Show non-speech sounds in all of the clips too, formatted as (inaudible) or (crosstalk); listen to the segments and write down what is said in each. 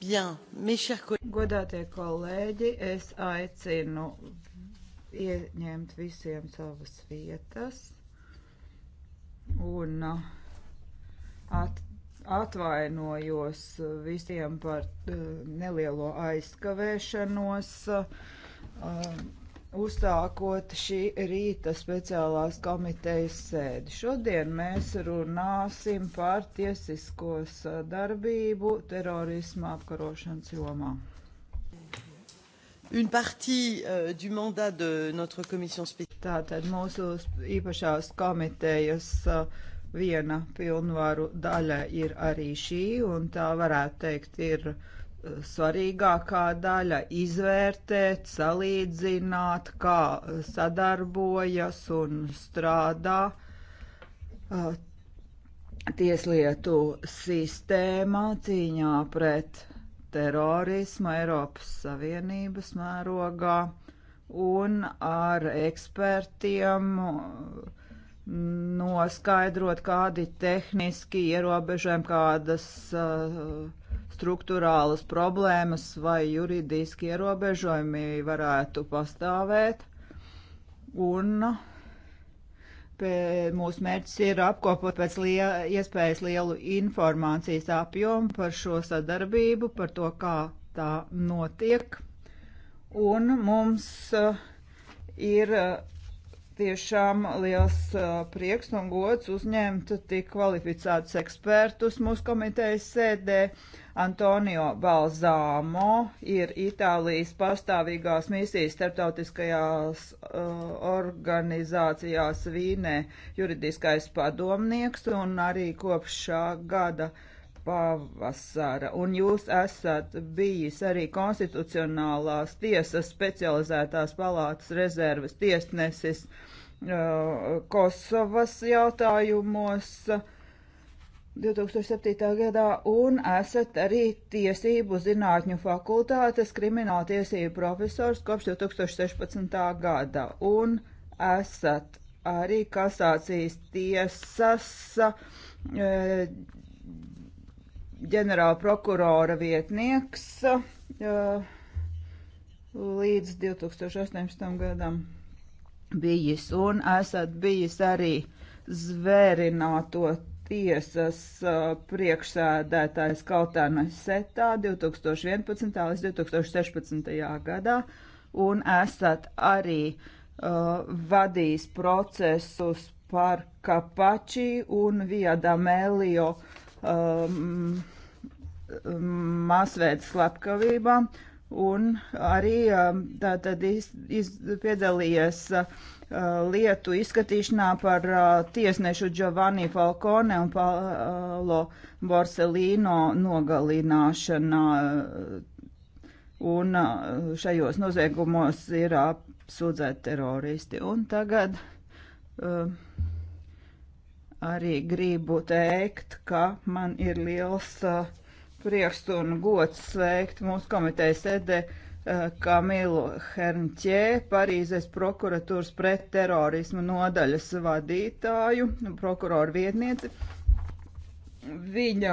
Bien, mes chers collègues. Godātie kolēģi, es aicinu ieņemt visiem savas vietas un uh, at, atvainojos visiem par uh, nelielo aizkavēšanos. Um, uzsākot šī rīta speciālās komitejas sēdi. Šodien mēs runāsim par tiesisko sadarbību terorisma apkarošanas jomā. Une partie euh, du mandat de notre commission spéciale. Tātad mūsu īpašās komitejas uh, viena pilnvaru daļa ir arī šī, un tā varētu teikt ir uh, svarīgākā daļa - izvērtēt, salīdzināt, kā sadarbojas un strādā tieslietu sistēmā cīņā pret terorismu Eiropas Savienības mērogā un ar ekspertiem noskaidrot, kādi tehniski ierobežojumi, kādas uh, struktūrālas problēmas vai juridiski ierobežojumi varētu pastāvēt. Un pie, mūsu mērķis ir apkopot pēc liel, iespējas lielu informācijas apjomu par šo sadarbību, par to, kā tā notiek. Un mums eh, ir eh, tiešām liels eh, prieks un gods uzņemt tik kvalificētus ekspertus mūsu komitejas sēdē. Uh, Antonio Balzāmo ir Itālijas pastāvīgās misijas starptautiskajās uh, organizācijās Vīnē juridiskais padomnieks un arī kopš šā gada pavasara, un jūs esat bijis arī konstitucionālās tiesas specializētās palātas rezervas tiesnesis uh, Kosovas jautājumos. Uh, 2007. gadā un esat arī tiesību zinātņu fakultātes krimināla tiesību profesors kopš 2016. gada un esat arī kasācijas tiesas eh, ģenerāla prokurora vietnieks eh, līdz 2018. gadam bijis un esat bijis arī zvērināto tiesas priekšsēdētājs Kautēna Setā 2011. līdz 2016. gadā un esat arī uh, vadījis procesus par Kapači un Viadamelio um, masveids slepkavībām un arī um, tātad iz, iz, piedalījies uh, Uh, lietu izskatīšanā par uh, tiesnešu Giovanni Falcone un Paolo Borsellino nogalināšanā. Un uh, šajos noziegumos ir apsūdzēti teroristi. Un tagad uh, arī gribu teikt, ka man ir liels uh, prieks un gods sveikt mūsu komitejas sēdē uh, Kamilu Hernķē, Parīzes prokuratūras pret terorismu nodaļas vadītāju, prokuroru vietnieci. Viņa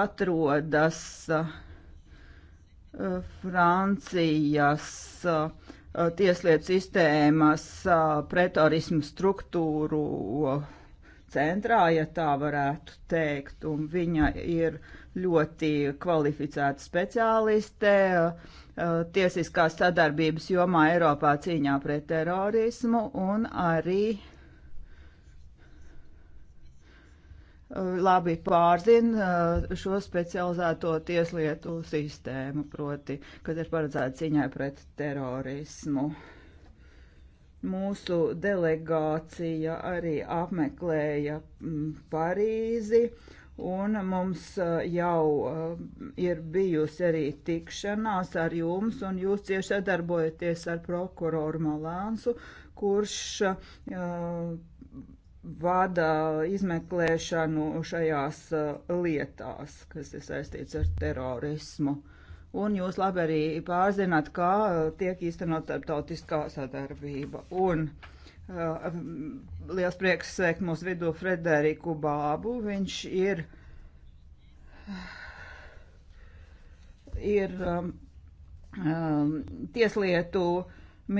atrodas uh, Francijas uh, tieslietu sistēmas uh, pretorismu struktūru centrā, ja tā varētu teikt, un viņa ir uh, ļoti kvalificēta speciāliste eh, tiesiskās sadarbības jomā Eiropā cīņā pret terorismu un arī eh, labi pārzina eh, šo specializēto tieslietu sistēmu, proti, kas ir paredzēta cīņai pret terorismu. Mūsu delegācija arī apmeklēja mm, Parīzi. Uh, Un mums uh, jau uh, ir bijusi arī tikšanās ar jums, un jūs cieši sadarbojaties ar prokuroru Malānsu, kurš uh, vada izmeklēšanu šajās lietās, kas ir saistīts ar terorismu. Un jūs labi arī pārzināt, kā tiek īstenot starptautiskā sadarbība. Un, uh, Eh, liels prieks sveikt mūsu vidū Frederiku Bābu. Viņš ir, ir um, um, tieslietu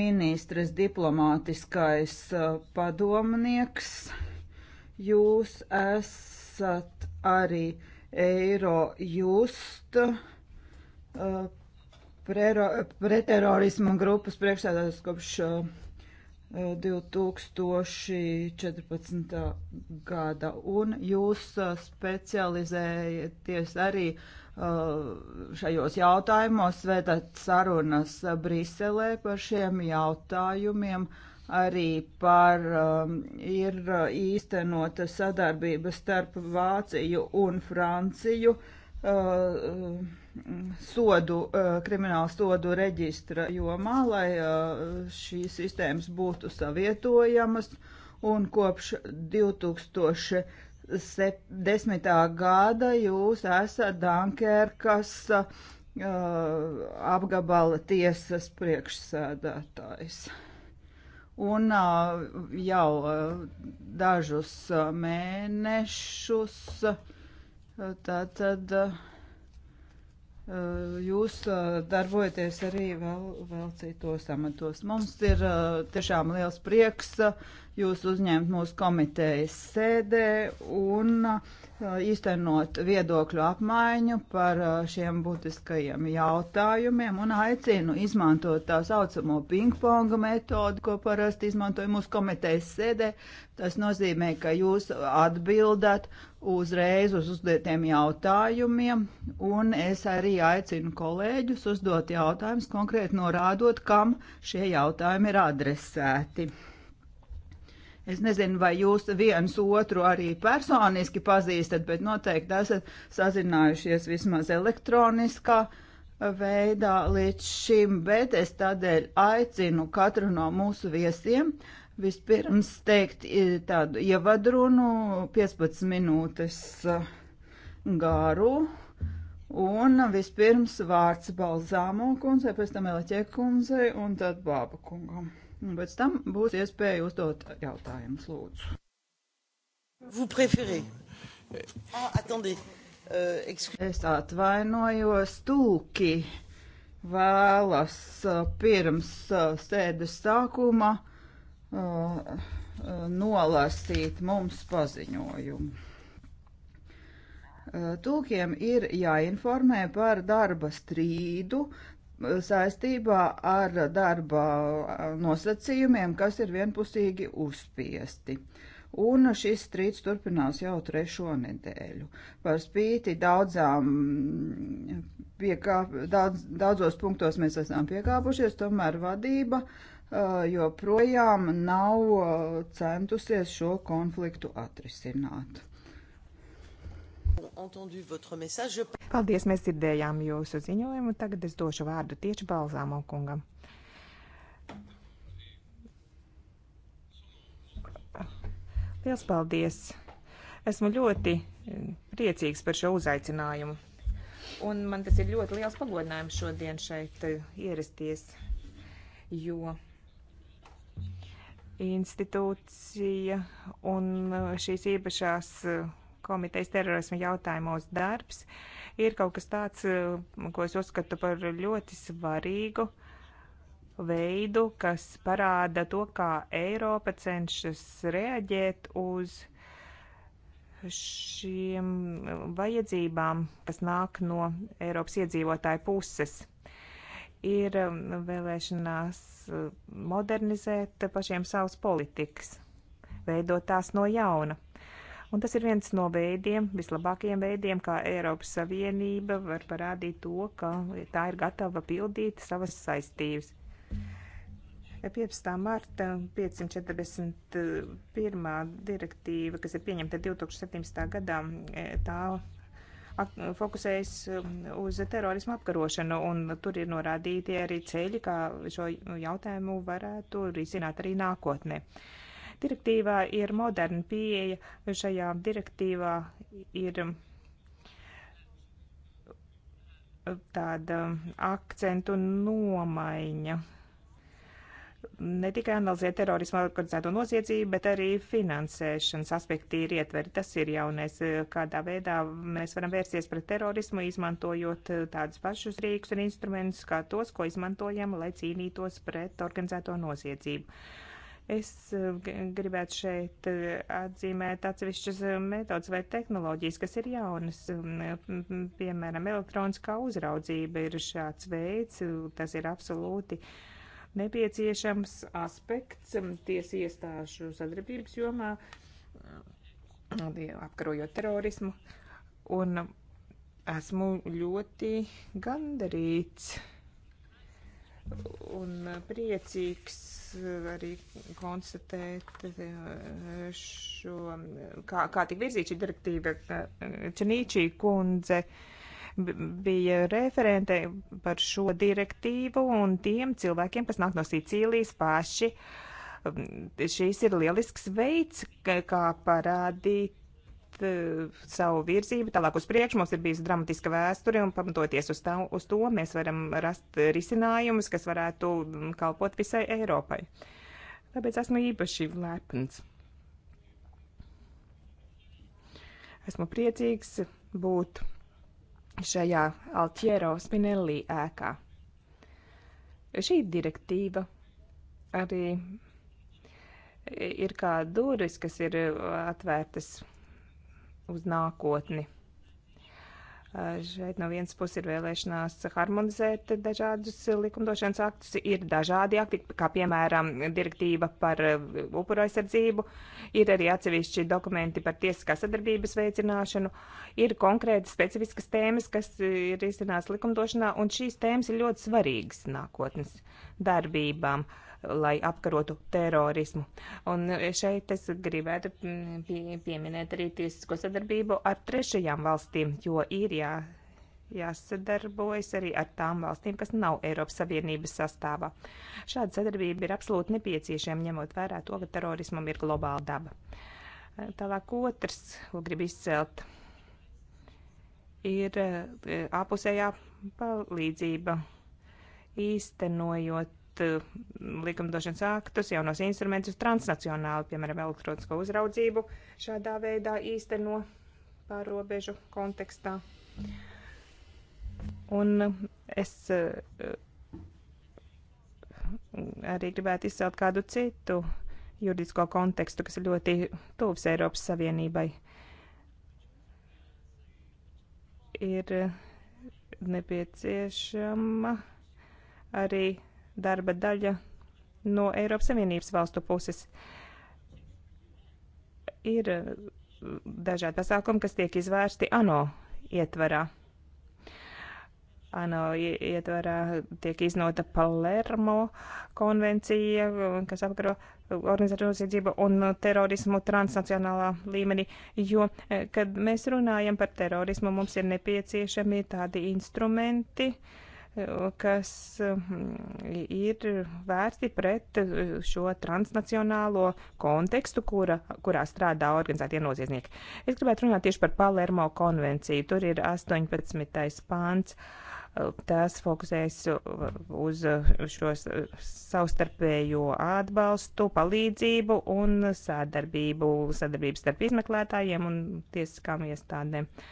ministres diplomātiskais uh, padomnieks. Jūs esat arī Eiro just uh, eh, preterorismu grupas priekšsēdētājs kopš uh, 2014. gada, un jūs uh, specializējaties arī uh, šajos jautājumos, vedat sarunas Briselē par šiem jautājumiem, arī par um, ir uh, īstenota sadarbība starp Vāciju un Franciju. Uh, sodu, eh, kriminālu sodu reģistra jomā, lai eh, šīs sistēmas būtu savietojamas, un kopš 2010. gada jūs esat Dankerkas eh, apgabala tiesas priekšsēdētājs. Un jau dažus mēnešus tad, tad Eh, jūs eh, darbojaties arī vēl, vēl citos amatos. Mums ir eh, tiešām liels prieks jūs uzņemt mūsu komitejas sēdē un uh, Uh, īstenot viedokļu apmaiņu par uh, šiem būtiskajiem jautājumiem un aicinu izmantot tā saucamo pingponga metodu, ko parasti izmantoja mūsu komitejas sēdē. Tas nozīmē, ka jūs atbildat uzreiz uz uzdotiem jautājumiem, un es arī aicinu kolēģus uzdot jautājumus, konkrēti norādot, kam šie jautājumi ir adresēti. Es nezinu, vai jūs viens otru arī personiski pazīstat, bet noteikti esat sazinājušies vismaz elektroniskā veidā līdz šim, bet es tādēļ aicinu katru no mūsu viesiem vispirms teikt tādu ievadrunu 15 minūtes uh, garu. Un vispirms vārds Balzāmo kundzei, pēc tam Eleķē kundzei un tad Bāba kungam. Pēc tam būs iespēja uzdot jautājumus, lūdzu. Vous préférez? Ah, attendez. Uh, excuse... Es atvainojos, tūki vēlas uh, pirms uh, sēdes sākuma uh, uh, nolasīt mums paziņojumu. Tūkiem ir jāinformē par darba strīdu, saistībā ar darba nosacījumiem, kas ir vienpusīgi uzspiesti. Un šis strīds turpinās jau trešo nedēļu. Par spīti daudzām, piekāp, daudz, daudzos punktos mēs esam piekāpušies, tomēr vadība joprojām nav centusies šo konfliktu atrisināt. Paldies, mēs dzirdējām jūsu ziņojumu. Tagad es došu vārdu tieši Balzāmo kungam. Liels paldies! Esmu ļoti mm, priecīgs par šo uzaicinājumu. Un man tas ir ļoti liels pagodinājums šodien šeit eh, ierasties, jo institūcija un eh, šīs īpašās uh, komitejas terorismu jautājumos darbs ir kaut kas tāds, eh, ko es uzskatu par ļoti svarīgu veidu, kas parāda to, kā Eiropa cenšas reaģēt uz šīm vajadzībām, kas nāk no Eiropas iedzīvotāju puses. Ir um, vēlēšanās eh, modernizēt pašiem savas politikas, veidot tās no jauna. Un tas ir viens no veidiem, vislabākajiem veidiem, kā Eiropas Savienība var parādīt to, ka tā ir gatava pildīt savas saistības. 15. marta 541. direktīva, kas ir pieņemta 2017. gadā, tā fokusējas um, uz terorismu apkarošanu, un tur ir norādīti arī ceļi, kā šo jautājumu varētu risināt arī nākotnē. Direktīvā ir moderna pieeja, šajā direktīvā ir um, tāda um, akcentu nomaiņa. Ne tikai analizē terorismu organizēto noziedzību, bet arī finansēšanas aspekti ir ietveri. Tas ir jaunais, uh, kādā veidā mēs varam vērsties pret terorismu, izmantojot uh, tādus pašus rīkus un instrumentus kā tos, ko izmantojam, lai cīnītos pret organizēto noziedzību. Uh, Es eh, gribētu šeit eh, atzīmēt atsevišķas eh, metodas vai tehnoloģijas, kas ir jaunas. Mm, mm, mm, piemēram, elektroniskā uzraudzība ir šāds veids, tas ir absolūti nepieciešams aspekts tiesu iestāžu sadarbības jomā, apkarojot terorismu. Un esmu ļoti gandarīts un priecīgs arī konstatēt eh, šo, kā, kā tik virzīt šī direktīva. Eh, Čenīčī kundze bija referente par šo direktīvu un tiem cilvēkiem, kas nāk no Sicīlijas paši. Mm, Šīs ir lielisks veids, kā parādīt Eh, savu virzību tālāk uz priekšu. Mums ir bijusi dramatiska vēsture, un pamatoties uz, tā, uz to, mēs varam rast risinājumus, kas varētu mm, kalpot visai Eiropai. Tāpēc esmu īpaši lepns. Esmu priecīgs būt šajā Altiero Spinelli ēkā. Šī direktīva arī ir kā durvis, kas ir uh, atvērtas uz nākotni. Šeit no vienas puses ir vēlēšanās harmonizēt dažādus likumdošanas aktus. Ir dažādi akti, kā piemēram direktīva par upuru aizsardzību, ir arī atsevišķi dokumenti par tiesiskā sadarbības veicināšanu, ir konkrēti specifiskas tēmas, kas ir izcināts likumdošanā, un šīs tēmas ir ļoti svarīgas nākotnes darbībām. Uh, lai apkarotu terorismu. Un šeit es gribētu mm, pie, pieminēt arī tiesisko sadarbību ar trešajām valstīm, jo ir jā, jāsadarbojas arī ar tām valstīm, kas nav Eiropas Savienības sastāvā. Šāda sadarbība ir absolūti nepieciešama, ņemot vērā to, ka terorismam ir globāla daba. Tālāk otrs, ko gribu izcelt, ir e, ārpusējā palīdzība īstenojot Eh, likumdošanas aktus, jaunos instrumentus transnacionāli, piemēram, elektronisko uzraudzību šādā veidā īsteno pārobežu kontekstā. Un eh, es eh, arī gribētu izcelt kādu citu juridisko kontekstu, kas ir ļoti tuvs Eiropas Savienībai. Ir nepieciešama arī darba daļa no Eiropas Savienības valstu puses. Ir eh, dažādi pasākumi, kas tiek izvērsti ANO ietvarā. ANO ietvarā tiek iznota Palermo konvencija, kas apkaro eh, organizēto noziedzību un terorismu transnacionālā līmenī, jo, eh, kad mēs runājam par terorismu, mums ir nepieciešami tādi instrumenti, uh, kas mm, ir vērsti pret šo transnacionālo kontekstu, kura, kurā strādā organizētie noziedznieki. Es gribētu runāt tieši par Palermo konvenciju. Tur ir 18. pāns. Tas fokusēs uz šo savstarpējo atbalstu, palīdzību un sadarbību, sadarbību starp izmeklētājiem un tiesiskām iestādēm. Uh,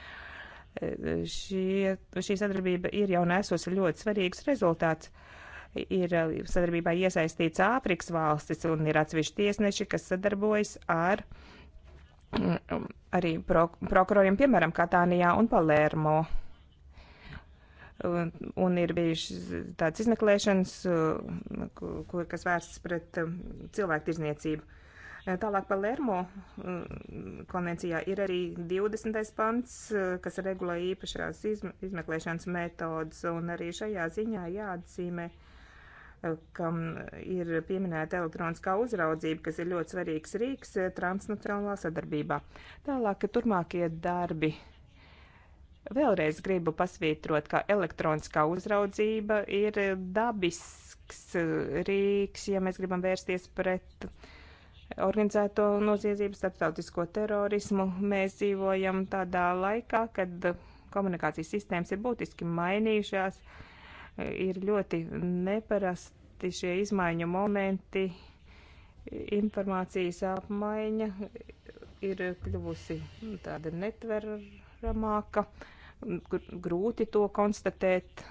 Šie, šī sadarbība ir jau nesusi ļoti svarīgs rezultāts. Ir uh, sadarbībā iesaistīts Āfrikas valstis un ir atsevišķi tiesneši, kas sadarbojas ar mm, arī pro, prokuroriem, piemēram, Katānijā un Palermo. Un, un ir bijušas tādas izmeklēšanas, uh, kas vērsts pret um, cilvēku tirzniecību. Tālāk par Lermo konvencijā ir arī 20. pants, kas regulē īpašās izmeklēšanas metodas, un arī šajā ziņā jāatzīmē, kam ir pieminēta elektroniskā uzraudzība, kas ir ļoti svarīgs rīks transnacionālā sadarbībā. Tālāk turpmākie darbi. Vēlreiz gribu pasvītrot, ka elektroniskā uzraudzība ir dabisks rīks, ja mēs gribam vērsties pret uh, organizēto noziedzību, starptautisko terorismu. Mēs dzīvojam tādā laikā, kad komunikācijas sistēmas ir būtiski mainījušās, ir ļoti neparasti šie izmaiņu momenti, informācijas apmaiņa ir kļuvusi tāda netveramāka, grūti to konstatēt.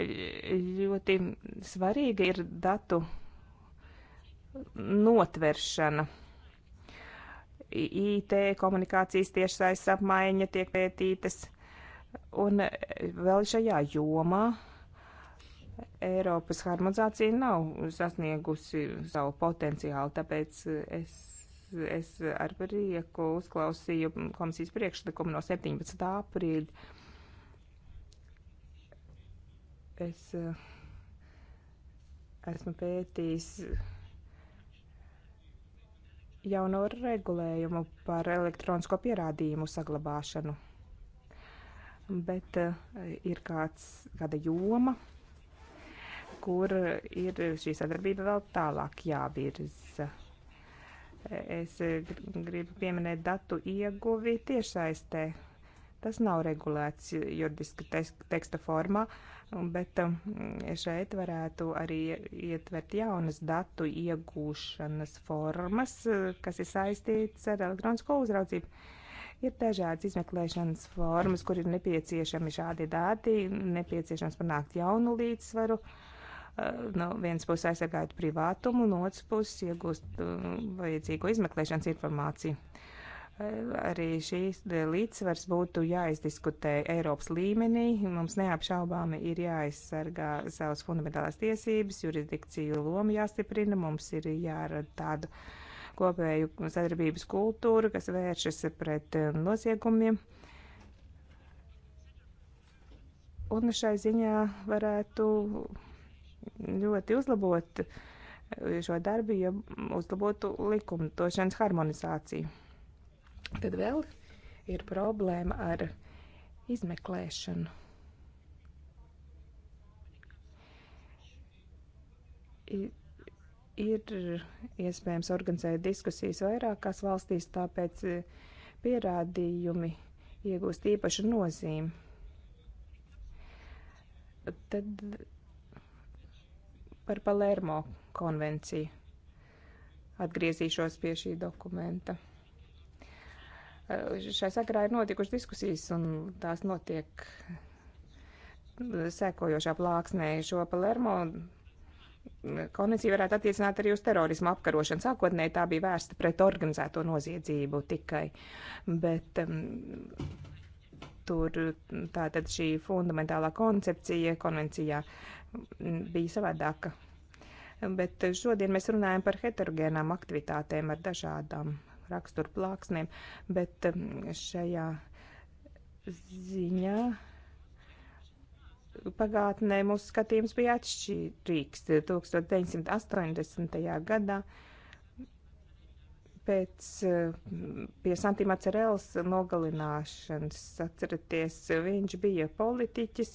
Ļoti svarīga ir datu notveršana. IT komunikācijas tiešsais apmaiņa tiek pētītas. Un vēl šajā jomā Eiropas harmonizācija nav sasniegusi savu potenciālu, tāpēc es, es ar prieku uzklausīju komisijas priekšlikumu no 17. aprīļa. Es eh, esmu pētījis jauno regulējumu par elektronisko pierādījumu saglabāšanu. Bet eh, ir kāds, kāda joma, kur ir šī sadarbība vēl tālāk jāvirza. Es gribu pieminēt datu ieguvi tiešsaistē. Tas nav regulēts juridiski teksta formā. Uh, bet um, šeit varētu arī ietvert jaunas datu iegūšanas formas, kas ir saistītas ar elektronisko uzraudzību. Ir dažādas izmeklēšanas formas, kur ir nepieciešami šādi dati, nepieciešams panākt jaunu līdzsvaru. Uh, no vienas puses aizsargājot privātumu, no otras puses iegūst uh, vajadzīgo izmeklēšanas informāciju. Arī šīs līdzsvars būtu jāizdiskutē Eiropas līmenī. Mums neapšaubāmi ir jāaizsargā savas fundamentālās tiesības, jurisdikciju loma jāstiprina, mums ir jārada tādu kopēju sadarbības kultūru, kas vēršas pret um, noziegumiem. Un šai ziņā varētu ļoti uzlabot uh, šo darbu, ja uzlabotu likumdošanas harmonizāciju. Tad vēl ir problēma ar izmeklēšanu. Ir iespējams organizēt diskusijas vairākās valstīs, tāpēc e, pierādījumi iegūst īpašu nozīmi. Tad par Palermo konvenciju atgriezīšos pie šī dokumenta. Šai sakarā ir notikušas diskusijas, un tās notiek sekojošā plāksnē šo Palermo konvenciju varētu attiecināt arī uz terorismu apkarošanu. Sākotnēji tā bija vērsta pret organizēto noziedzību tikai, bet um, tur tā tad šī fundamentālā koncepcija konvencijā bija savādāka. Bet šodien mēs runājam par heterogēnām aktivitātēm ar dažādām rakstura plāksnēm, bet um, šajā ziņā pagātnē mūsu skatījums bija atšķirīgs. 1980. gadā pēc um, pie Santīma Cerēls nogalināšanas, atceraties, viņš bija politiķis,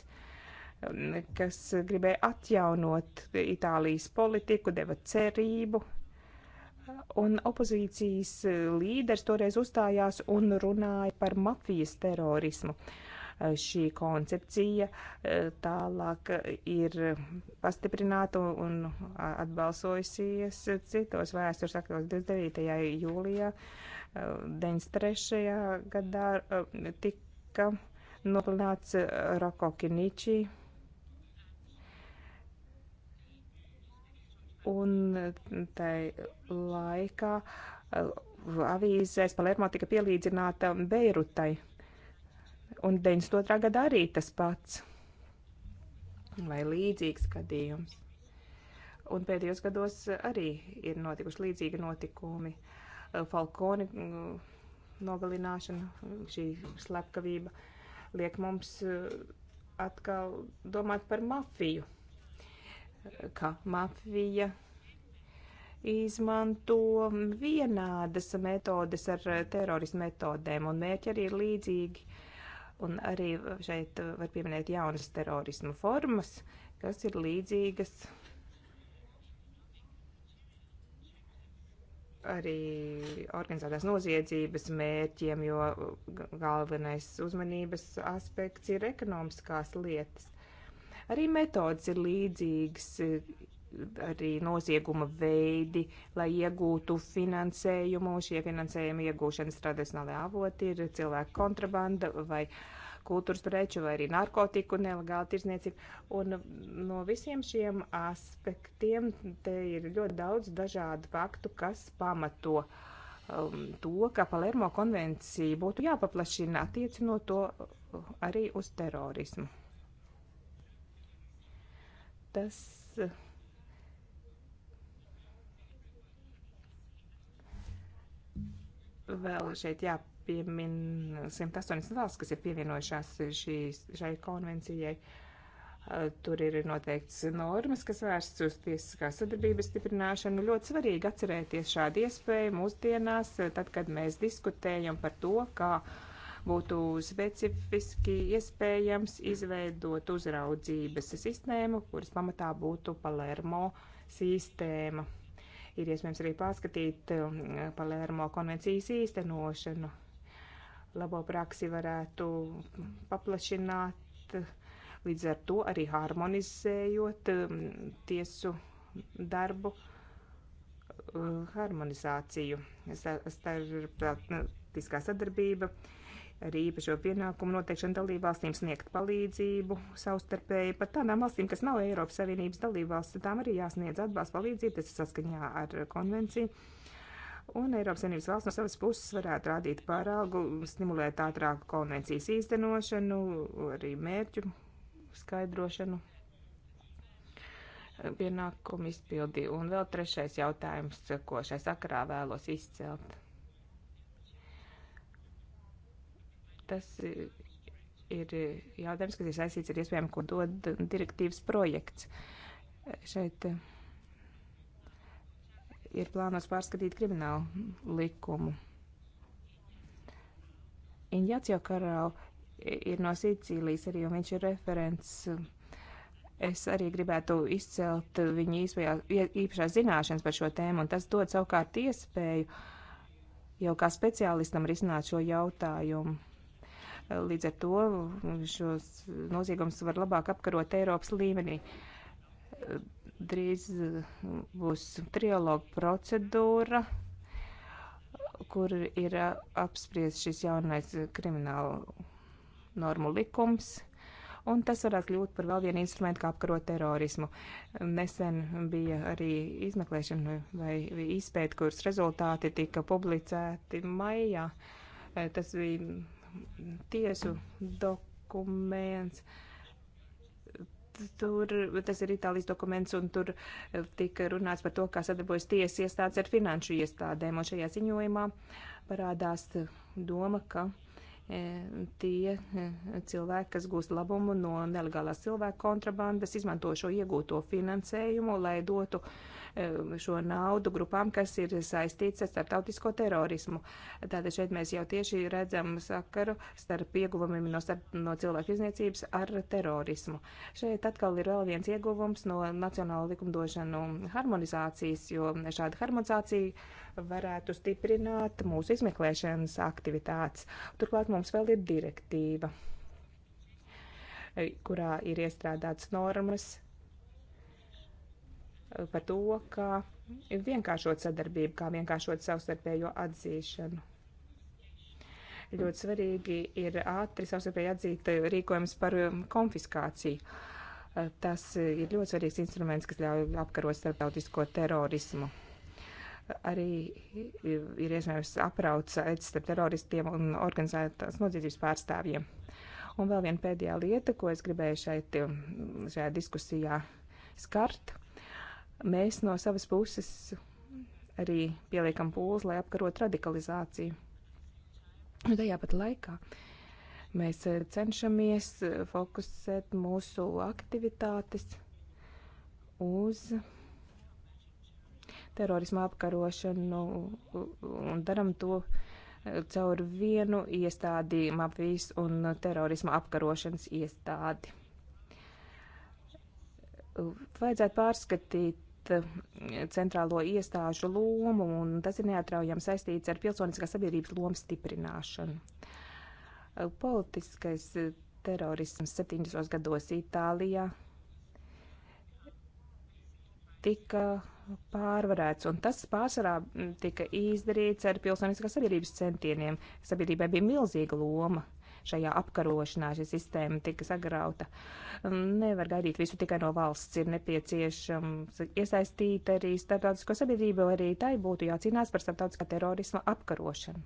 um, kas gribēja atjaunot Itālijas politiku, deva cerību un opozīcijas e, līderis toreiz uzstājās un runāja par mafijas terorismu. E, šī koncepcija e, tālāk ir pastiprināta un atbalsojusies citos vēstures aktos 29. jūlijā, 93. gadā tika noplināts Rako Kiniči un eh, tai laikā eh, avīzēs Palermo tika pielīdzināta Beirutai. Un 92. gadā arī tas pats vai līdzīgs gadījums. Un pēdējos gados arī ir notikuši līdzīgi notikumi. Eh, Falkoni mm, nogalināšana, šī slepkavība liek mums atkal domāt par mafiju ka mafija izmanto vienādas metodes ar terorismu metodēm, un mērķi arī ir līdzīgi. Un arī šeit var pieminēt jaunas terorismu formas, kas ir līdzīgas arī organizētās noziedzības mērķiem, jo galvenais uzmanības aspekts ir ekonomiskās lietas. Arī metodas ir līdzīgas, arī nozieguma veidi, lai iegūtu finansējumu. Šie finansējumi iegūšanas tradicionālajā avoti ir cilvēku kontrabanda vai kultūras preču vai arī narkotiku nelegāla tirzniecība. Un no visiem šiem aspektiem te ir ļoti daudz dažādu faktu, kas pamato um, to, ka Palermo konvencija būtu jāpaplašina attiecinot to arī uz terorismu tas vēl šeit jāpiemin 180 valsts, kas ir pievienojušās šīs, šai konvencijai. Uh, tur ir noteikts normas, kas vērsts uz tiesiskās sadarbības stiprināšanu. Ļoti svarīgi atcerēties šādu iespēju mūsdienās, uh, tad, kad mēs diskutējam par to, kā ka būtu specifiski iespējams izveidot uzraudzības sistēmu, kuras pamatā būtu Palermo sistēma. Ir iespējams arī pārskatīt um, Palermo konvencijas īstenošanu. Labo praksi varētu paplašināt, līdz ar to arī harmonizējot um, tiesu darbu uh, harmonizāciju, starptautiskā uh, sadarbība, uh, ar īpašo pienākumu noteikšanu dalībvalstīm sniegt palīdzību savstarpēji. Pat tādām valstīm, kas nav Eiropas Savienības dalībvalsts, tām arī jāsniedz atbalsts palīdzību, tas ir saskaņā ar konvenciju. Un Eiropas Savienības valsts no savas puses varētu rādīt pārāgu, stimulēt ātrāku konvencijas īstenošanu, arī mērķu skaidrošanu, pienākumu izpildi. Un vēl trešais jautājums, ko šai sakarā vēlos izcelt Tas ir jautājums, kas ir saistīts ar iespējām, ko dod direktīvas projekts. Šeit e, ir plānos pārskatīt kriminālu likumu. Injācijā Karau ir no Sīcīlijas arī, un viņš ir referents. Es arī gribētu izcelt viņa īspējā, īpašās zināšanas par šo tēmu, un tas dod savukārt iespēju jau kā speciālistam risināt šo jautājumu Līdz ar to šos noziegums var labāk apkarot Eiropas līmenī. Drīz būs trialoga procedūra, kur ir apspriests šis jaunais krimināla normu likums un tas varētu kļūt par vēl vienu instrumentu, kā apkarot terorismu. Nesen bija arī izmeklēšana vai izpēta, kuras rezultāti tika publicēti maijā. Tas bija tiesu dokuments. Tur, tas ir Itālijas dokuments, un tur tika runāts par to, kā sadarbojas tiesas iestādes ar finanšu iestādēm. Un šajā ziņojumā parādās doma, ka e, tie e, cilvēki, kas gūst labumu no nelegālās cilvēku kontrabandas, izmanto šo iegūto finansējumu, lai dotu uh, Um, šo naudu grupām, kas ir saistīts ar starptautisko terorismu. Tātad šeit mēs jau tieši redzam sakaru starp ieguvumiem no, starp, no cilvēku izniecības ar terorismu. Šeit atkal ir vēl viens ieguvums no nacionāla likumdošanu harmonizācijas, jo šāda harmonizācija varētu stiprināt mūsu izmeklēšanas aktivitātes. Turklāt mums vēl ir direktīva, kurā ir iestrādāts normas par to, kā vienkāršot sadarbību, kā vienkāršot savstarpējo atzīšanu. Ļoti svarīgi ir ātri savstarpēji atzīt rīkojums par um, konfiskāciju. Uh, tas ir ļoti svarīgs instruments, kas ļauj apkarot starptautisko terorismu. Arī ir iespējams aprauts starp teroristiem un organizētās noziedzības pārstāvjiem. Un vēl viena pēdējā lieta, ko es gribēju šeit, um, šajā diskusijā skart Mēs no savas puses arī pieliekam pūles, lai apkarot radikalizāciju. Un nu, tajā pat laikā mēs eh, cenšamies eh, fokusēt mūsu aktivitātes uz terorismu apkarošanu un daram to eh, caur vienu iestādi mafijas un terorismu apkarošanas iestādi. Vajadzētu pārskatīt Eh, centrālo iestāžu lomu, un tas ir neatraujami saistīts ar pilsoniskās sabiedrības lomu stiprināšanu. Eh, politiskais eh, terorisms 70. gados Itālijā tika pārvarēts, un tas pārsvarā tika izdarīts ar pilsoniskās sabiedrības centieniem. Sabiedrībai bija milzīga loma šajā apkarošanā. Šī sistēma tika sagrauta. Mm, nevar gaidīt visu tikai no valsts. Ir nepieciešams iesaistīt arī starptautisko sabiedrību, arī tai būtu jācīnās par starptautiskā terorisma apkarošanu.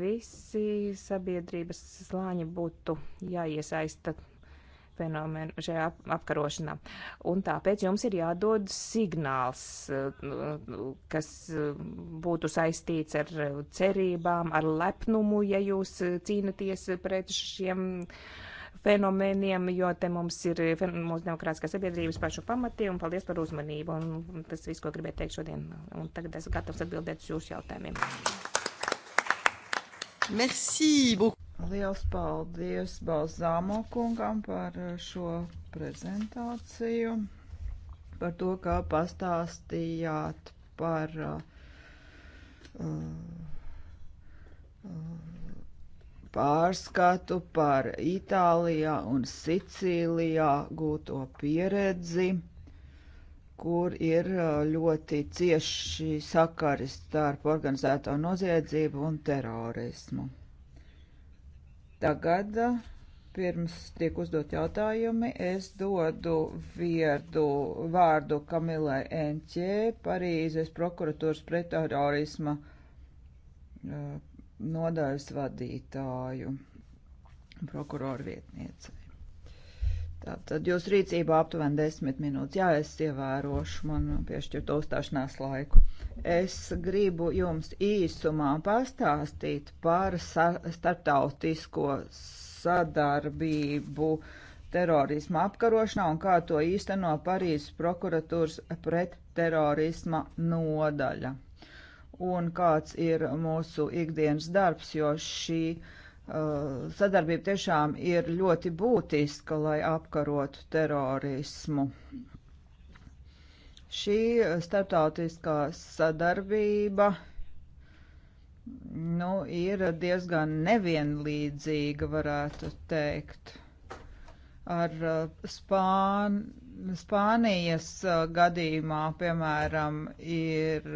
Visi sabiedrības slāņi būtu jāiesaista fenomenu šajā apkarošanā. Un tāpēc jums ir jādod signāls, eh, kas eh, būtu saistīts ar eh, cerībām, ar lepnumu, ja jūs cīnaties pret šiem fenomeniem, jo te mums ir mūsu demokrātiskā sabiedrības pašu pamati, un paldies par uzmanību, un tas viss, ko gribēju teikt šodien, un tagad esmu gatavs atbildēt uz jūsu jautājumiem. Merci beaucoup. Liels paldies Balzāmo kungam par šo prezentāciju, par to, kā pastāstījāt par uh, uh, pārskatu par Itālijā un Sicīlijā gūto pieredzi, kur ir uh, ļoti cieši sakari starp organizēto noziedzību un terorismu. Tagad, eh, pirms tiek uzdot jautājumi, es dodu vierdu vārdu Kamilai Enķē, Parīzes prokuratūras pretterorisma eh, nodaļas vadītāju, prokuroru vietniecei. Tātad jūs rīcībā aptuveni desmit minūtes. Jā, es ievērošu man piešķirto uzstāšanās laiku. Es gribu jums īsumā pastāstīt par sa starptautisko sadarbību terorisma apkarošanā un kā to īsteno Parīzes prokuratūras pret terorisma nodaļa. Un kāds ir mūsu ikdienas darbs, jo šī uh, Eh, sadarbība tiešām ir ļoti būtiska, lai apkarotu terorismu. Šī starptautiskā sadarbība nu, ir diezgan nevienlīdzīga, varētu teikt. Ar eh, Spān Spānijas eh, gadījumā, piemēram, ir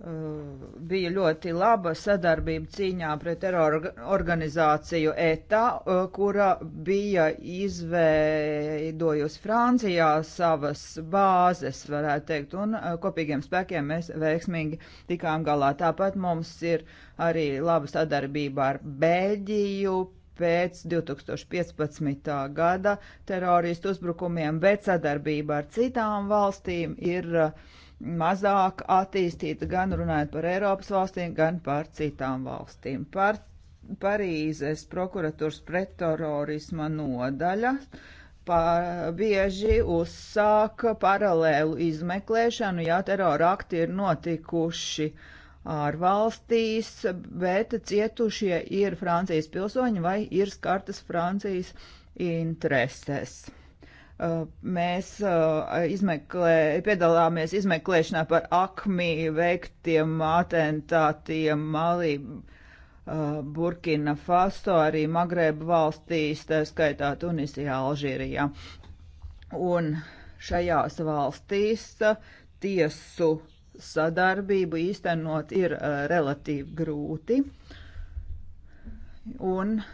Eh, bija ļoti laba sadarbība cīņā pret terora organizāciju ETA, eh, kura bija izveidojusi Francijā savas bāzes, varētu teikt, un eh, kopīgiem spēkiem mēs veiksmīgi tikām galā. Tāpat mums ir arī laba sadarbība ar Beļģiju. Pēc 2015. gada teroristu uzbrukumiem, bet sadarbība ar citām valstīm ir uh, mazāk attīstīta, gan runājot par Eiropas valstīm, gan par citām valstīm. Par Parīzes prokuratūras pretterorisma nodaļa par, bieži uzsāka paralēlu izmeklēšanu, ja terora akti ir notikuši ārvalstīs, bet cietušie ir Francijas pilsoņi vai ir skartas Francijas intereses mēs izmeklē, piedalāmies izmeklēšanā par akmī veiktiem atentātiem Malī, Burkina Faso, arī Magreba valstīs, tā skaitā Tunisijā, Alžīrijā. Un šajās valstīs tiesu sadarbību īstenot ir relatīvi grūti. Un uh,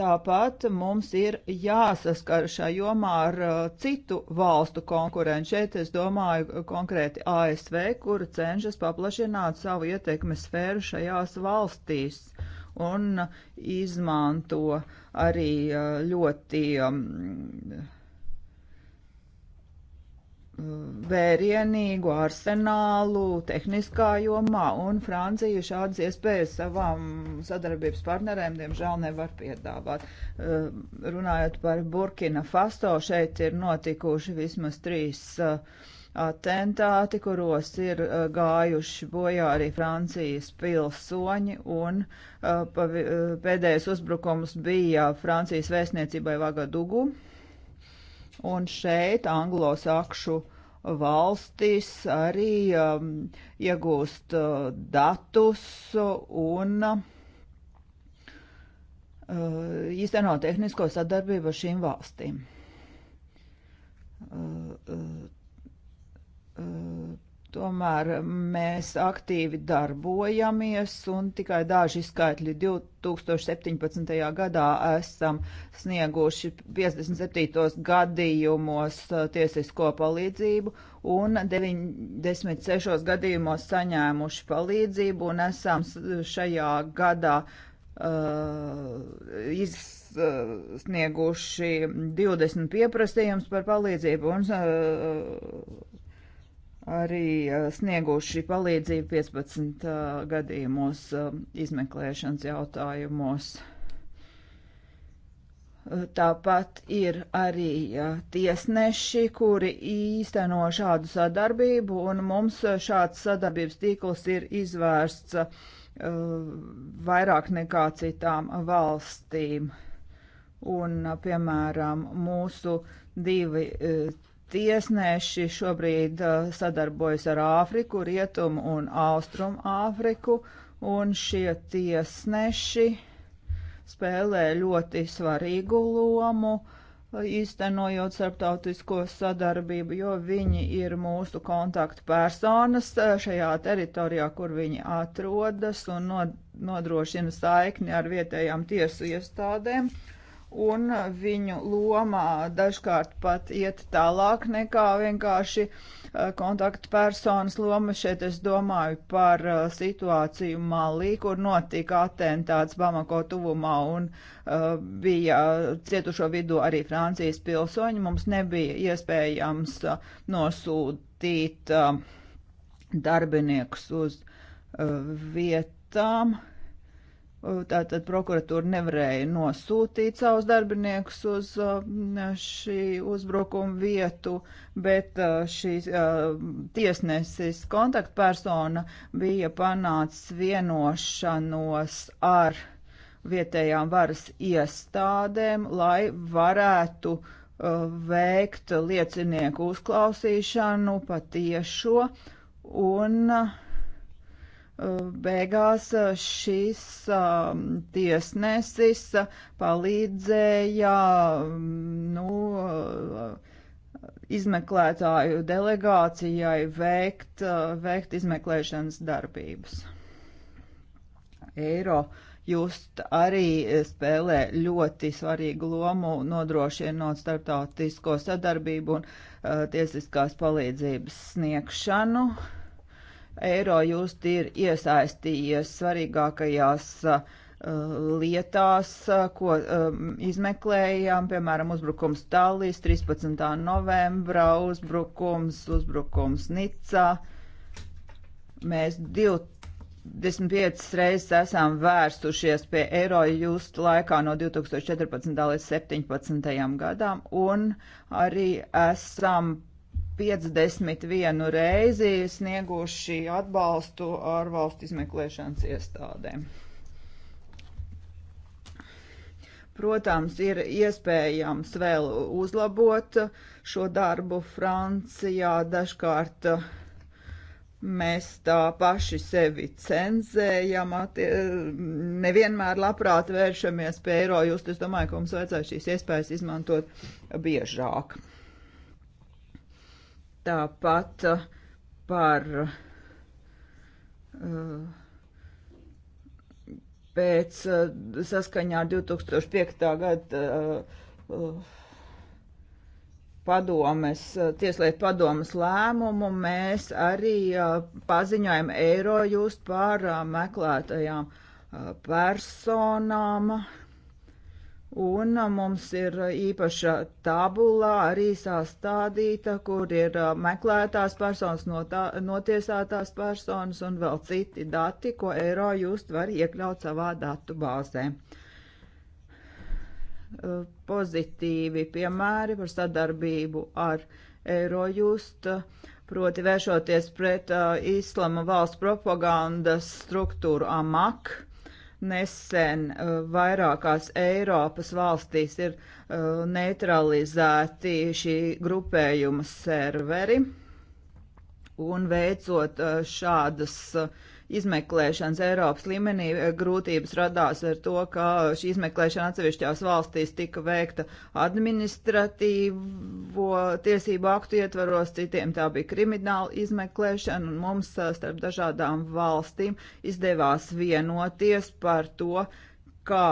Tāpat mums ir jāsaskara šā jomā ar uh, citu valstu konkurenci. Šeit es domāju uh, konkrēti ASV, kura cenšas paplašināt savu ietekmes sfēru šajās valstīs un uh, izmanto arī uh, ļoti um, vērienīgu arsenālu tehniskā jomā, un Francija šādas iespējas savām sadarbības partnerēm, diemžēl, nevar piedāvāt. Eh, runājot par Burkina Faso, šeit ir notikuši vismaz trīs eh, atentāti, kuros ir eh, gājuši bojā arī Francijas pilsoņi, un pēdējais uzbrukums bija Francijas vēstniecībai Vagadugu Un šeit anglosakšu valstis arī um, iegūst uh, datus un uh, īsteno tehnisko sadarbību ar šīm valstīm. Uh, uh, uh, Tomēr mēs aktīvi darbojamies un tikai daži skaitļi 2017. gadā esam snieguši 57 gadījumos uh, tiesisko palīdzību un 96 gadījumos saņēmuši palīdzību un esam šajā gadā uh, izsnieguši uh, 20 pieprasījums par palīdzību un uh, arī snieguši palīdzību 15 gadījumos izmeklēšanas jautājumos. Tāpat ir arī tiesneši, kuri īsteno šādu sadarbību, un mums šāds sadarbības tīkls ir izvērsts uh, vairāk nekā citām valstīm. Un, piemēram, mūsu divi uh, tiesneši šobrīd eh, sadarbojas ar Āfriku, Rietumu un Austrumu Āfriku, un šie tiesneši spēlē ļoti svarīgu lomu, eh, īstenojot starptautisko sadarbību, jo viņi ir mūsu kontaktpersonas eh, šajā teritorijā, kur viņi atrodas, un nodrošina saikni ar vietējām tiesu iestādēm. Ja un viņu lomā dažkārt pat iet tālāk nekā vienkārši eh, kontaktpersonas loma. Šeit es domāju par eh, situāciju Malī, kur notika atentāts Bamako tuvumā un uh, bija cietušo vidū arī Francijas pilsoņi. Mums nebija iespējams uh, nosūtīt uh, darbiniekus uz vietām. Tātad prokuratūra nevarēja nosūtīt savus darbiniekus uz uh, šī uzbrukuma vietu, bet uh, šīs uh, tiesnesis kontaktpersona bija panācis vienošanos ar vietējām varas iestādēm, lai varētu veikt liecinieku uzklausīšanu patiešo un uh, Eh, beigās eh, šis eh, tiesnesis palīdzēja mm, nu, izmeklētāju delegācijai veikt, veikt izmeklēšanas darbības. Eiro just arī spēlē ļoti svarīgu lomu nodrošinot starptautisko sadarbību un uh, tiesiskās palīdzības sniegšanu. Uh, eiro jūs ir iesaistījies svarīgākajās uh, lietās, uh, ko um, izmeklējām, piemēram, uzbrukums Tallīs 13. novembra, uzbrukums, uzbrukums Nicā. Mēs 25 reizes esam vērstušies pie Eurojust laikā no 2014. līdz 2017. gadam un arī esam 51 reizi snieguši atbalstu ārvalstu izmeklēšanas iestādēm. Protams, ir iespējams vēl uzlabot šo darbu Francijā. Dažkārt mēs tā paši sevi cenzējam, attie, nevienmēr labprāt vēršamies pie eiro. Just es domāju, ka mums vajadzētu šīs iespējas izmantot biežāk. Tāpat uh, par uh, pēc uh, saskaņā ar 2005. gada padomes, tieslietu padomes lēmumu mēs arī paziņojam eiro just par meklētajām personām. Un uh, mums ir uh, īpaša tabula arī sastādīta, kur ir uh, meklētās personas, notā, notiesātās personas un vēl citi dati, ko eiro jūs var iekļaut savā datu bāzē. Pozitīvi piemēri par sadarbību ar Eirojust, proti vēršoties pret uh, islama valsts propagandas struktūru AMAK, uh, Nesen uh, vairākās Eiropas valstīs ir uh, neutralizēti šī grupējuma serveri un veicot uh, šādas uh, izmeklēšanas Eiropas līmenī eh, grūtības radās ar to, ka šī izmeklēšana atsevišķās valstīs tika veikta administratīvo tiesību aktu ietvaros, citiem tā bija krimināla izmeklēšana, un mums eh, starp dažādām valstīm izdevās vienoties par to, kā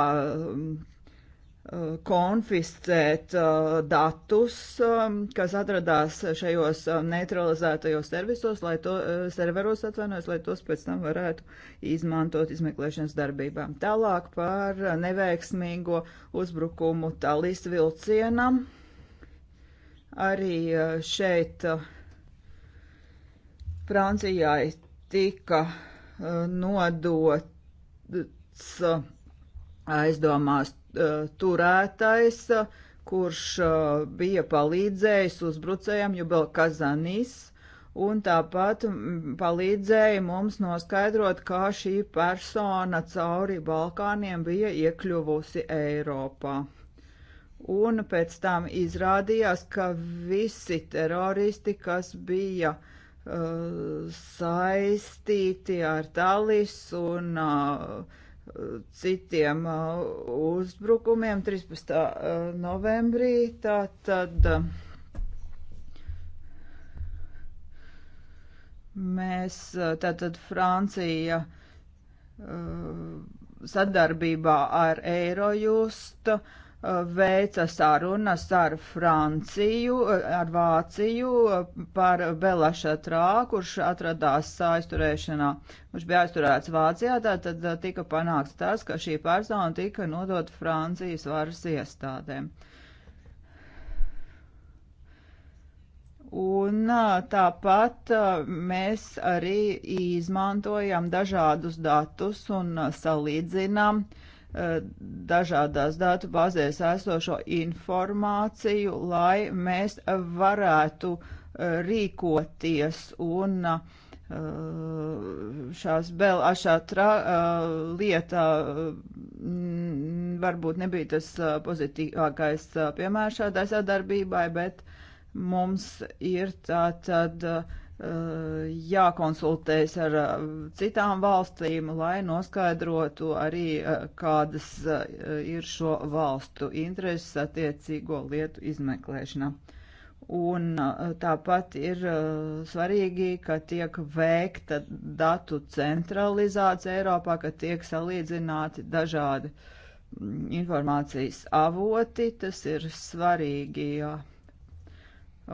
Eh, konfiscēt uh, datus, um, kas atradās šajos um, neutralizētajos servisos, lai to uh, serveros atvainojas, lai tos pēc tam varētu izmantot izmeklēšanas darbībām. Tālāk par neveiksmīgo uzbrukumu Talīs vilcienam. Arī uh, šeit Francijai tika nodots aizdomās Eh, turētais, eh, kurš eh, bija palīdzējis uzbrucējiem Jubel Kazanis, un tāpat mm, palīdzēja mums noskaidrot, kā šī persona cauri Balkāniem bija iekļuvusi Eiropā. Un pēc tam izrādījās, ka visi teroristi, kas bija uh, saistīti ar Talis un uh, citiem uh, uzbrukumiem 13. Uh, novembrī. Tātad uh, mēs, tātad Francija sadarbībā ar Eirojustu Uh, veica sarunas ar Franciju, uh, ar Vāciju uh, par Belaša Trā, kurš atradās aizturēšanā. Viņš bija aizturēts Vācijā, tad tika panākts tas, ka šī persona tika nodot Francijas varas iestādēm. Un tāpat mēs arī izmantojam dažādus datus un salīdzinām uh, dažādās datu bāzēs esošo informāciju, lai mēs varētu e, rīkoties un e, šās vēl ašātrā e, lietā varbūt nebija tas pozitīvākais piemērs šādai sadarbībai, bet mums ir tā tad. Uh, jākonsultējas ar eh, citām valstīm, lai noskaidrotu arī, eh, kādas eh, ir šo valstu intereses attiecīgo lietu izmeklēšanā. Un tāpat ir svarīgi, ka tiek veikta datu centralizācija Eiropā, ka tiek salīdzināti dažādi mm, informācijas avoti. Tas ir svarīgi. Jā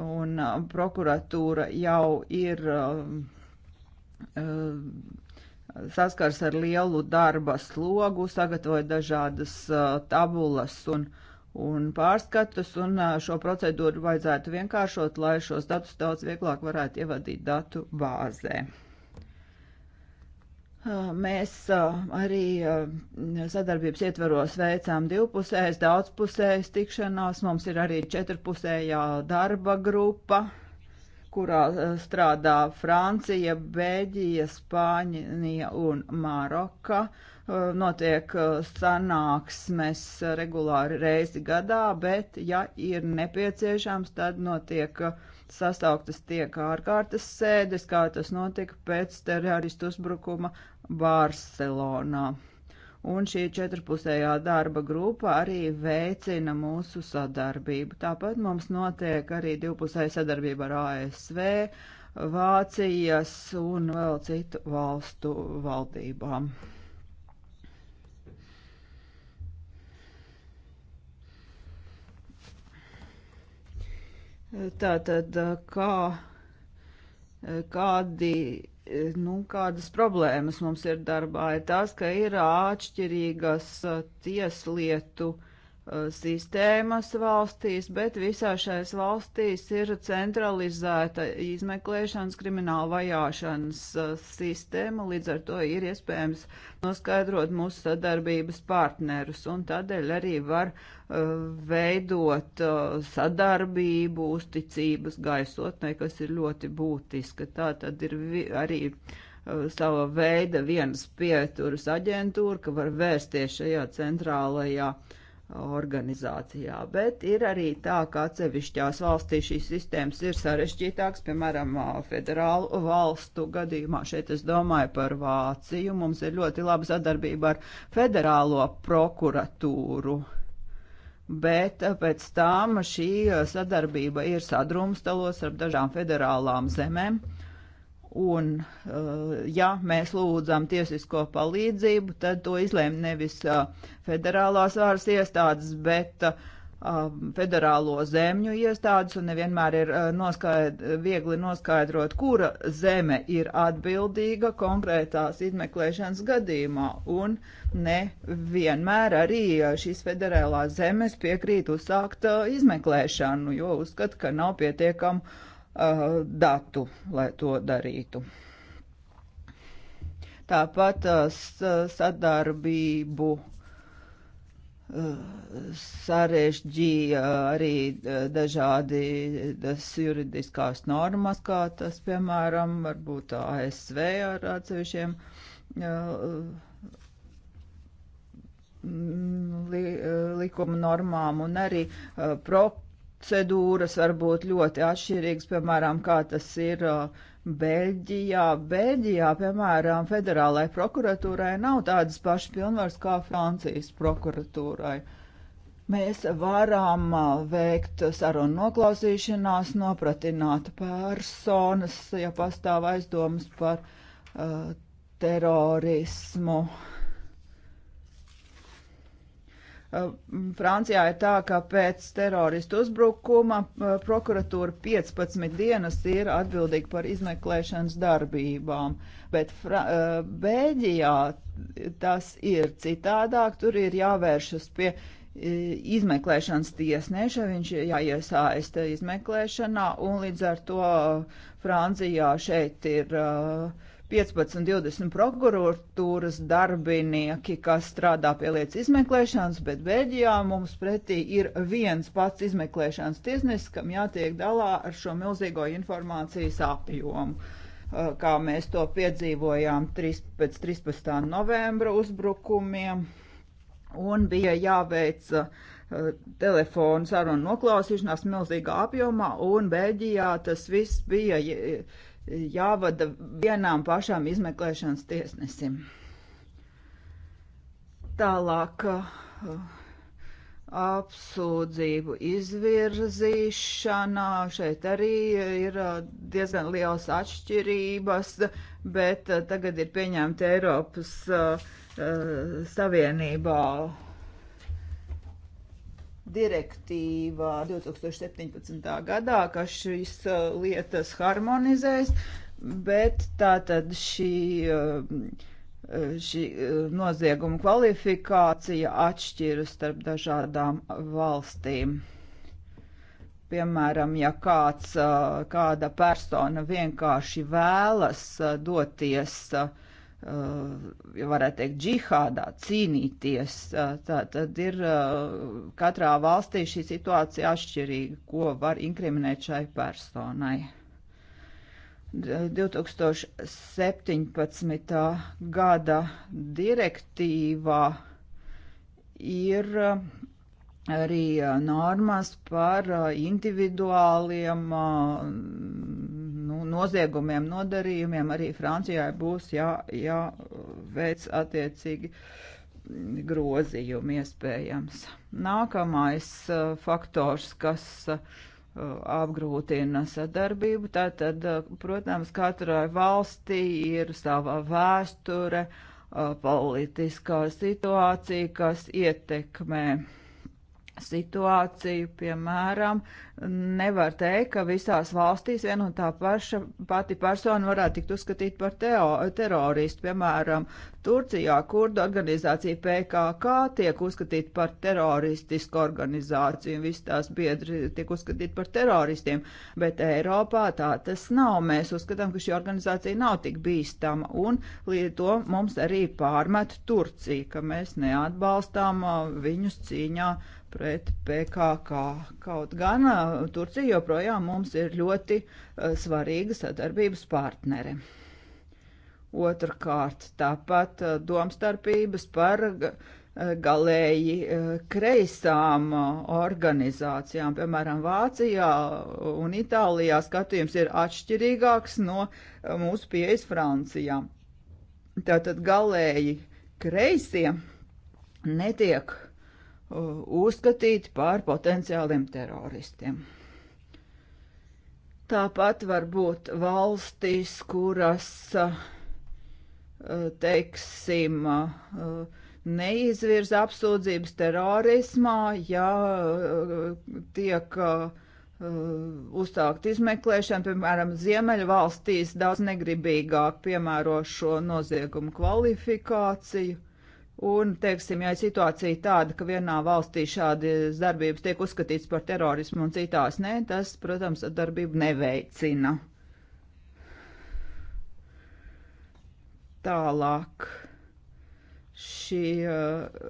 un uh, prokuratūra jau ir uh, uh, saskars ar lielu darba slogu, sagatavoja dažādas tabulas un, un pārskatus, un šo procedūru vajadzētu vienkāršot, lai šos datus daudz vieglāk varētu ievadīt datu bāzē. Mēs arī sadarbības ietvaros veicām divpusējas, daudzpusējas tikšanās. Mums ir arī četrpusējā darba grupa, kurā strādā Francija, Beļģija, Spāņija un Maroka. Notiek sanāksmes regulāri reizi gadā, bet, ja ir nepieciešams, tad notiek sasauktas tiek ārkārtas sēdes, kā tas notika pēc teroristu uzbrukuma Bārselonā. Un šī četrpusējā darba grupa arī veicina mūsu sadarbību. Tāpat mums notiek arī divpusēja sadarbība ar ASV, Vācijas un vēl citu valstu valdībām. Tātad, kā, kādi nu, kādas problēmas mums ir darbā, ir tas, ka ir atšķirīgas tieslietu sistēmas valstīs, bet visā šais valstīs ir centralizēta izmeklēšanas krimināla vajāšanas sistēma, līdz ar to ir iespējams noskaidrot mūsu sadarbības partnerus, un tādēļ arī var uh, Uh, veidot uh, sadarbību, uzticības gaisotnē, kas ir ļoti būtiska. Tā tad ir arī uh, sava veida vienas pieturas aģentūra, ka var vērsties šajā centrālajā organizācijā. Bet ir arī tā, ka atsevišķās valstīs šīs sistēmas ir sarežģītākas, piemēram, federālu valstu gadījumā. Šeit es domāju par Vāciju. Mums ir ļoti laba sadarbība ar federālo prokuratūru. Uh, bet eh, pēc tam šī eh, sadarbība ir sadrumstalos ar dažām federālām zemēm. Un, eh, ja mēs lūdzam tiesisko palīdzību, tad to izlēma nevis federālās varas iestādes, bet uh, Um, federālo zemju iestādes un nevienmēr ir uh, noskaid, viegli noskaidrot, kura zeme ir atbildīga konkrētās izmeklēšanas gadījumā. Un nevienmēr arī uh, šīs federālās zemes piekrīt uzsākt uh, izmeklēšanu, jo uzskata, ka nav pietiekam uh, datu, lai to darītu. Tāpat uh, sadarbību sarežģīja arī e, dažādi e, juridiskās normas, kā tas, piemēram, varbūt ASV ar atsevišķiem e, mm, li, likuma normām un arī procedūras var būt ļoti atšķirīgas, piemēram, kā tas ir uh, Beļģijā. Beļģijā, piemēram, federālai prokuratūrai nav tādas pašas pilnvaras kā Francijas prokuratūrai. Mēs varam veikt sarunu noklausīšanās, nopratināt personas, ja pastāv aizdomas par uh, terorismu. Uh, Uh, Francijā ir tā, ka pēc teroristu uzbrukuma uh, prokuratūra 15 dienas ir atbildīga par izmeklēšanas darbībām, bet Fra uh, Bēģijā tas ir citādāk, tur ir jāvēršas pie izmeklēšanas tiesneša, viņš jāiesaista izmeklēšanā, un līdz ar to Francijā šeit ir uh, 15-20 prokuratūras darbinieki, kas strādā pie lietas izmeklēšanas, bet Beļģijā mums pretī ir viens pats izmeklēšanas tiesnesis, kam jātiek dalā ar šo milzīgo informācijas apjomu kā mēs to piedzīvojām 3, pēc 13. novembra uzbrukumiem. Un bija jāveic uh, telefonu sarunu noklausīšanās milzīgā apjomā, un Beļģijā tas viss bija jāvada vienām pašām izmeklēšanas tiesnesim. Tālāk apsūdzību izvirzīšanā šeit arī ir diezgan liels atšķirības, bet tagad ir pieņemta Eiropas Savienībā direktīvā 2017. gadā, ka šīs uh, lietas harmonizēs, bet tātad šī, um, šī uh, nozieguma kvalifikācija atšķiras starp dažādām valstīm. Piemēram, ja kāds, uh, kāda persona vienkārši vēlas doties uh, Uh, ja varētu teikt, džihādā cīnīties. Uh, tā tad ir uh, katrā valstī šī situācija atšķirīga, ko var inkriminēt šai personai. 2017. gada direktīvā ir arī normas par individuāliem noziegumiem, nodarījumiem arī Francijai būs jāveic jā, attiecīgi grozījumi iespējams. Nākamais uh, faktors, kas uh, apgrūtina sadarbību, tātad, uh, protams, katrai valstī ir sava vēsture, uh, politiskā situācija, kas ietekmē situāciju, piemēram, nevar teikt, ka visās valstīs viena un tā paša pati persona varētu tikt uzskatīt par teo, teroristu. Piemēram, Turcijā kurda organizācija PKK tiek uzskatīta par teroristisku organizāciju, un visi tās biedri tiek uzskatīti par teroristiem, bet Eiropā tā tas nav. Mēs uzskatām, ka šī organizācija nav tik bīstama, un līdz to mums arī pārmet Turcija, ka mēs neatbalstām uh, viņus cīņā. Uh, pret PKK. Kaut gan Turcija joprojām mums ir ļoti svarīga sadarbības partnere. Otrakārt, tāpat domstarpības par galēji kreisām organizācijām. Piemēram, Vācijā un Itālijā skatījums ir atšķirīgāks no mūsu pieejas Francijā. Tātad galēji kreisie netiek Uh, uzskatīti par potenciāliem teroristiem. Tāpat var būt valstis, kuras, uh, teiksim, uh, neizvirza apsūdzības terorismā, ja tiek uzsākt izmeklēšanu, piemēram, Ziemeļu valstīs daudz negribīgāk piemēro šo noziegumu kvalifikāciju. Un, teiksim, ja situācija tāda, ka vienā valstī šādas darbības tiek uzskatīts par terorismu un citās nē, tas, protams, darbību neveicina. Tālāk šī uh,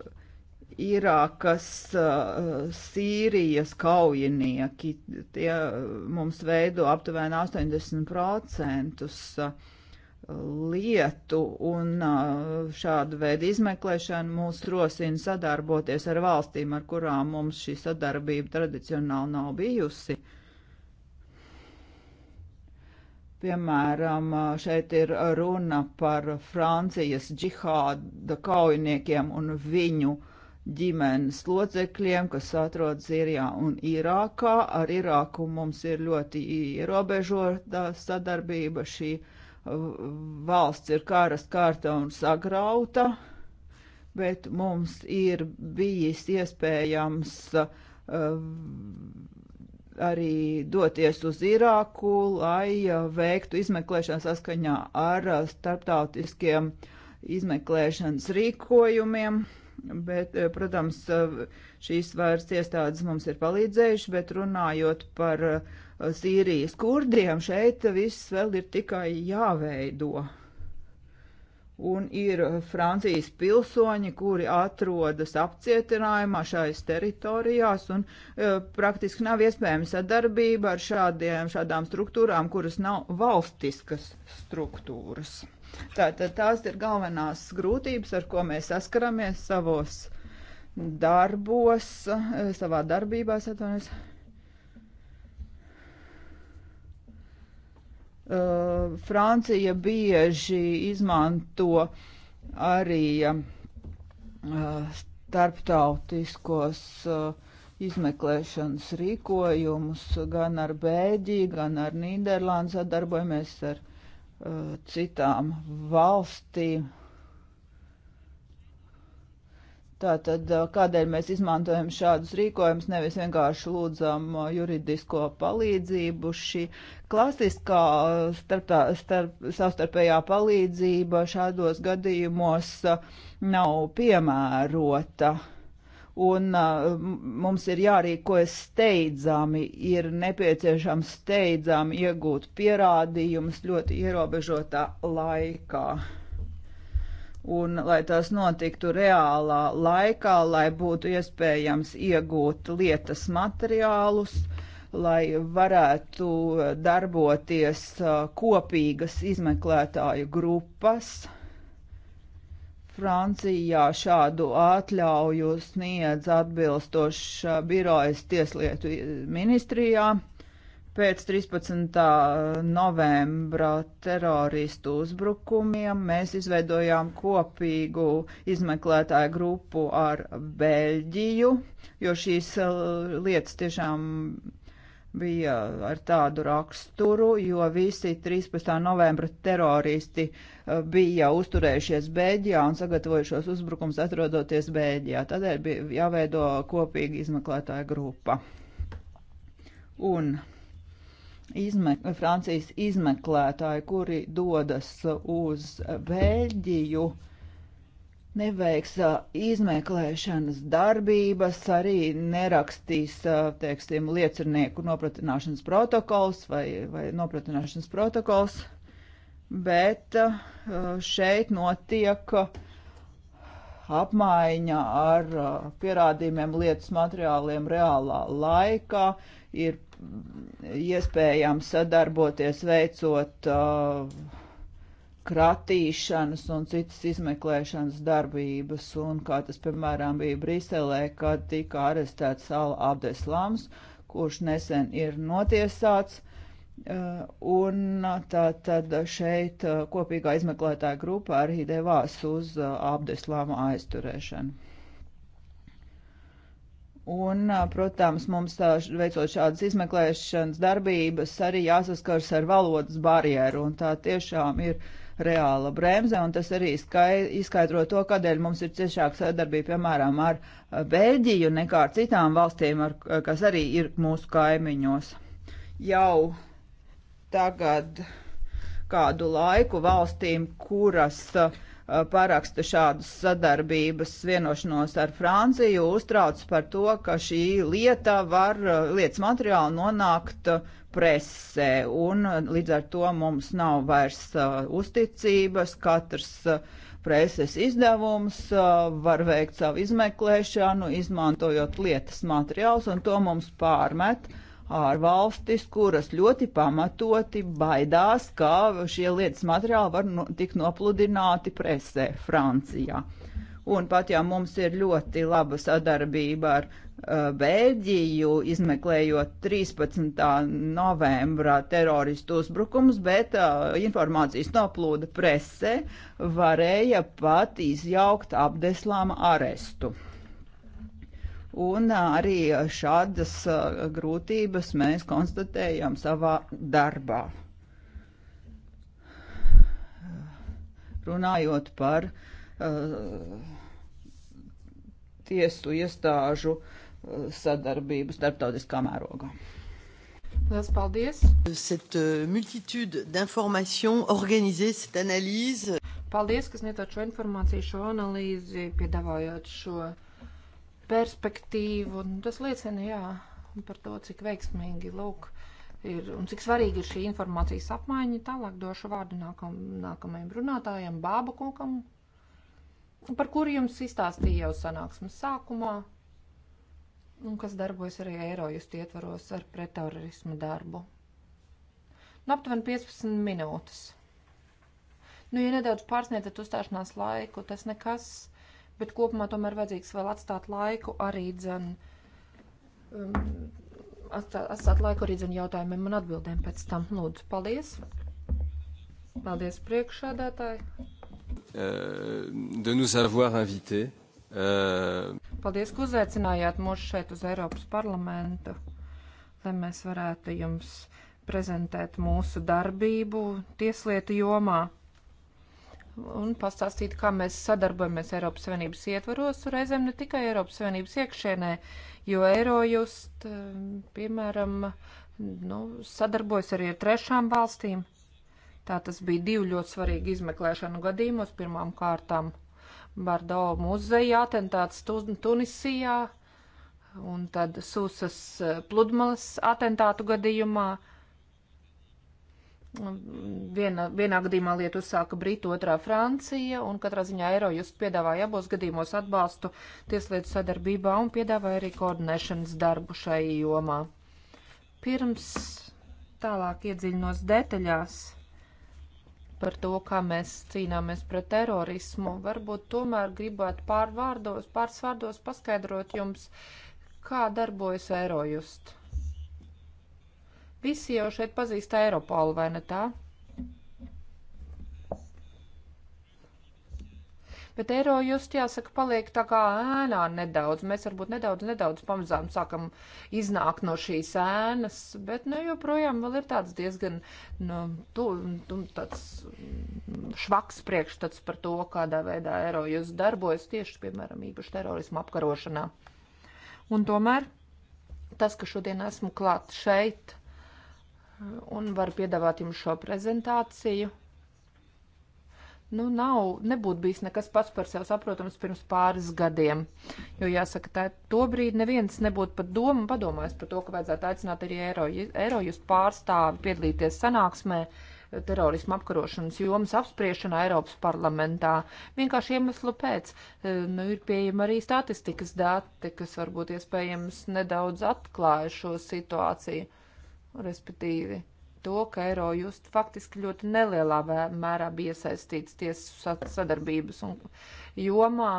Irākas, uh, Sīrijas kaujinieki, tie uh, mums veido aptuveni 80% uh, lietu un šādu veidu izmeklēšana mūs rosina sadarboties ar valstīm, ar kurām mums šī sadarbība tradicionāli nav bijusi. Piemēram, šeit ir runa par Francijas džihāda kaujiniekiem un viņu ģimenes locekļiem, kas atrodas Sīrijā un Irākā. Ar Irāku mums ir ļoti ierobežota sadarbība. Šī uh, valsts ir kāras kārta un sagrauta, bet mums ir bijis iespējams uh, arī doties uz Irāku, lai uh, veiktu izmeklēšanu saskaņā ar uh, starptautiskiem izmeklēšanas rīkojumiem. Bet, protams, šīs vairs iestādes mums ir palīdzējuši, bet runājot par uh, Eh, Sīrijas kurdiem. Šeit viss vēl ir tikai jāveido. Un ir eh, Francijas pilsoņi, kuri atrodas apcietinājumā šais teritorijās, un e, praktiski nav iespējama sadarbība ar šādiem, šādām struktūrām, kuras nav valstiskas struktūras. Tātad tās ir galvenās grūtības, ar ko mēs saskaramies savos darbos, savā darbībās, atvainojos. Uh, Francija bieži izmanto arī uh, starptautiskos uh, izmeklēšanas rīkojumus gan ar Bēģiju, gan ar Nīderlandu sadarbojamies ar uh, citām valstīm. Tātad, kādēļ mēs izmantojam šādus rīkojumus, nevis vienkārši lūdzam juridisko palīdzību. Šī klasiskā starptā, starp, savstarpējā palīdzība šādos gadījumos nav piemērota. Un mums ir jārīkojas steidzami, ir nepieciešams steidzami iegūt pierādījumus ļoti ierobežotā laikā un lai tas notiktu reālā laikā, lai būtu iespējams iegūt lietas materiālus, lai varētu darboties kopīgas izmeklētāju grupas. Francijā šādu atļauju sniedz atbilstošs birojas tieslietu ministrijā Pēc 13. novembra teroristu uzbrukumiem mēs izveidojām kopīgu izmeklētāju grupu ar Beļģiju, jo šīs uh, lietas tiešām bija ar tādu raksturu, jo visi 13. novembra teroristi uh, bija uzturējušies Bēļģijā un sagatavojušos uzbrukums atrodoties Bēļģijā. Tādēļ bija jāveido kopīga izmeklētāja grupa. Un izme, Francijas izmeklētāji, kuri dodas uz Beļģiju, neveiks izmeklēšanas darbības, arī nerakstīs, teiksim, liecinieku nopratināšanas protokols vai, vai nopratināšanas protokols, bet šeit notiek apmaiņa ar pierādījumiem, lietas materiāliem reālā laikā, ir iespējams sadarboties veicot uh, kratīšanas un citas izmeklēšanas darbības, un kā tas, piemēram, bija Briselē, kad tika arestēts Sala Abdeslams, kurš nesen ir notiesāts, uh, un uh, tā tad šeit uh, kopīgā izmeklētāja grupa arī devās uz Abdeslama aizturēšanu. Un, protams, mums veicot šādas izmeklēšanas darbības arī jāsaskars ar valodas barjeru, un tā tiešām ir reāla bremze, un tas arī izskaidro to, kādēļ mums ir ciešāka sadarbība, piemēram, ar Beļģiju nekā ar citām valstīm, ar, kas arī ir mūsu kaimiņos. Jau tagad kādu laiku valstīm, kuras uh, Eh, paraksta šādus sadarbības vienošanos ar Franciju, uztrauc par to, ka šī lieta var, eh, lietas materiāli nonākt eh, presē, un līdz ar to mums nav vairs uh, uzticības, katrs uh, preses izdevums, var veikt savu izmeklēšanu, izmantojot lietas materiālus, un to mums pārmet ārvalstis, kuras ļoti pamatoti baidās, ka šie lietas materiāli var no, tik nopludināti presē Francijā. Un pat ja mums ir ļoti laba sadarbība ar uh, Bēļģiju, izmeklējot 13. novembrā teroristu uzbrukums, bet uh, informācijas noplūda presē, varēja pat izjaukt apdeslāma arestu un arī šādas grūtības mēs konstatējam savā darbā. Runājot par uh, tiesu iestāžu uh, sadarbību starptautiskā mērogā. Liels paldies! Cette multitude d'informations organisées, cette analyse. Paldies, kas sniedzat šo informāciju, šo analīzi, piedāvājot šo uh, perspektīvu. Nu, tas liecina, jā, par to, cik veiksmīgi lūk ir un cik svarīgi ir šī informācijas apmaiņa. Tālāk došu vārdu nākam, nākamajam runātājam, Bāba Kungam, par kuru jums izstāstīja jau sanāksmes sākumā, un kas darbojas arī Eirojust ietvaros ar pretterorismu darbu. Nu, aptuveni 15 minūtes. Nu, ja nedaudz pārsniedzat uzstāšanās laiku, tas nekas bet kopumā tomēr vajadzīgs vēl atstāt laiku arī dzen, um, atstāt, atstāt laiku arī dzen jautājumiem un atbildēm pēc tam. Lūdzu, paldies! Paldies priekšādātāji! Euh, de nous avoir invités. Uh... Paldies, ka uzaicinājāt mūs šeit uz Eiropas parlamentu, lai mēs varētu jums prezentēt mūsu darbību tieslietu jomā un pastāstīt, kā mēs sadarbojamies Eiropas Savienības ietvaros, reizēm ne tikai Eiropas Savienības iekšēnē, jo Eirojust, um, piemēram, nu, sadarbojas arī ar trešām valstīm. Tā tas bija divu ļoti svarīgu izmeklēšanu gadījumos. Pirmām kārtām Bardo muzeja atentāts Tunisijā un tad Sūsas uh, pludmales atentātu gadījumā. Viena, vienā gadījumā lietu uzsāka Brita, otrā Francija, un katrā ziņā eiro jūs piedāvāja abos gadījumos atbalstu tieslietu sadarbībā un piedāvāja arī koordinēšanas darbu šai jomā. Pirms tālāk iedziļinos detaļās par to, kā mēs cīnāmies pret terorismu, varbūt tomēr gribētu pārvārdos, pāris vārdos paskaidrot jums, kā darbojas eirojust Visi jau šeit pazīst Eiropolu, vai ne tā? Bet eiro just jāsaka, paliek tā kā ēnā nedaudz. Mēs varbūt nedaudz, nedaudz pamazām sākam iznākt no šīs ēnas, bet, nu, joprojām vēl ir tāds diezgan, nu, tu, tu, tāds mm, švaks priekšstats par to, kādā veidā eiro just darbojas tieši, piemēram, īpaši terorismu apkarošanā. Un tomēr tas, ka šodien esmu klāt šeit, un var piedāvāt jums šo prezentāciju. Nu, nav, nebūtu bijis nekas pats par sevi saprotams pirms pāris gadiem. Jo, jāsaka, tā to brīdi neviens nebūtu pat doma padomājis par to, ka vajadzētu aicināt arī eiro jūs pārstāvi piedalīties sanāksmē terorismu apkarošanas jomas apspriešanā Eiropas parlamentā. Vienkārši iemeslu pēc, e, nu, ir pieejama arī statistikas dati, kas varbūt iespējams nedaudz atklāja šo situāciju respektīvi to, ka eiro just faktiski ļoti nelielā mērā bija iesaistīts tiesu sadarbības un jomā.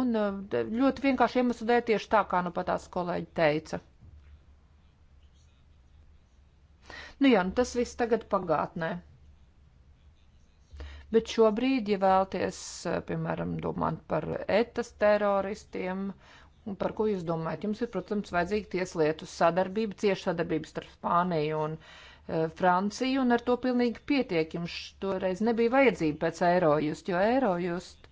Un eh, ļoti vienkārši iemeslu dēļ tieši tā, kā nu pat tās kolēģi teica. Nu jā, nu tas viss tagad pagātnē. Bet šobrīd, ja vēlties, eh, piemēram, domāt par etas teroristiem Un par ko jūs domājat? Jums ir, protams, vajadzīga tieslietu sadarbība, cieša sadarbība starp Spāniju un e, Franciju, un ar to pilnīgi pietiek. Jums toreiz nebija vajadzība pēc Eirojust, jo Eirojust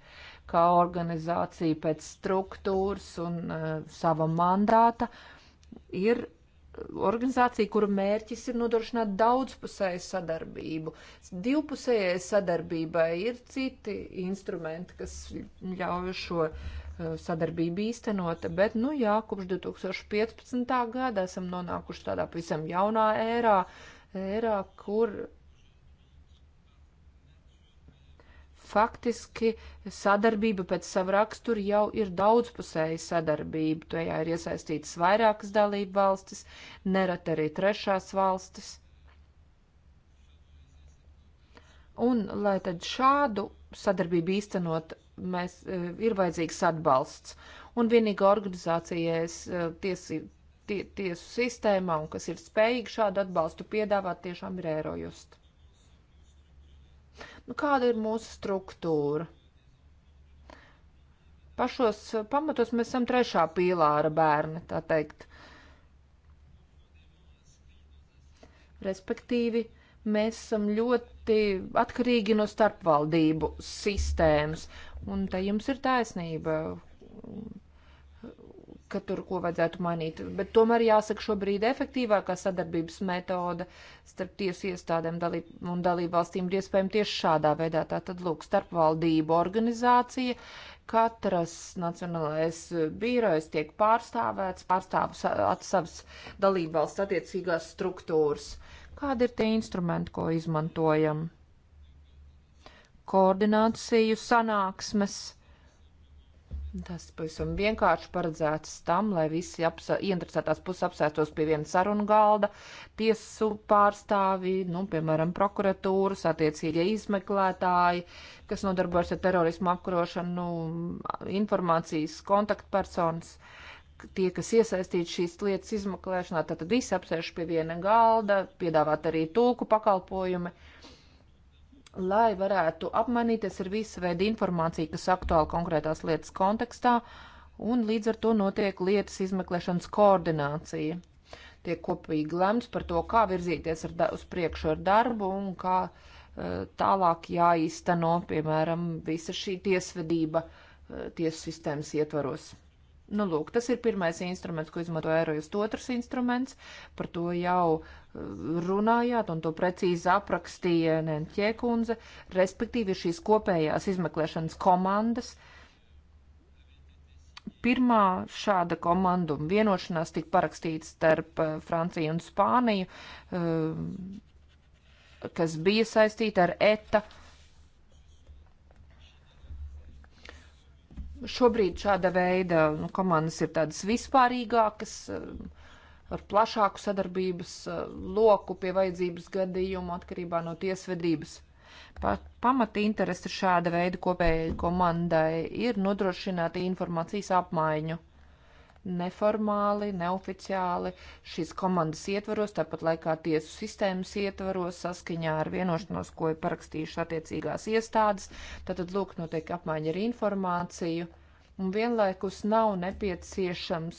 kā organizācija pēc struktūras un e, sava mandāta ir organizācija, kura mērķis ir nodrošināt daudzpusēju sadarbību. Divpusējai sadarbībai ir citi instrumenti, kas ļauj šo uh, Eh, sadarbība īstenota, bet, nu jā, kopš 2015. gada esam nonākuši tādā pavisam jaunā ērā, ērā, kur faktiski sadarbība pēc sava rakstura jau ir daudzpusēja sadarbība. Tajā ir iesaistītas vairākas dalību valstis, nerat arī trešās valstis. Un, lai tad šādu sadarbību īstenot mēs, e, ir vajadzīgs atbalsts. Un vienīgā organizācijas e, tiesība tie, tiesu sistēmā un kas ir spējīgi šādu atbalstu piedāvāt, tiešām ir ērojust. Nu, kāda ir mūsu struktūra? Pašos pamatos mēs esam trešā pīlāra bērni, tā teikt. Respektīvi, mēs esam ļoti atkarīgi no starpvaldību sistēmas, Un te jums ir taisnība, ka tur ko vajadzētu mainīt. Bet tomēr jāsaka šobrīd efektīvākā sadarbības metode starp tiesu iestādēm dalīb un dalību valstīm ir iespējama tieši šādā veidā. Tātad, lūk, starpvaldību organizācija, katras nacionālais bīrojas tiek pārstāvēts, pārstāv savas dalību valsts attiecīgās struktūras. Kādi ir tie instrumenti, ko izmantojam? koordināciju sanāksmes. Tas pavisam vienkārši paredzēts tam, lai visi ieinteresētās puses apsēstos pie viena sarunu galda, tiesu pārstāvji, nu, piemēram, prokuratūras, attiecīgie izmeklētāji, kas nodarbojas ar terorismu apkarošanu, informācijas kontaktpersonas, tie, kas iesaistīti šīs lietas izmeklēšanā, tad visi apsēž pie viena galda, piedāvāt arī tulku pakalpojumi. Uh, lai varētu apmainīties ar visu veidu informāciju, kas aktuāli konkrētās lietas kontekstā, un līdz ar to notiek lietas izmeklēšanas koordinācija. Tiek kopīgi lemts par to, kā virzīties ar, uz priekšu ar darbu un kā uh, tālāk jāīsteno, piemēram, visa šī tiesvedība uh, eh, tiesu sistēmas ietvaros. Nu, lūk, tas ir pirmais instruments, ko izmanto Eirojust. Otrs instruments, par to jau uh, runājāt, un to precīzi aprakstīja Nenķie kundze, respektīvi šīs kopējās izmeklēšanas komandas. Pirmā šāda komanda un vienošanās tika parakstīta starp uh, Franciju un Spāniju, uh, kas bija saistīta ar ETA Šobrīd šāda veida nu, komandas ir tādas vispārīgākas, eh, ar plašāku sadarbības eh, loku pie vajadzības gadījumu atkarībā no tiesvedības. Pat pamata interese šāda veida kopējai komandai ir nodrošināt informācijas apmaiņu neformāli, neoficiāli šīs komandas ietvaros, tāpat laikā tiesu sistēmas ietvaros saskaņā ar vienošanos, ko ir parakstījuši attiecīgās iestādes. Tātad, lūk, notiek apmaiņa ar informāciju. Un vienlaikus nav nepieciešams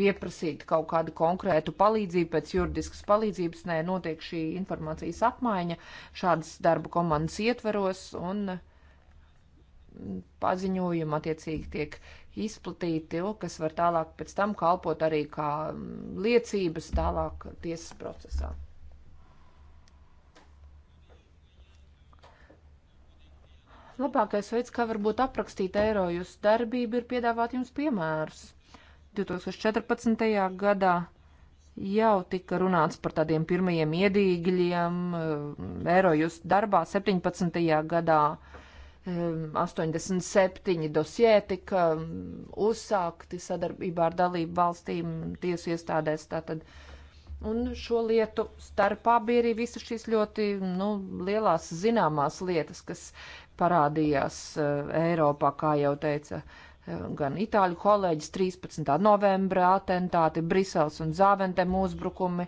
pieprasīt kaut kādu konkrētu palīdzību pēc juridiskas palīdzības. Nē, notiek šī informācijas apmaiņa šādas darba komandas ietvaros un paziņojumi attiecīgi tiek izplatīti, un kas var tālāk pēc tam kalpot arī kā mm, liecības tālāk tiesas procesā. Labākais veids, kā varbūt aprakstīt eiro jūsu darbību, ir piedāvāt jums piemērus. 2014. gadā jau tika runāts par tādiem pirmajiem iedīgļiem mm, eiro jūsu darbā 17. gadā 87 dosjē tika uzsākti sadarbībā ar dalību valstīm tiesu iestādēs. Tātad. Un šo lietu starpā bija arī visas šīs ļoti nu, lielās zināmās lietas, kas parādījās Eiropā, kā jau teica gan itāļu kolēģis 13. novembra atentāti, Brisels un Zāventem uzbrukumi,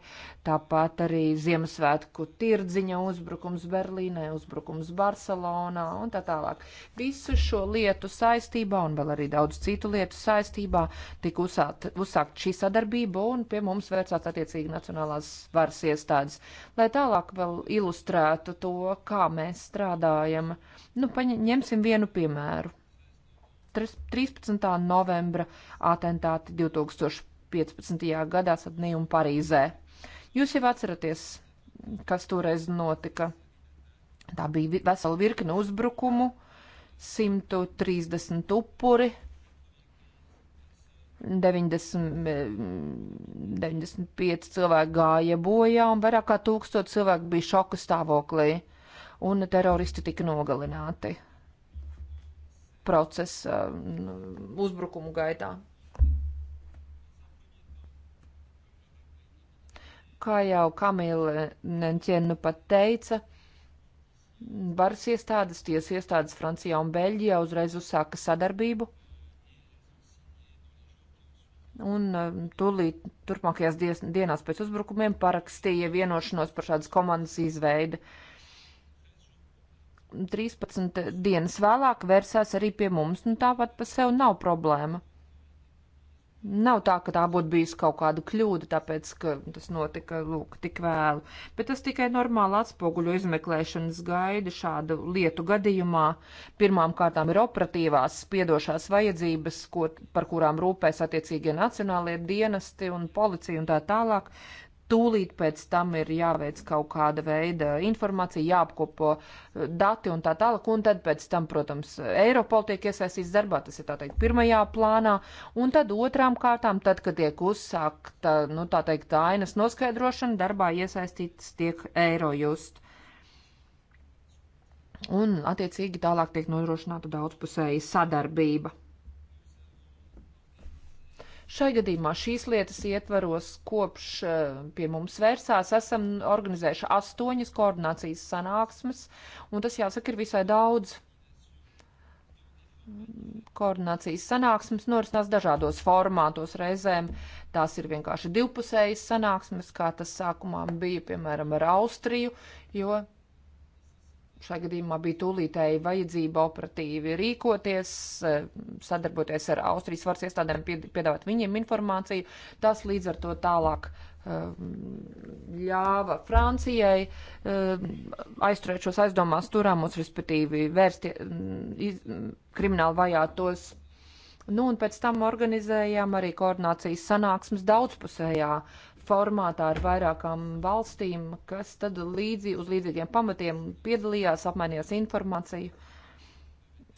tāpat arī Ziemassvētku tirdziņa uzbrukums Berlīnē, uzbrukums Barcelonā un tā tālāk. Visu šo lietu saistībā un vēl arī daudz citu lietu saistībā tika uzsākt, uzsākt šī sadarbība un pie mums vērsās attiecīgi nacionālās varas iestādes, lai tālāk vēl ilustrētu to, kā mēs strādājam. Nu, paņemsim vienu piemēru 13. novembra atentāti 2015. gadā Sadnī un Parīzē. Jūs jau atceraties, kas toreiz notika. Tā bija vesela virkne uzbrukumu, 130 upuri, 90, 95 cilvēki gāja bojā un vairāk kā tūkstot cilvēku bija šoka stāvoklī, un teroristi tika nogalināti procesa mm, uzbrukumu gaitā. Kā jau Kamila Nenķena nu pat teica, varas iestādes, tiesa iestādes Francijā un Beļģijā uzreiz uzsāka sadarbību. Un mm, tūlīt turpmākajās dienās pēc uzbrukumiem parakstīja vienošanos par šādas komandas izveidi. Uh, 13 dienas vēlāk vērsās arī pie mums. Nu, tāpat pa sev nav problēma. Nav tā, ka tā būtu bijusi kaut kāda kļūda, tāpēc, ka tas notika lūk, tik vēlu. Bet tas tikai normāli atspoguļo izmeklēšanas gaidi šādu lietu gadījumā. Pirmām kārtām ir operatīvās spiedošās vajadzības, ko, par kurām rūpēs attiecīgie nacionālie dienesti un policija un tā tālāk. Tūlīt pēc tam ir jāveic kaut kāda veida informācija, jāapkopo eh, dati un tā tālāk, un tad pēc tam, protams, Eiropol tiek iesaistīts darbā, tas ir tā teikt pirmajā plānā, un tad otrām kārtām, tad, kad tiek uzsākta, nu tā teikt, ainas noskaidrošana, darbā iesaistīts tiek Eirojust. Un, attiecīgi, tālāk tiek nodrošināta daudzpusēja sadarbība. Šai gadījumā šīs lietas ietvaros, kopš eh, pie mums vērsās, esam organizējuši astoņas koordinācijas sanāksmes, un tas jāsaka ir visai daudz. Koordinācijas sanāksmes norisinās dažādos formātos reizēm. Tās ir vienkārši divpusējas sanāksmes, kā tas sākumā bija, piemēram, ar Austriju, jo šai gadījumā bija tūlītēji vajadzība operatīvi rīkoties, e, sadarboties ar Austrijas varas iestādēm, piedāvāt viņiem informāciju. Tas līdz ar to tālāk e, ļāva Francijai e, aizturēt šos aizdomās turāmos, respektīvi vērst mm, krimināli vajātos. Nu, un pēc tam organizējām arī koordinācijas sanāksmes daudzpusējā formātā ar vairākām valstīm, kas tad līdzi uz līdzīgiem pamatiem piedalījās, apmainījās informāciju,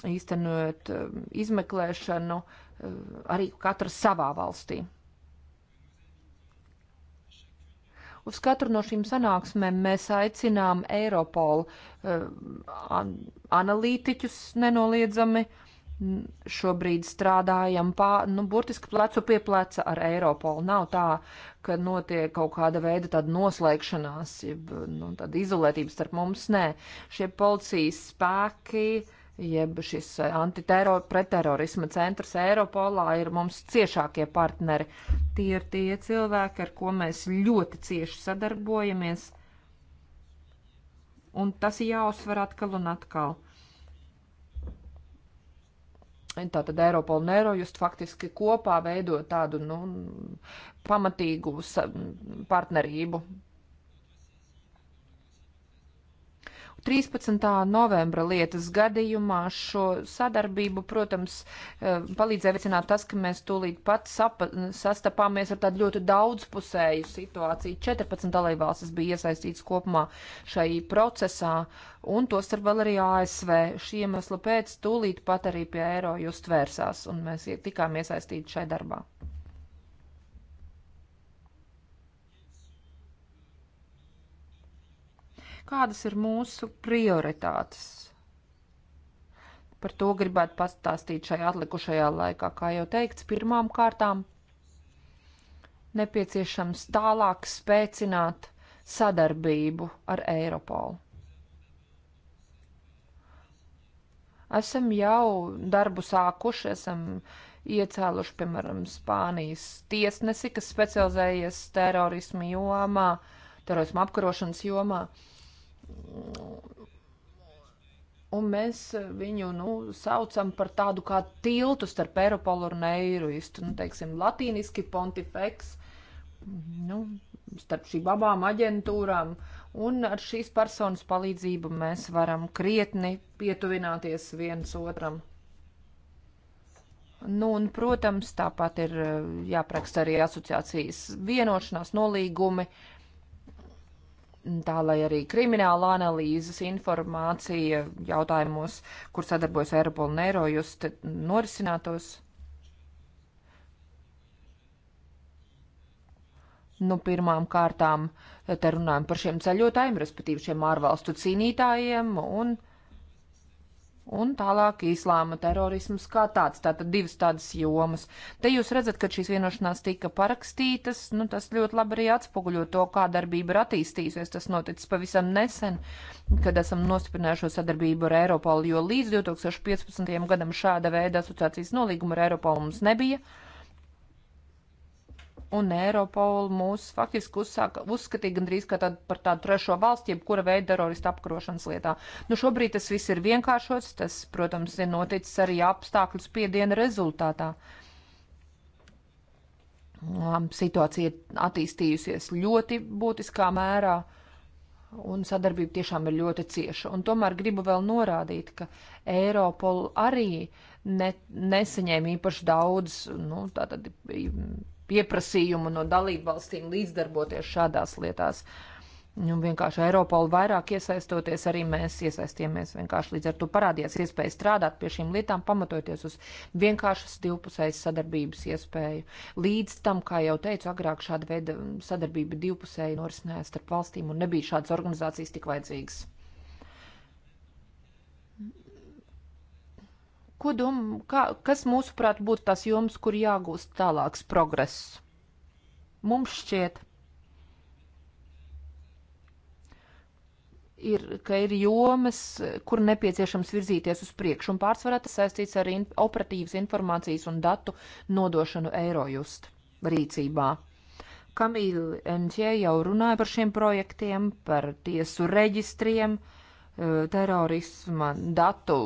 īstenojot um, izmeklēšanu uh, arī katra savā valstī. Uz katru no šīm sanāksmēm mēs aicinām Eiropolu uh, an analītiķus nenoliedzami. Šobrīd strādājam pā, nu, burtiski plecu pie pleca ar Eiropolu. Nav tā, ka notiek kaut kāda veida tāda noslēgšanās, jeb nu, tāda izolētība starp mums. Nē, šie policijas spēki, jeb šis antiterorisma centrs Eiropolā ir mums ciešākie partneri. Tie ir tie cilvēki, ar ko mēs ļoti cieši sadarbojamies. Un tas jāuzsver atkal un atkal līmenī. Tātad Eiropola un Eirojust faktiski kopā veido tādu nu, pamatīgu partnerību 13. novembra lietas gadījumā šo sadarbību, protams, eh, palīdzēja veicināt tas, ka mēs tūlīt pat sapa, sastapāmies ar tādu ļoti daudzpusēju situāciju. 14 dalībvalstis bija iesaistīts kopumā šai procesā, un to starp vēl arī ASV. Šī iemesla pēc tūlīt pat arī pie eiro jūs tvērsās, un mēs tikām iesaistīti šai darbā. Kādas ir mūsu prioritātes? Par to gribētu pastāstīt šajā atlikušajā laikā. Kā jau teikts, pirmām kārtām nepieciešams tālāk spēcināt sadarbību ar Eiropolu. Esam jau darbu sākuši, esam iecēluši, piemēram, Spānijas tiesnesi, kas specializējies terorismu jomā, terorismu apkarošanas jomā. Uh, Un mēs viņu nu, saucam par tādu kā tiltu starp Eiropolu un Eiroistu. Nu, teiksim, latīniski pontifeks, nu, starp šīm abām aģentūrām. Un ar šīs personas palīdzību mēs varam krietni pietuvināties viens otram. Nu, un, protams, tāpat ir eh, jāpraksta arī asociācijas vienošanās nolīgumi, tā lai arī krimināla analīzes informācija jautājumos, kur sadarbojas Eiropola un Eirojust, norisinātos. Nu, pirmām kārtām te runājam par šiem ceļotājiem, respektīvi šiem ārvalstu cīnītājiem un uh, un tālāk islāma terorisms kā tāds. Tātad divas tādas jomas. Te jūs redzat, ka šīs vienošanās tika parakstītas, nu tas ļoti labi arī atspoguļo to, kā darbība ir attīstījusies. Tas noticis pavisam nesen, kad esam nostiprinājuši šo sadarbību ar Eiropolu, jo līdz 2015. gadam šāda veida asociācijas nolīguma ar Eiropolu mums nebija un Eiropola mūs faktiski uzsāka, uzskatīja gandrīz kā tādu par tādu trešo valsti, jebkura veida terorista apkarošanas lietā. Nu, šobrīd tas viss ir vienkāršots, tas, protams, ir noticis arī apstākļu spiediena rezultātā. Situācija ir attīstījusies ļoti būtiskā mērā, un sadarbība tiešām ir ļoti cieša. Un tomēr gribu vēl norādīt, ka Eiropola arī ne, nesaņēma īpaši daudz, nu, tātad pieprasījumu no dalību valstīm līdzdarboties šādās lietās. Nu, vienkārši Eiropolu vairāk iesaistoties, arī mēs iesaistījāmies. Vienkārši līdz ar to parādījās iespēja strādāt pie šīm lietām, pamatojoties uz vienkāršas divpusējas sadarbības iespēju. Līdz tam, kā jau teicu, agrāk šāda veida sadarbība divpusēji norisinājās starp valstīm un nebija šādas organizācijas tik vajadzīgas. Ko domā, kas mūsuprāt būtu tās jomas, kur jāgūst tālāks progress? Mums šķiet, ir, ka ir jomas, kur nepieciešams virzīties uz priekšu, un pārsvarā tas saistīts ar in operatīvas informācijas un datu nodošanu Eirojust rīcībā. Kamīļa Enķē jau runāja par šiem projektiem, par tiesu reģistriem. Uh, terorisma datu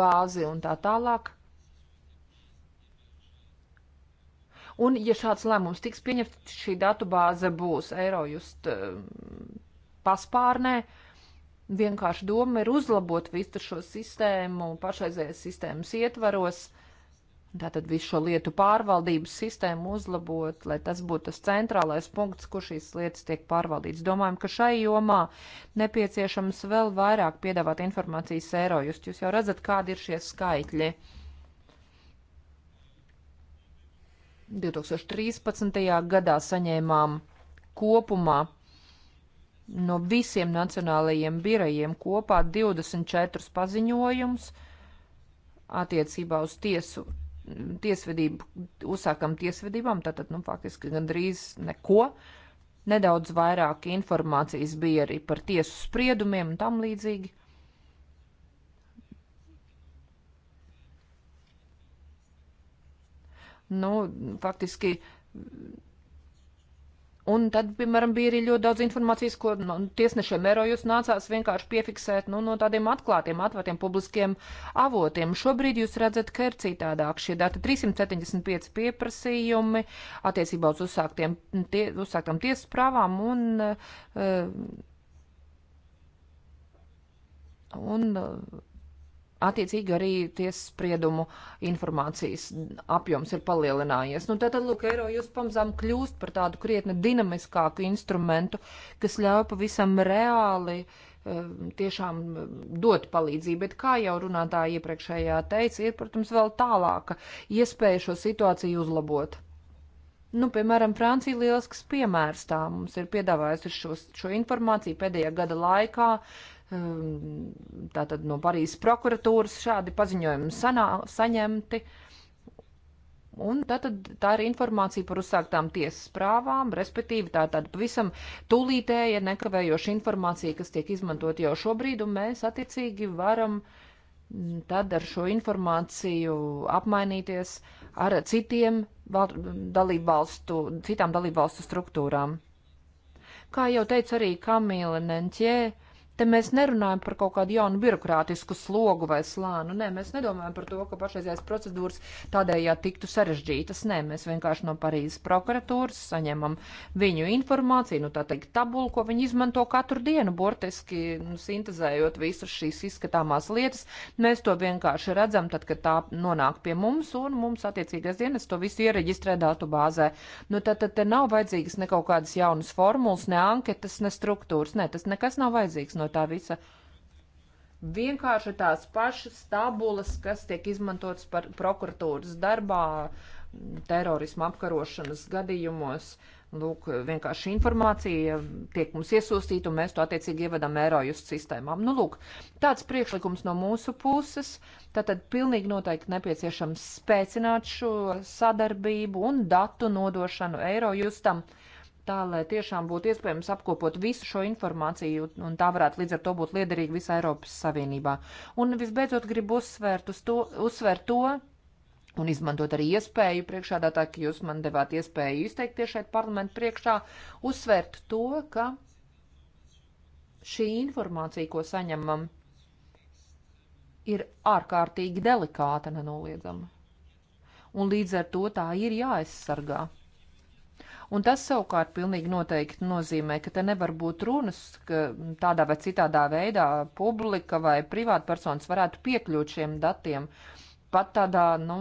bāzi un tā tālāk. Un, ja šāds lēmums tiks pieņemts, šī datubāze būs Eirojust eh, paspārnē. Vienkārši doma ir uzlabot visu šo sistēmu pašreizējās sistēmas ietvaros, uh, Tātad visu šo lietu pārvaldības sistēmu uzlabot, lai tas būtu tas centrālais punkts, kur šīs lietas tiek pārvaldīts. Domājam, ka šai jomā nepieciešams vēl vairāk piedāvāt informācijas eirojust. Jūs jau redzat, kādi ir šie skaitļi. 2013. gadā saņēmām kopumā no visiem nacionālajiem birajiem kopā 24 paziņojumus attiecībā uz tiesu tiesvedību, uzsākam tiesvedībām, tātad, nu, faktiski gandrīz neko. Nedaudz vairāk informācijas bija arī par tiesu spriedumiem un tam līdzīgi. Nu, faktiski Un tad, piemēram, bija arī ļoti daudz informācijas, ko nu, tiesnešiem erojus nācās vienkārši piefiksēt nu, no tādiem atklātiem, atvērtiem publiskiem avotiem. Šobrīd jūs redzat, ka ir citādāk šie dati - 375 pieprasījumi attiecībā uz uzsāktiem, tie, uzsāktām tiesas prāvām un. Uh, un uh, attiecīgi arī tiesas spriedumu informācijas apjoms ir palielinājies. Nu, tātad, lūk, eiro jūs pamazām kļūst par tādu krietni dinamiskāku instrumentu, kas ļauj pavisam reāli eh, tiešām eh, dot palīdzību, bet kā jau runātāja iepriekšējā teica, ir, protams, vēl tālāka iespēja šo situāciju uzlabot. Nu, piemēram, Francija lielisks piemērs tā mums ir piedāvājusi šo, šo informāciju pēdējā gada laikā. Ehm, tātad no Parīzes prokuratūras šādi paziņojumi sanā, saņemti. Un tātad tā ir informācija par uzsāktām tiesas prāvām, respektīvi tā tāda pavisam tūlītēja nekavējoša informācija, kas tiek izmantot jau šobrīd, un mēs attiecīgi varam mm, tad ar šo informāciju apmainīties ar citiem dalībvalstu, citām dalībvalstu struktūrām. Kā jau teica arī Kamila Nenķē, Te mēs nerunājam par kaut kādu jaunu birokrātisku slogu vai slānu. Nē, mēs nedomājam par to, ka pašreizējās procedūras tādējā tiktu sarežģītas. Nē, mēs vienkārši no Parīzes prokuratūras saņemam viņu informāciju, nu tā teikt, tabulu, ko viņi izmanto katru dienu, burtiski nu, sintezējot visas šīs izskatāmās lietas. Mēs to vienkārši redzam, tad, kad tā nonāk pie mums, un mums attiecīgais dienas to visu iereģistrē datu bāzē. Nu, tad, tad te nav vajadzīgas ne kaut kādas jaunas formulas, ne anketas, ne struktūras. Nē, tas nekas nav vajadzīgs. No nu, no tā visa vienkārši tās pašas tabulas, kas tiek izmantotas par prokuratūras darbā, terorismu apkarošanas gadījumos. Lūk, vienkārši informācija tiek mums iesūstīta, un mēs to attiecīgi ievedam Eirojust sistēmām. Nu, lūk, tāds priekšlikums no mūsu puses, tātad pilnīgi noteikti nepieciešams spēcināt šo sadarbību un datu nodošanu Eirojustam. Uh, tā, lai tiešām būtu iespējams apkopot visu šo informāciju, un tā varētu līdz ar to būt liederīga visā Eiropas Savienībā. Un visbeidzot, gribu uzsvērt, uz to, uzsvērt to, un izmantot arī iespēju priekšādātā, ka jūs man devāt iespēju izteikties šeit parlamentu priekšā, uzsvērt to, ka šī informācija, ko saņemam, ir ārkārtīgi delikāta, nenoliedzama. Un līdz ar to tā ir jāaizsargā. Un tas savukārt pilnīgi noteikti nozīmē, ka te nevar būt runas, ka tādā vai citādā veidā publika vai privātpersonas varētu piekļūt šiem datiem pat tādā, nu,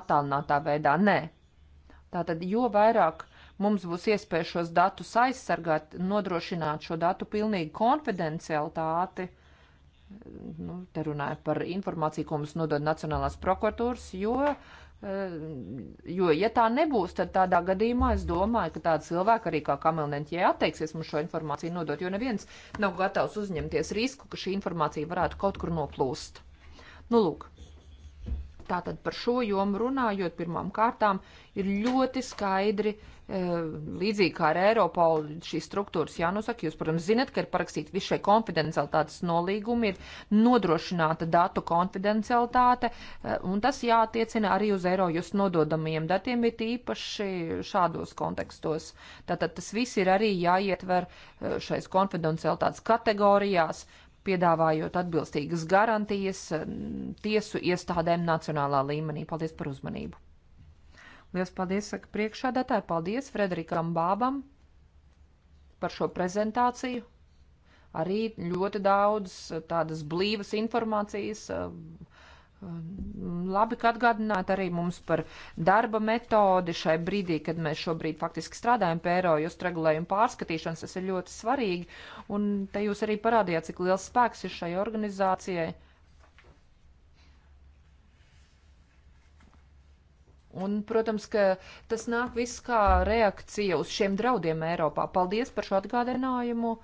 attālinātā veidā. Nē. Tātad, jo vairāk mums būs iespēja šos datus aizsargāt, nodrošināt šo datu pilnīgu konfidencialitāti. Nu, te runāju par informāciju, ko mums nodod Nacionālās prokuratūras, jo Eh, jo, ja tā nebūs, tad tādā gadījumā es domāju, ka tāda cilvēka arī kā kamilnentie atteiksies mums šo informāciju nodot, jo neviens nav gatavs uzņemties risku, ka šī informācija varētu kaut kur noplūst. Nu, lūk. Tātad par šo jomu runājot, pirmām kārtām ir ļoti skaidri, eh, līdzīgi kā ar Eiropolu, šīs struktūras jānosaka. Jūs, protams, zinat, ka ir parakstīti visi šie konfidencialitātes nolīgumi, ir nodrošināta datu konfidencialitāte, eh, un tas jātiecina arī uz Eirojus nododamajiem datiem, ir īpaši šādos kontekstos. Tātad tas viss ir arī jāietver eh, šais konfidencialitātes kategorijās piedāvājot atbilstīgas garantijas eh, tiesu iestādēm nacionālā līmenī. Paldies par uzmanību! Lielas paldies, saka priekšādātāji, paldies Frederikam Bābam par šo prezentāciju. Arī ļoti daudz eh, tādas blīvas informācijas. Uh, Labi, ka atgādināt arī mums par darba metodi šai brīdī, kad mēs šobrīd faktiski strādājam pie eiro just regulējumu pārskatīšanas, tas ir ļoti svarīgi, un te jūs arī parādījāt, cik liels spēks ir šai organizācijai. Un, protams, ka tas nāk viss kā reakcija uz šiem draudiem Eiropā. Paldies par šo atgādinājumu,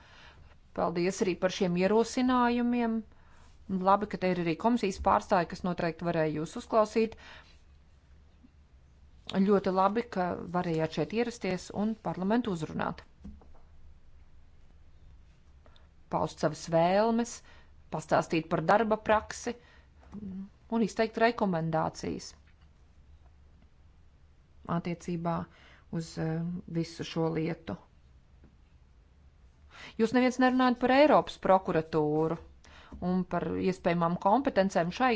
paldies arī par šiem ierosinājumiem. Labi, ka te ir arī komisijas pārstāji, kas noteikti varēja jūs uzklausīt. Ļoti labi, ka varējāt šeit ierasties un parlamentu uzrunāt. Paust savas vēlmes, pastāstīt par darba praksi un izteikt rekomendācijas attiecībā uz eh, visu šo lietu. Jūs neviens nerunājat par Eiropas prokuratūru un par iespējamām kompetencēm šai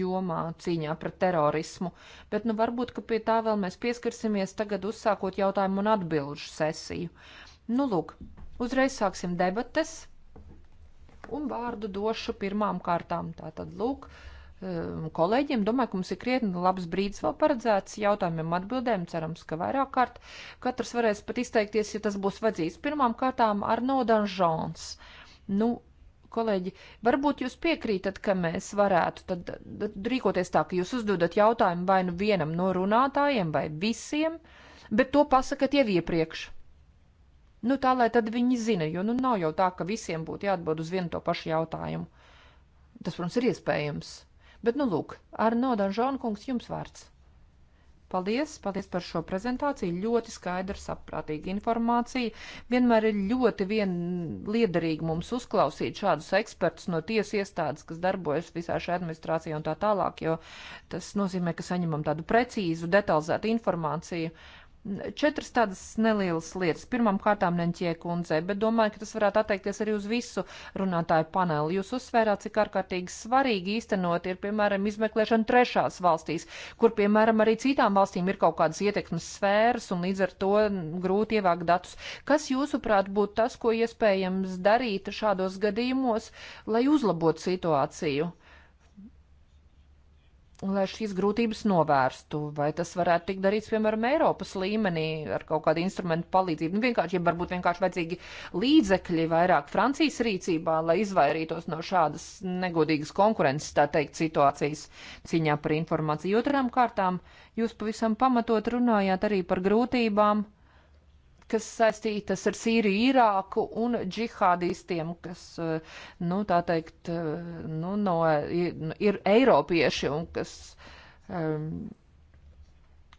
jomā cīņā pret terorismu, bet nu varbūt, ka pie tā vēl mēs pieskarsimies tagad uzsākot jautājumu un atbilžu sesiju. Nu lūk, uzreiz sāksim debates un vārdu došu pirmām kārtām. Tātad lūk, um, kolēģiem. Domāju, ka mums ir krietni labs brīdis vēl paredzēts jautājumiem, atbildēm. Cerams, ka vairāk kārt katrs varēs pat izteikties, ja tas būs vajadzīgs. Pirmām kārtām Arno Danžons. Nu, Kolēģi, varbūt jūs piekrītat, ka mēs varētu tad, tad rīkoties tā, ka jūs uzdodat jautājumu vai nu vienam no runātājiem vai visiem, bet to pasakat jau iepriekš. Nu, tā lai tad viņi zina, jo nu nav jau tā, ka visiem būtu jāatbild uz vienu to pašu jautājumu. Tas, protams, ir iespējams. Bet, nu, lūk, ar Nodan Žonkungs jums vārds. Paldies, paldies par šo prezentāciju. Ļoti skaidra, saprātīga informācija. Vienmēr ir ļoti vien liederīgi mums uzklausīt šādus ekspertus no tiesu iestādes, kas darbojas visā šajā administrācijā un tā tālāk, jo tas nozīmē, ka saņemam tādu precīzu, detalizētu informāciju. Uh, četras tādas nelielas lietas. Pirmām kārtām Neņķie kundzei, bet domāju, ka tas varētu attiekties arī uz visu runātāju paneli. Jūs uzsvērāt, cik ārkārtīgi svarīgi īstenot ir, piemēram, izmeklēšana trešās valstīs, kur, piemēram, arī citām valstīm ir kaut kādas ietekmes sfēras un līdz ar to grūti ievākt datus. Kas, jūsuprāt, būtu tas, ko iespējams darīt šādos gadījumos, lai uzlabotu situāciju? lai šīs grūtības novērstu, vai tas varētu tikt darīts, piemēram, Eiropas līmenī ar kaut kādu instrumentu palīdzību. Nu, vienkārši, ja varbūt vienkārši vajadzīgi līdzekļi vairāk Francijas rīcībā, lai izvairītos no šādas negodīgas konkurences, tā teikt, situācijas ciņā par informāciju. Otrām kārtām, jūs pavisam pamatot runājāt arī par grūtībām kas saistītas ar Sīriju, Irāku un džihādistiem, kas, eh, nu, tā teikt, eh, nu, no, ir eiropieši un kas. Um,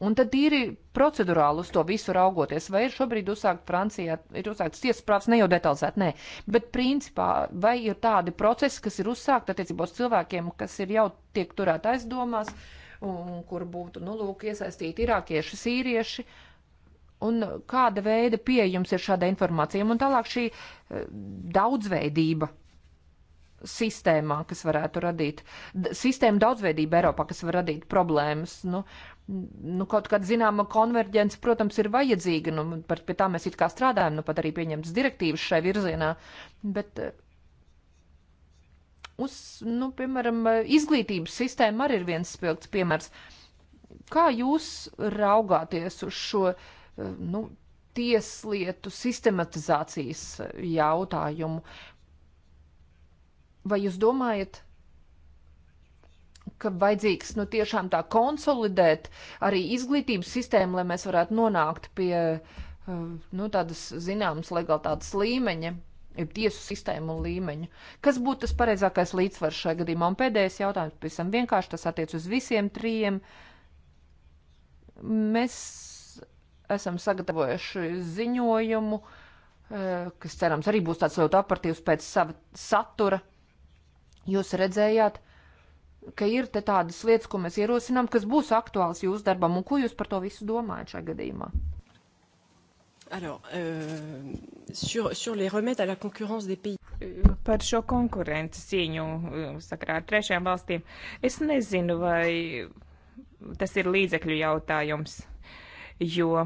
Un tad tīri procedurāli uz to visu raugoties, vai ir šobrīd uzsākt Francijā, ir uzsākts tiesas prāts, ne jau detalizēt, nē, bet principā, vai ir tādi procesi, kas ir uzsākt attiecībos cilvēkiem, kas ir jau tiek turēt aizdomās, un kur būtu, nu, lūk, iesaistīti irākieši, sīrieši, uh, un kāda veida pieejums ir šādai informācijai, un tālāk šī eh, daudzveidība sistēmā, kas varētu radīt, sistēma daudzveidība Eiropā, kas var radīt problēmas. Nu, nu, kaut kāda zināma konverģence, protams, ir vajadzīga, nu, par, pie tā mēs it kā strādājam, nu, pat arī pieņemtas direktīvas šai virzienā, bet eh, uz, nu, piemēram, izglītības sistēma arī ir viens spilgts piemērs. Kā jūs raugāties uz šo uh, Eh, nu, tieslietu sistematizācijas eh, jautājumu. Vai jūs domājat, ka vajadzīgs nu, tiešām tā konsolidēt arī izglītības sistēmu, lai mēs varētu nonākt pie eh, nu, tādas zināmas legalitātes līmeņa, jeb tiesu sistēmu līmeņa? Kas būtu tas pareizākais līdzsvars šajā gadījumā? Un pēdējais jautājums pavisam vienkārši, tas attiec uz visiem trījiem. Mēs esam sagatavojuši ziņojumu, eh, kas cerams arī būs tāds ļoti apartīvs pēc sava satura. Jūs redzējāt, ka ir te tādas lietas, ko mēs ierosinām, kas būs aktuāls jūsu darbam, un ko jūs par to visu domājat šajā gadījumā? Alors, euh, sur, sur les remèdes à la concurrence des pays. Par šo konkurences cīņu uh, sakrā ar trešajām valstīm, es nezinu, vai tas ir līdzekļu jautājums jo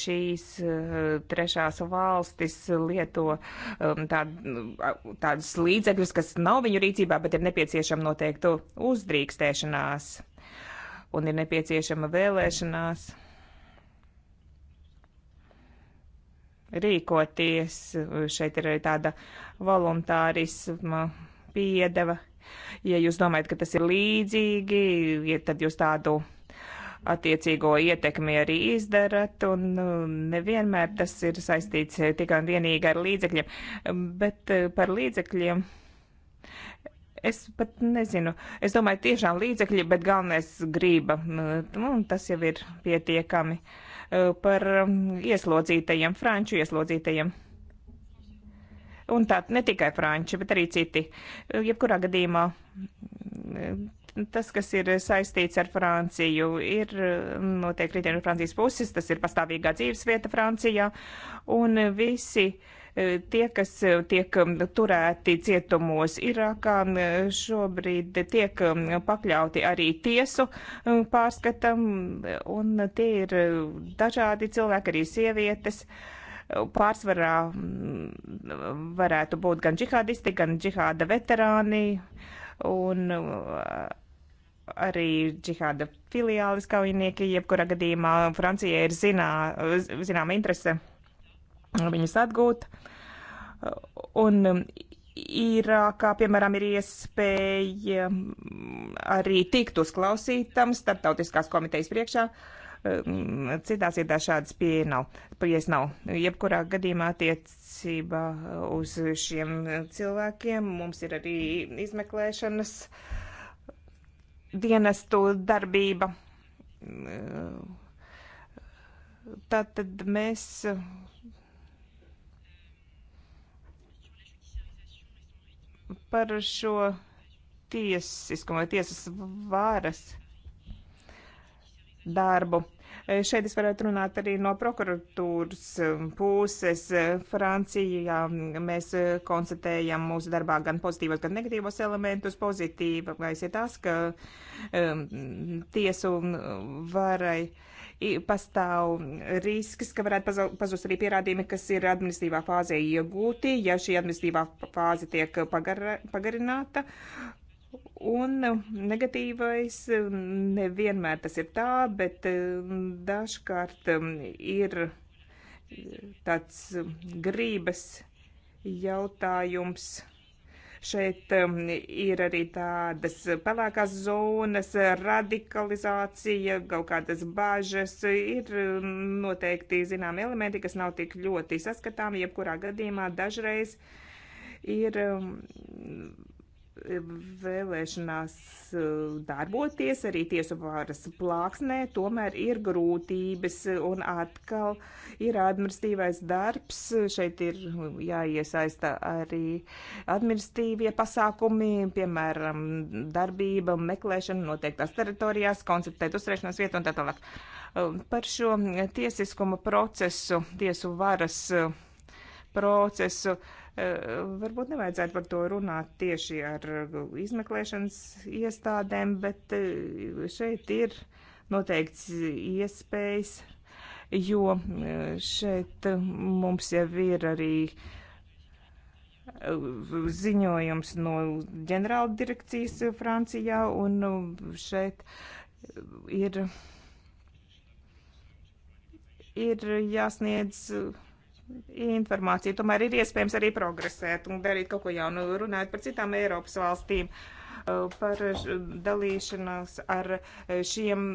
šīs eh, trešās valstis lieto um, tā, tādus līdzekļus, kas nav viņu rīcībā, bet ir nepieciešama noteiktu uzdrīkstēšanās un ir nepieciešama vēlēšanās. Rīkoties. Šeit ir arī tāda voluntārisma piedeva. Ja jūs domājat, ka tas ir līdzīgi, ja tad jūs tādu attiecīgo ietekmi arī izdarat, un nu, nevienmēr tas ir saistīts eh, tikai un vienīgi ar līdzekļiem, um, bet eh, par līdzekļiem. Es pat nezinu, es domāju, tiešām līdzekļi, bet galvenais grība, nu, nu tas jau ir pietiekami uh, par um, ieslodzītajiem, franču ieslodzītajiem un tā ne tikai franči, bet arī citi. Uh, jebkurā gadījumā Tas, kas ir saistīts ar Franciju, ir mm, noteikti kritieni no Francijas puses, tas ir pastāvīgā dzīves vieta Francijā, un visi e, tie, kas tiek turēti cietumos Irākā, šobrīd tiek pakļauti arī tiesu pārskatam, un tie ir dažādi cilvēki, arī sievietes pārsvarā varētu būt gan džihādisti, gan džihāda veterāni un arī džihāda filiālis kaujinieki, jebkurā gadījumā Francijai ir zinā, zināma interese viņus atgūt. Un Irākā, piemēram, ir iespēja um, arī tikt uzklausītam starptautiskās komitejas priekšā. Um, citās vietās šādas pieejas nav. Pieejas nav. Jebkurā gadījumā attiecībā uz šiem cilvēkiem mums ir arī izmeklēšanas uh, dienestu darbība. Tātad mēs par šo tiesiskumu vai tiesas vāras darbu. Šeit es varētu runāt arī no prokuratūras um, puses. Francijā mēs uh, konstatējam mūsu darbā gan pozitīvos, gan negatīvos elementus. Pozitīvais ir tas, ka um, tiesu um, varai pastāv risks, ka varētu pazust arī pierādījumi, kas ir administratīvā fāzē iegūti, ja šī administratīvā fāze tiek pagar, pagarināta. Un negatīvais nevienmēr tas ir tā, bet um, dažkārt um, ir tāds um, grības jautājums. Šeit ir arī tādas pelēkās zonas, radikalizācija, kaut kādas bāžas. Ir noteikti zinām elementi, kas nav tik ļoti saskatāmi, jebkurā gadījumā dažreiz ir vēlēšanās eh, darboties arī tiesu varas plāksnē, tomēr ir grūtības un atkal ir administratīvais darbs. Šeit ir nu, jāiesaista arī administratīvie pasākumi, piemēram, darbība, meklēšana noteiktās teritorijās, konceptēt uzturēšanās vietu un tā tālāk. Um, par šo tiesiskuma procesu, tiesu varas eh, procesu Eh, varbūt nevajadzētu par to runāt tieši ar eh, izmeklēšanas iestādēm, bet eh, šeit ir noteikts iespējas, jo šeit mums jau ir arī ziņojums no ģenerāla direkcijas Francijā, un šeit ir, ir jāsniedz informāciju. Tomēr ir iespējams arī progresēt un darīt kaut ko jaunu, runājot par citām Eiropas valstīm, uh, par dalīšanos ar uh, šiem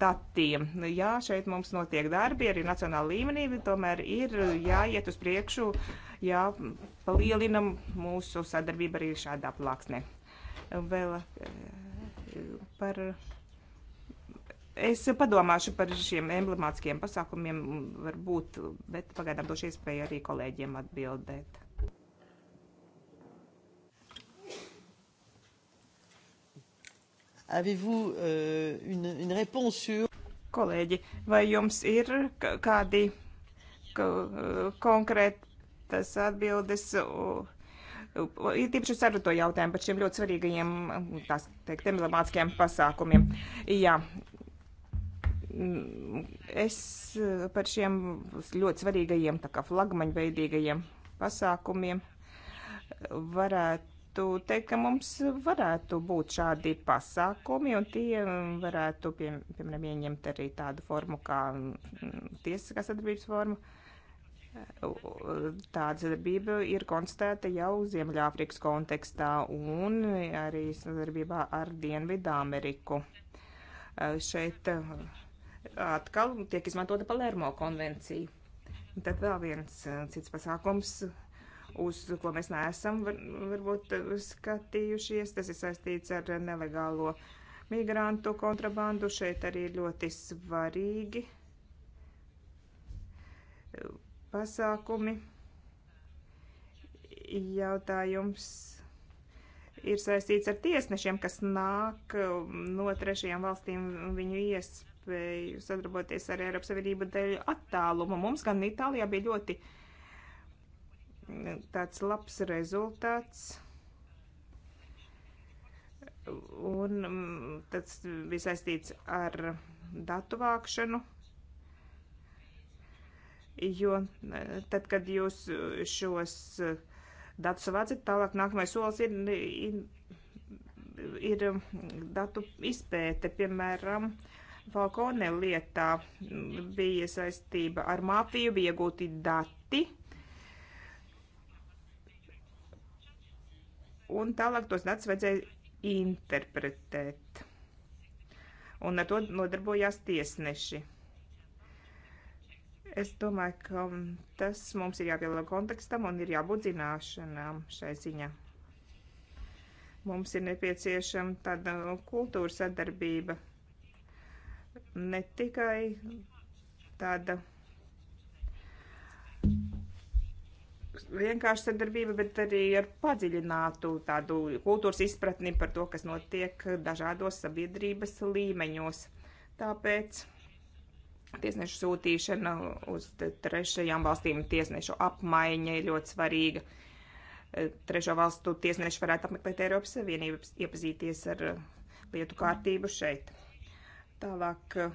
datiem. Jā, šeit mums notiek darbi arī nacionāla līmenī, tomēr ir uh, jāiet uz priekšu, jāpalielina mūsu sadarbība arī šādā plāksnē. Vēl par Es padomāšu par šiem emblemātiskiem pasākumiem, varbūt, bet pagaidām došu iespēju arī kolēģiem atbildēt. Avez-vous euh, une, une réponse sur... Kolēģi, vai jums ir kādi konkrētas atbildes? Ir tīpaši uz to jautājumu par šiem ļoti svarīgajiem, tās teikt, emblemātiskiem pasākumiem. Jā, Es eh, par šiem ļoti svarīgajiem, tā kā flagmaņveidīgajiem pasākumiem varētu teikt, ka mums varētu būt šādi pasākumi, un tie varētu, pie, piemēram, ieņemt arī tādu formu kā mm, tiesiskā sadarbības formu. Tāda sadarbība ir konstatēta jau Ziemļāfrikas kontekstā un arī sadarbībā ar Dienvidu Ameriku. Eh, šeit eh, atkal tiek izmantota Palermo konvencija. Un tad vēl viens eh, cits pasākums, uz ko mēs neesam var, varbūt eh, skatījušies. Tas ir saistīts ar nelegālo migrantu kontrabandu. Šeit arī ļoti svarīgi eh, pasākumi. Jautājums ir saistīts ar tiesnešiem, kas nāk no trešajām valstīm viņu iespēju iespēju sadarboties ar Eiropas Savienību dēļ attāluma. Mums gan Itālijā bija ļoti tāds labs rezultāts. Un mm, tas bija saistīts ar datu vākšanu. Jo tad, kad jūs šos eh, datus savācat, tālāk nākamais solis ir, ir ir datu izpēte, piemēram, Falkone lietā bija saistība ar mafiju, bija iegūti dati. Un tālāk tos datus vajadzēja interpretēt. Un ar to nodarbojās tiesneši. Es domāju, ka tas mums ir jāpieliek kontekstam un ir jābūt zināšanām šai ziņā. Mums ir nepieciešama tāda kultūra sadarbība ne tikai tāda vienkārši sadarbība, bet arī ar padziļinātu tādu kultūras izpratni par to, kas notiek dažādos sabiedrības līmeņos. Tāpēc tiesnešu sūtīšana uz trešajām valstīm, tiesnešu apmaiņa ir ļoti svarīga. Trešo valstu tiesneši varētu apmeklēt Eiropas Savienību, iepazīties ar lietu kārtību šeit. Tālāk eh,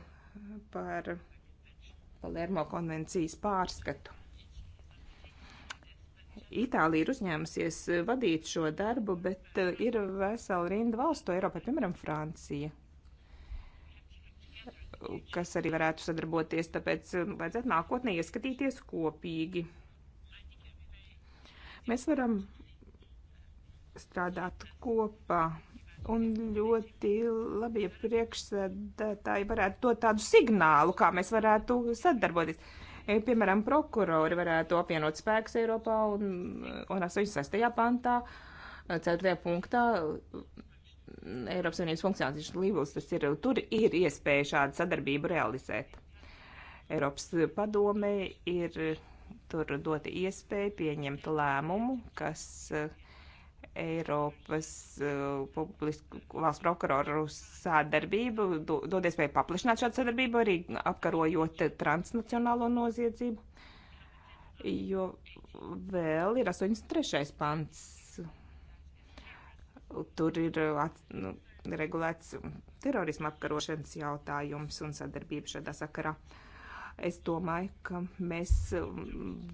par Palermo konvencijas pārskatu. Itālija ir uzņēmusies eh, vadīt šo darbu, bet eh, ir vesela rinda valstu Eiropā, piemēram, Francija, kas arī varētu sadarboties, tāpēc vajadzētu nākotnē ieskatīties kopīgi. Mēs varam strādāt kopā Un ļoti labi, ja priekšsēdētāji varētu dot tādu signālu, kā mēs varētu sadarboties. E, piemēram, prokurori varētu apvienot spēkus Eiropā un, un 86. pantā, 4. punktā Eiropas Savienības funkcionālis līgums, tas ir, tur ir iespēja šādu sadarbību realizēt. Eiropas padome ir tur dota iespēja pieņemt lēmumu, kas uh, Eiropas uh, publisku valsts prokuroru sadarbību, do, dod iespēju paplašināt šādu sadarbību, arī apkarojot transnacionālo noziedzību, jo vēl ir 83. pants. Tur ir at, nu, regulēts terorisma apkarošanas jautājums un sadarbība šādā sakarā. Es domāju, ka mēs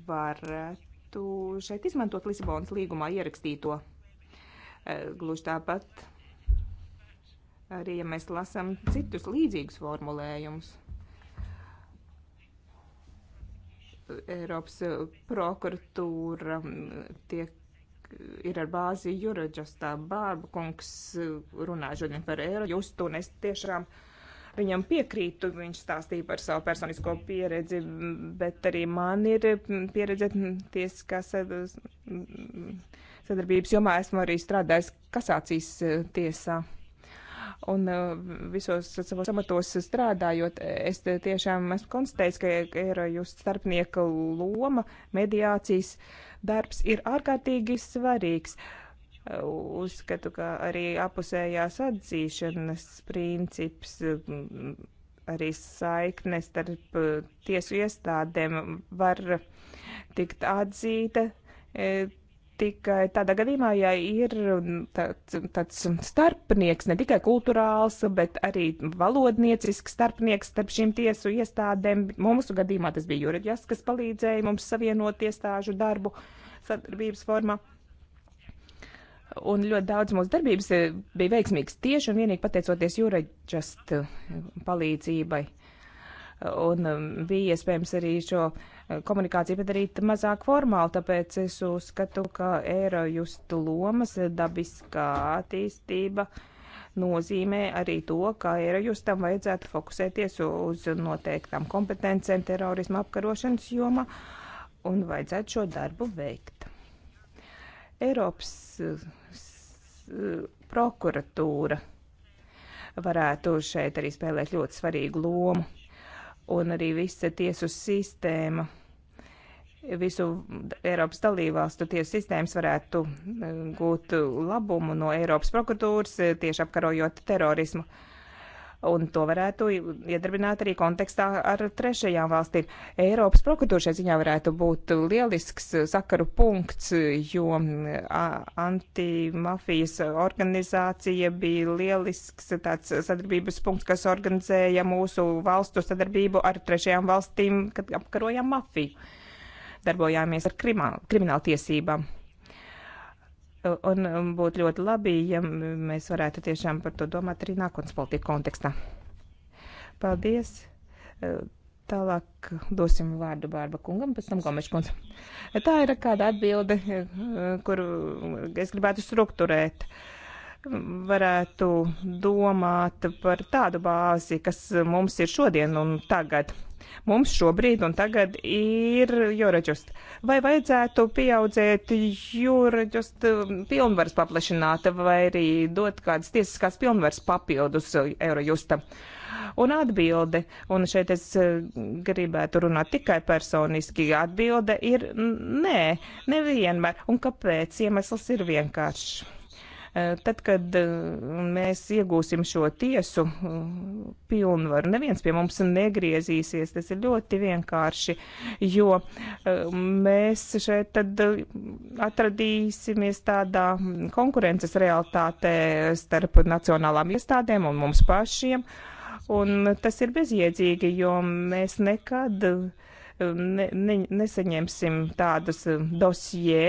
varētu šeit izmantot Lisabonas līgumā ierakstīto Eh, gluži tāpat arī, ja mēs lasām citus līdzīgus formulējumus. Eiropas eh, prokuratūra mm, tiek ir ar bāzi Jurajastā. Bārba kungs eh, runā šodien par eiro. Jūs to nes tiešām viņam piekrītu. Viņš stāstīja par savu personisko pieredzi, mm, bet arī man ir mm, pieredze tieskās sadarbības jomā esmu arī strādājis kasācijas eh, tiesā. Un eh, visos savos amatos strādājot, es tiešām esmu konstatējis, ka Eirojust starpnieka loma, mediācijas darbs ir ārkārtīgi svarīgs. Uzskatu, ka arī apusējās atzīšanas princips arī saikne starp eh, tiesu iestādēm var tikt atzīta tikai tādā gadījumā, ja ir tāds, tāds starpnieks, ne tikai kulturāls, bet arī valodniecisks starpnieks starp šīm tiesu iestādēm. Mūsu gadījumā tas bija juridiskais, kas palīdzēja mums savienot iestāžu darbu sadarbības formā. Un ļoti daudz mūsu darbības bija veiksmīgas tieši un vienīgi pateicoties jūraģast palīdzībai. Uh, un um, bija iespējams arī šo uh, komunikāciju padarīt mazāk formālu, tāpēc es uzskatu, ka Eirojustu lomas uh, dabiskā attīstība nozīmē arī to, ka Eirojustam vajadzētu fokusēties uz noteiktām kompetencēm terorisma apkarošanas jomā un vajadzētu šo darbu veikt. Eiropas uh, prokuratūra varētu šeit arī spēlēt ļoti svarīgu lomu un arī visa tiesu sistēma, visu Eiropas dalībvalstu tiesu sistēmas varētu eh, gūt labumu no Eiropas prokuratūras eh, tieši apkarojot terorismu. Uh, un to varētu iedarbināt arī kontekstā ar trešajām valstīm. Eiropas prokuratūra šajā ziņā varētu būt lielisks sakaru punkts, jo mm, antimafijas organizācija bija lielisks tāds sadarbības punkts, kas organizēja mūsu valstu sadarbību ar trešajām valstīm, kad apkarojām mafiju. Darbojāmies ar krimināltiesībām. Krimināl Un um, būtu ļoti labi, ja mēs varētu tiešām par to domāt arī nākotnes politika kontekstā. Paldies! Uh, tālāk dosim vārdu Bārba kungam, pēc tam Gomeša kundze. Tā ir kāda atbilde, uh, kuru es gribētu strukturēt. Varētu domāt par tādu bāzi, kas mums ir šodien un tagad mums šobrīd un tagad ir jūraģust. Vai vajadzētu pieaudzēt jūraģust um, pilnvaras paplašināta vai arī dot kādas tiesiskās pilnvaras papildus Eurojusta? Un atbilde, un šeit es uh, gribētu runāt tikai personiski, atbilde ir nē, nevienmēr. Un kāpēc? Iemesls ir vienkāršs Tad, kad eh, mēs iegūsim šo tiesu eh, pilnvaru, neviens pie mums negriezīsies. Tas ir ļoti vienkārši, jo eh, mēs šeit tad atradīsimies tādā konkurences realitātē starp nacionālām iestādēm un mums pašiem. Un tas ir bezjēdzīgi, jo mēs nekad uh, ne, ne, nesaņemsim tādas um, dosjē,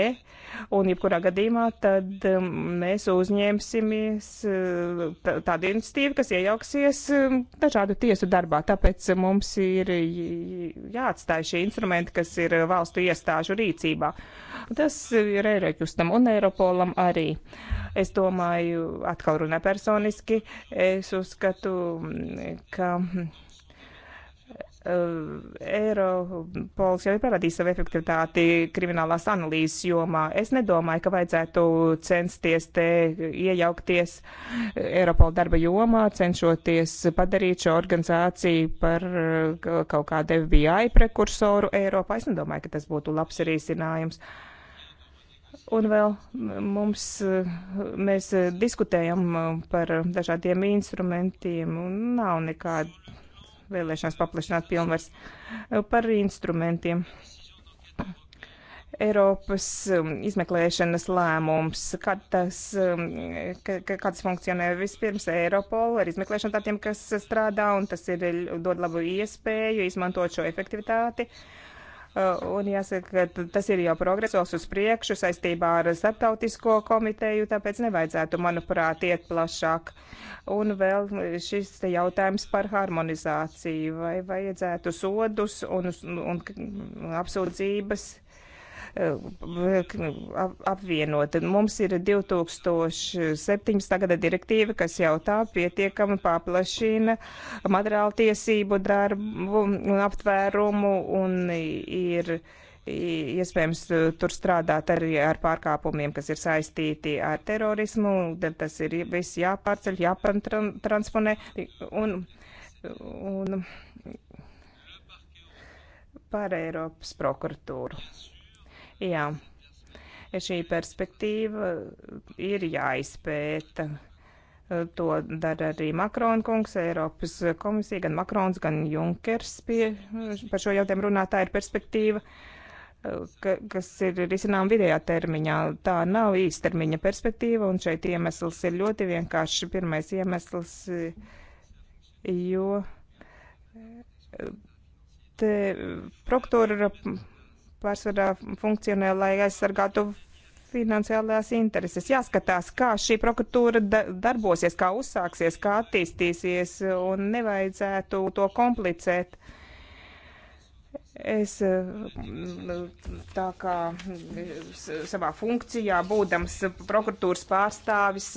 un jebkurā gadījumā tad um, mēs uzņemsimies uh, tādu iniciatīvu, kas iejauksies um, dažādu tiesu darbā. Tāpēc mums ir jāatstāj šie instrumenti, kas ir valstu iestāžu rīcībā. Tas ir Eiroķustam un Eiropolam arī. Es domāju, atkal runā personiski, es uzskatu, ka. Eiropols jau ir parādījis savu efektivitāti kriminālās analīzes jomā. Es nedomāju, ka vajadzētu censties te iejaukties Eiropola darba jomā, cenšoties padarīt šo organizāciju par kaut kādu FBI prekursoru Eiropā. Es nedomāju, ka tas būtu labs risinājums. Un vēl mums, mēs diskutējam par dažādiem instrumentiem, un nav nekāda vēlēšanās paplašināt pilnvars eh, par instrumentiem. Eiropas um, izmeklēšanas lēmums, kad tas, um, kā tas funkcionē vispirms Eiropola ar izmeklēšanu tādiem, kas strādā, un tas ir eh, dod labu iespēju izmantot šo efektivitāti. Uh, Uh, un jāsaka, ka tas ir jau progresos uz priekšu saistībā ar starptautisko komiteju, tāpēc nevajadzētu, manuprāt, iet plašāk. Un vēl šis jautājums par harmonizāciju, vai vajadzētu sodus un, un, un apsūdzības apvienot. Mums ir 2017. gada direktīva, kas jau tā pietiekami paplašina materiālu tiesību darbu un aptvērumu un ir iespējams tur strādāt arī ar pārkāpumiem, kas ir saistīti ar terorismu, tad tas ir viss jāpārceļ, jāpantransponē. Un, un par Eiropas prokuratūru. Jā, šī perspektīva ir jāizpēta. To dara arī Makrona kungs, Eiropas komisija, gan Makrons, gan Junkers pie, par šo jautājumu runā. Tā ir perspektīva, ka, kas ir risinām vidējā termiņā. Tā nav īstermiņa perspektīva, un šeit iemesls ir ļoti vienkārši. Pirmais iemesls, jo te proktora pārsvarā funkcionē, lai aizsargātu finansiālās intereses. Jāskatās, kā šī prokuratūra darbosies, kā uzsāksies, kā attīstīsies, un nevajadzētu to komplicēt. Es tā kā savā funkcijā, būdams prokuratūras pārstāvis,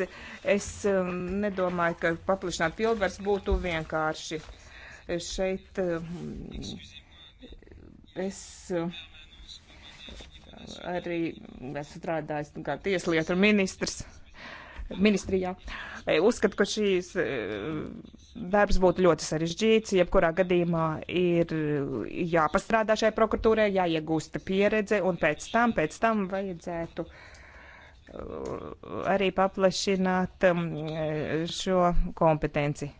es um, nedomāju, ka paplašināt pildvars būtu vienkārši. Šeit um, es arī esmu strādājis nu, kā tieslietu ministrs ministrijā. E, uzskatu, ka šīs e, darbs būtu ļoti sarežģīts. Jebkurā gadījumā ir jāpastrādā šai prokuratūrai, jāiegūst pieredze, un pēc tam, pēc tam vajadzētu e, arī paplašināt šo kompetenci.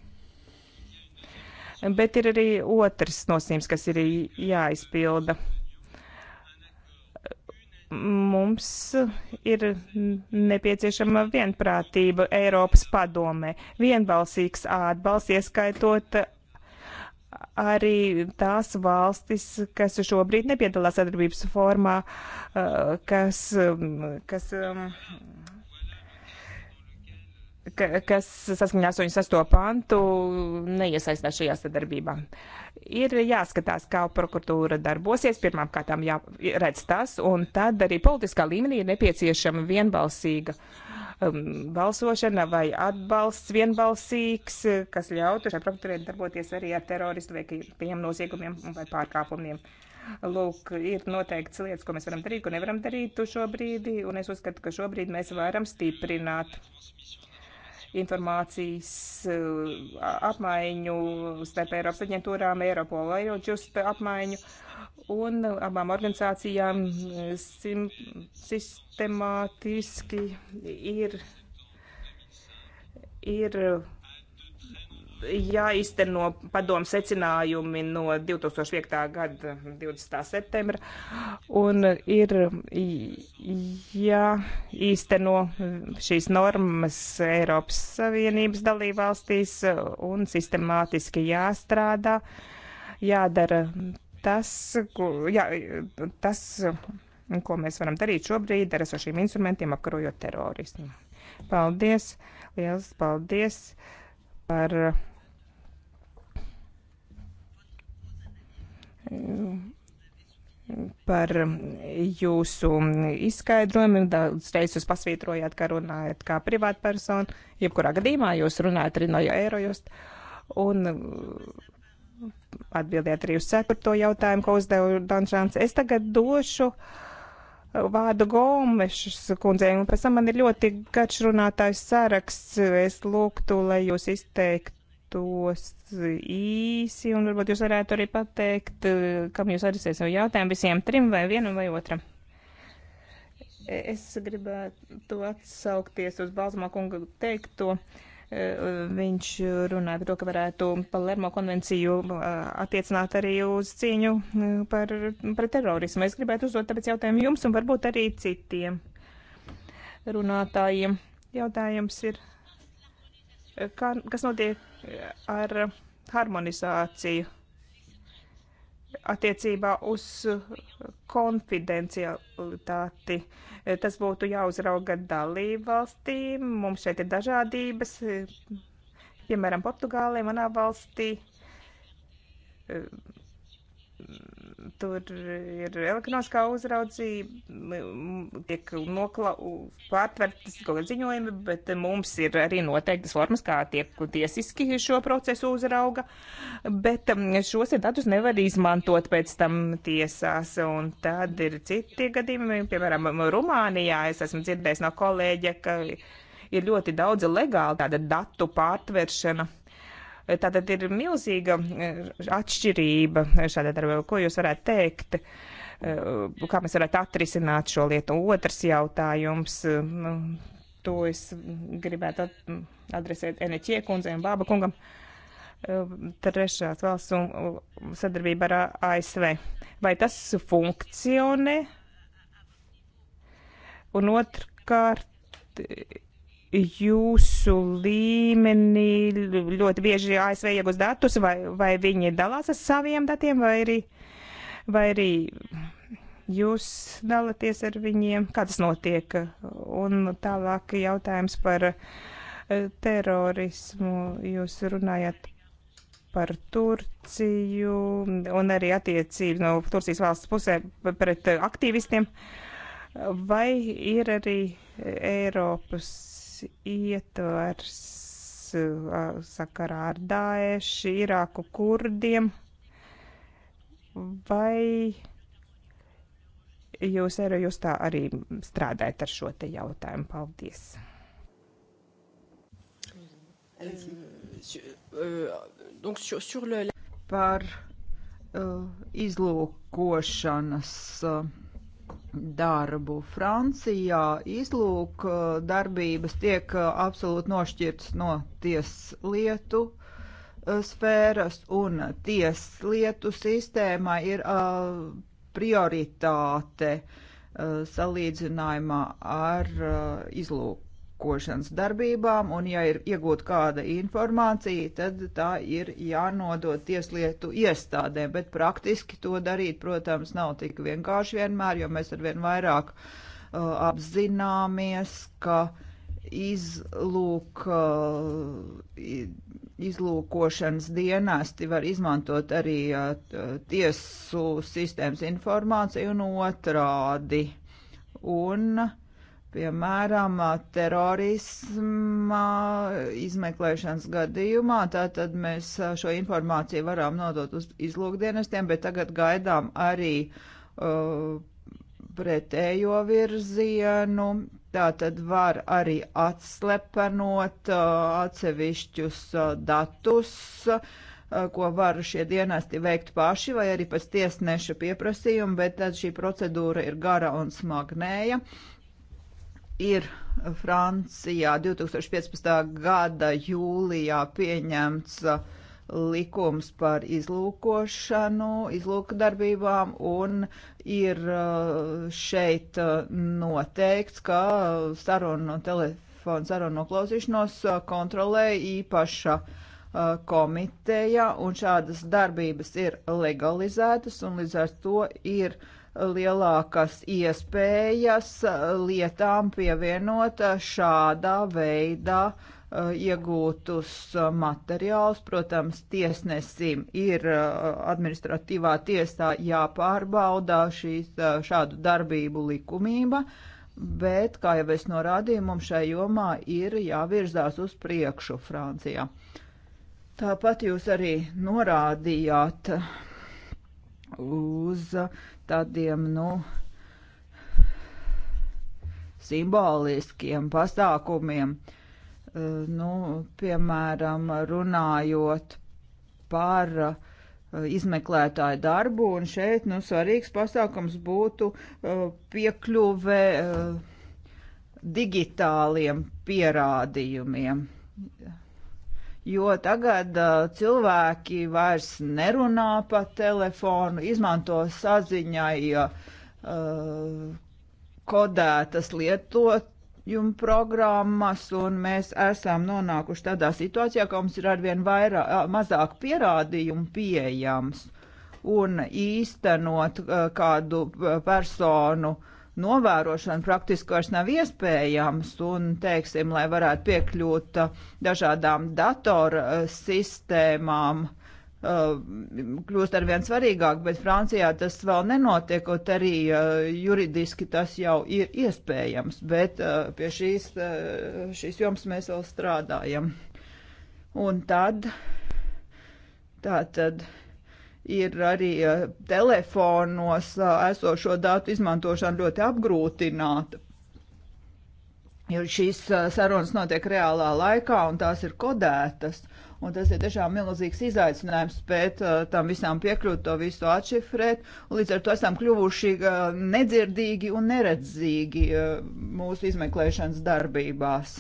Bet ir arī otrs nosīms, kas ir jāizpilda mums ir nepieciešama vienprātība Eiropas padomē, vienbalsīgs atbalsts, ieskaitot arī tās valstis, kas šobrīd nepiedalās sadarbības formā, eh, kas, mm, kas mm, kas saskaņā 86. pantu neiesaistās šajā sadarbībā. Ir jāskatās, kā prokuratūra darbosies, pirmām kārtām jāredz tas, un tad arī politiskā līmenī ir nepieciešama vienbalsīga um, balsošana vai atbalsts vienbalsīgs, kas ļautu šai prokuratūrai darboties arī ar teroristu veikajiem noziegumiem vai pārkāpumiem. Lūk, ir noteikts lietas, ko mēs varam darīt, ko nevaram darīt šobrīd, un es uzskatu, ka šobrīd mēs varam stiprināt informācijas eh, apmaiņu starp Eiropas aģentūrām, Eiropolu, Eirojust apmaiņu. Un abām organizācijām eh, sim, sistemātiski ir, ir jāizteno padomu secinājumi no 2005. gada 20. septembra un ir jāizteno šīs normas Eiropas Savienības dalībvalstīs un sistemātiski jāstrādā, jādara tas, ko, jā, tas, ko mēs varam darīt šobrīd ar esošiem instrumentiem, apkarojot terorismu. Paldies! Liels paldies par par jūsu izskaidrojumiem. Daudz reizes jūs pasvītrojāt, ka runājat kā privātpersona. Jebkurā gadījumā jūs runājat arī no Eirojust. Un uh, atbildēt arī uz ceturto jautājumu, ko uzdevu Danšāns. Es tagad došu uh, vārdu Gomešas kundzei, un pēc tam man ir ļoti garš runātājs saraksts. Es lūgtu, lai jūs izteikt tos īsi, un varbūt jūs varētu arī pateikt, kam jūs adresējat savu jautājumu, visiem trim vai vienam vai otram. Es gribētu atsaukties uz Balzamā kunga teikto. Viņš runāja par to, ka varētu Palermo konvenciju uh, attiecināt arī uz cīņu uh, par, par terorismu. Es gribētu uzdot tāpēc jautājumu jums un varbūt arī citiem runātājiem. Jautājums ir kā, kas notiek eh, ar harmonizāciju attiecībā uz konfidencialitāti. Eh, tas būtu jāuzrauga dalību valstīm. Mums šeit ir dažādības. Piemēram, Portugālē, manā valstī, eh, Tur ir elektroniskā uzraudzība, tiek nokla, pārtvertas kaut kādi ziņojumi, bet mums ir arī noteiktas formas, kā tiek tiesiski šo procesu uzrauga, bet šos datus nevar izmantot pēc tam tiesās, un tad ir citi gadījumi, piemēram, Rumānijā es esmu dzirdējis no kolēģa, ka ir ļoti daudz legāli tāda datu pārtveršana Tātad ir milzīga e, atšķirība šādā darbā. Ko jūs varētu teikt? E, Kā mēs varētu atrisināt šo lietu? Otrs jautājums. E, nu, to es gribētu adresēt Eneķie kundzei un Bāba kungam. Trešās valsts un sadarbība ar ASV. Vai tas funkcionē? Un otrkārt jūsu līmenī ļoti bieži ASV iegūst datus, vai, vai viņi dalās ar saviem datiem, vai arī, vai arī jūs dalāties ar viņiem, kā tas notiek. Un tālāk jautājums par eh, terorismu. Jūs runājat par Turciju un arī attiecību no Turcijas valsts pusē pret aktīvistiem. Vai ir arī Eiropas ietvers sakarā ar Daešu, Irāku kurdiem, vai jūs, arī, jūs tā arī strādājat ar šo te jautājumu? Paldies! Euh, Par uh, izlūkošanas uh, darbu. Francijā izlūk uh, darbības tiek uh, absolūti nošķirts no tieslietu uh, sfēras un tieslietu sistēmā ir prioritāte salīdzinājumā ar izlūk sekošanas darbībām, un ja ir iegūta kāda informācija, tad tā ir jānodod tieslietu iestādēm, bet praktiski to darīt, protams, nav tik vienkārši vienmēr, jo mēs arvien vairāk uh, apzināmies, ka izlūk, uh, izlūkošanas dienesti var izmantot arī uh, tiesu sistēmas informāciju un otrādi. Un uh, Piemēram, terorisma izmeklēšanas gadījumā, tātad mēs šo informāciju varam nodot uz izlūkdienestiem, bet tagad gaidām arī uh, pretējo virzienu. Tātad var arī atslepenot uh, atsevišķus uh, datus, ko var šie dienesti veikt paši vai arī pēc tiesneša pieprasījuma, bet tad šī procedūra ir gara un smagnēja ir Francijā 2015. gada jūlijā pieņemts uh, likums par izlūkošanu, izlūkdarbībām, un ir uh, šeit uh, noteikts, ka sarunu telefonu sarunu noklausīšanos kontrolē īpaša komiteja, un šādas darbības ir legalizētas, un līdz ar to ir uh, lielākas iespējas lietām pievienot šādā veidā uh, iegūtus materiālus. Protams, tiesnesim ir uh, administratīvā tiesā jāpārbauda šīs uh, šādu darbību likumība, bet, kā jau es norādīju, mums šai jomā ir jāvirzās uz priekšu Francijā. Tāpat jūs arī norādījāt uz tādiem, nu, simboliskiem pasākumiem, eh, nu, piemēram, runājot par eh, izmeklētāju darbu, un šeit, nu, svarīgs pasākums būtu eh, piekļuve digitāliem pierādījumiem jo tagad uh, cilvēki vairs nerunā pa telefonu, izmanto saziņai uh, kodētas lietojumu programmas, un mēs esam nonākuši tādā situācijā, ka mums ir arvien vairāk, mazāk pierādījumu pieejams, un īstenot uh, kādu personu uh, novērošana praktiski vairs nav iespējams, un, teiksim, lai varētu piekļūt uh, dažādām datora uh, sistēmām, uh, kļūst ar vien svarīgāk, bet Francijā tas vēl nenotiek, kaut arī juridiski tas jau ir iespējams, bet pie šīs, šīs joms mēs vēl strādājam. Un tad, tā tad ir arī eh, telefonos eh, esošo datu izmantošana ļoti apgrūtināta. Jo šīs eh, sarunas notiek reālā laikā un tās ir kodētas. Un tas ir tiešām milzīgs izaicinājums spēt uh, tam visam piekļūt, to visu atšifrēt. Līdz ar to esam kļuvuši uh, nedzirdīgi un neredzīgi uh, mūsu izmeklēšanas darbībās.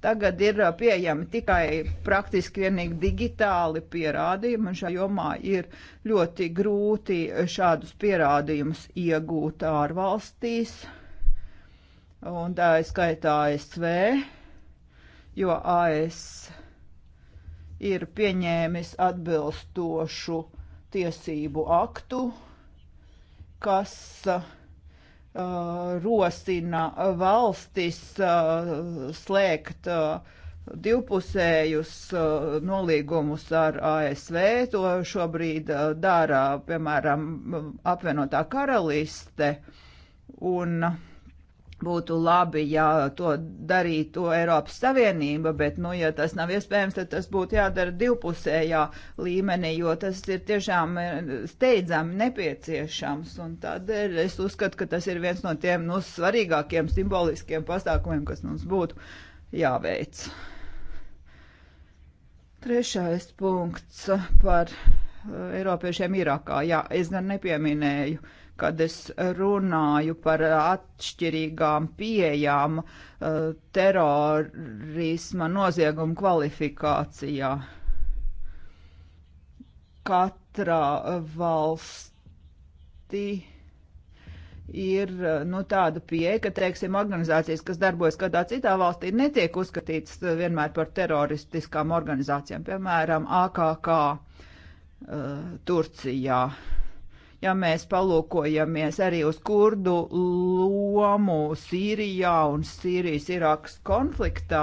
Tagad ir uh, pieejami tikai praktiski vienīgi digitāli pierādījumi, un šajā jomā ir ļoti grūti šādus pierādījumus iegūt ārvalstīs, un tā ir skaitā ASV, jo AS ir pieņēmis atbilstošu tiesību aktu, kas uh, Uh, rosina valstis uh, slēgt uh, divpusējus nolīgumus ar ASV. To šobrīd dara, piemēram, apvienotā karaliste. Un uh, Būtu labi, ja to darītu Eiropas Savienība, bet, nu, ja tas nav iespējams, tad tas būtu jādara divpusējā līmenī, jo tas ir tiešām eh, steidzami nepieciešams. Un tādēļ es uzskatu, ka tas ir viens no tiem, nu, svarīgākiem simboliskiem pasākumiem, kas mums būtu jāveic. Trešais punkts par eh, Eiropiešiem Irākā. Jā, es gan nepieminēju kad es runāju par atšķirīgām pieejām eh, terorisma nozieguma kvalifikācijā. Katrā valstī ir eh, nu, tāda pieeja, ka, teiksim, organizācijas, kas darbojas kādā citā valstī, netiek uzskatītas eh, vienmēr par teroristiskām organizācijām, piemēram, AKK uh, Turcijā. Uh, ja mēs palūkojamies arī uz kurdu lomu Sīrijā un Sīrijas Irākas konfliktā,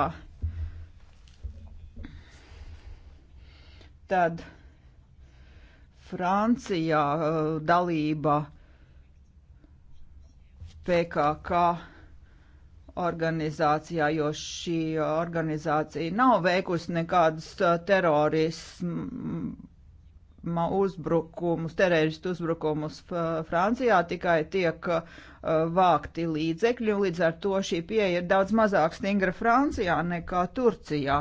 tad Francijā uh, dalība PKK organizācijā, jo šī organizācija nav veikusi nekādas uh, terorismu terorma uzbrukumus, teroristu uzbrukumus Francijā, tikai tiek uh, vākti līdzekļi, un līdz ar to šī pieeja ir daudz mazāk stingra Francijā nekā Turcijā,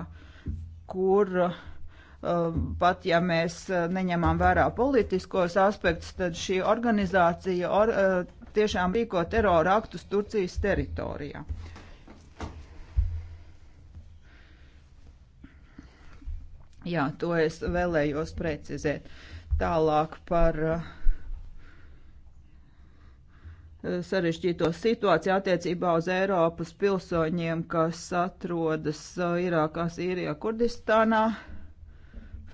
kur uh, pat ja mēs uh, neņemam vērā politiskos aspektus, tad šī organizācija or, uh, tiešām rīko terora aktus Turcijas teritorijā. Uh, Jā, to es vēlējos precizēt. Tālāk par eh, sarežģīto situāciju attiecībā uz Eiropas pilsoņiem, kas atrodas eh, Irākā, Sīrijā, Kurdistānā.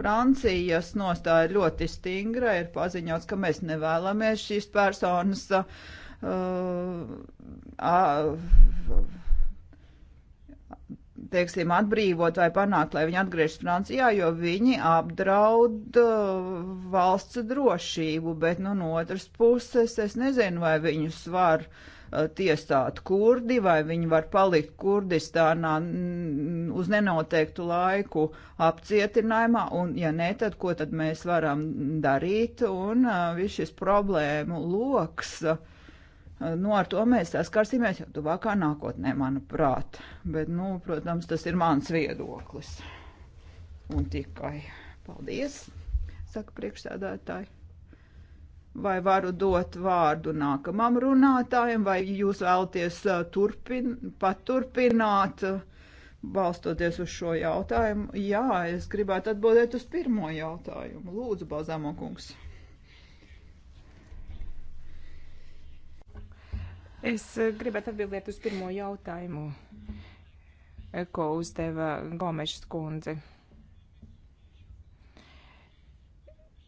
Francijas nostāja ļoti stingra, ir paziņots, ka mēs nevēlamies šīs personas uh, uh, teiksim, atbrīvot vai panākt, lai viņi atgriežas Francijā, jo viņi apdraud uh, valsts drošību, bet, nu, no otras puses, es nezinu, vai viņus var uh, tiesāt kurdi, vai viņi var palikt Kurdistānā uz nenoteiktu laiku apcietinājumā, un, ja nē, tad ko tad mēs varam darīt, un uh, viss šis problēmu loks. Uh, Nu, ar to mēs saskarsimies jau tuvākā nākotnē, manuprāt. Bet, nu, protams, tas ir mans viedoklis. Un tikai paldies, saka priekšsēdētāji. Vai varu dot vārdu nākamam runātājam, vai jūs vēlaties uh, turpin, paturpināt, uh, balstoties uz šo jautājumu? Jā, es gribētu atbildēt uz pirmo jautājumu. Lūdzu, Balzāmo kungs. Es eh, gribētu atbildēt uz pirmo jautājumu, eh, ko uzdeva Gomešs kundze.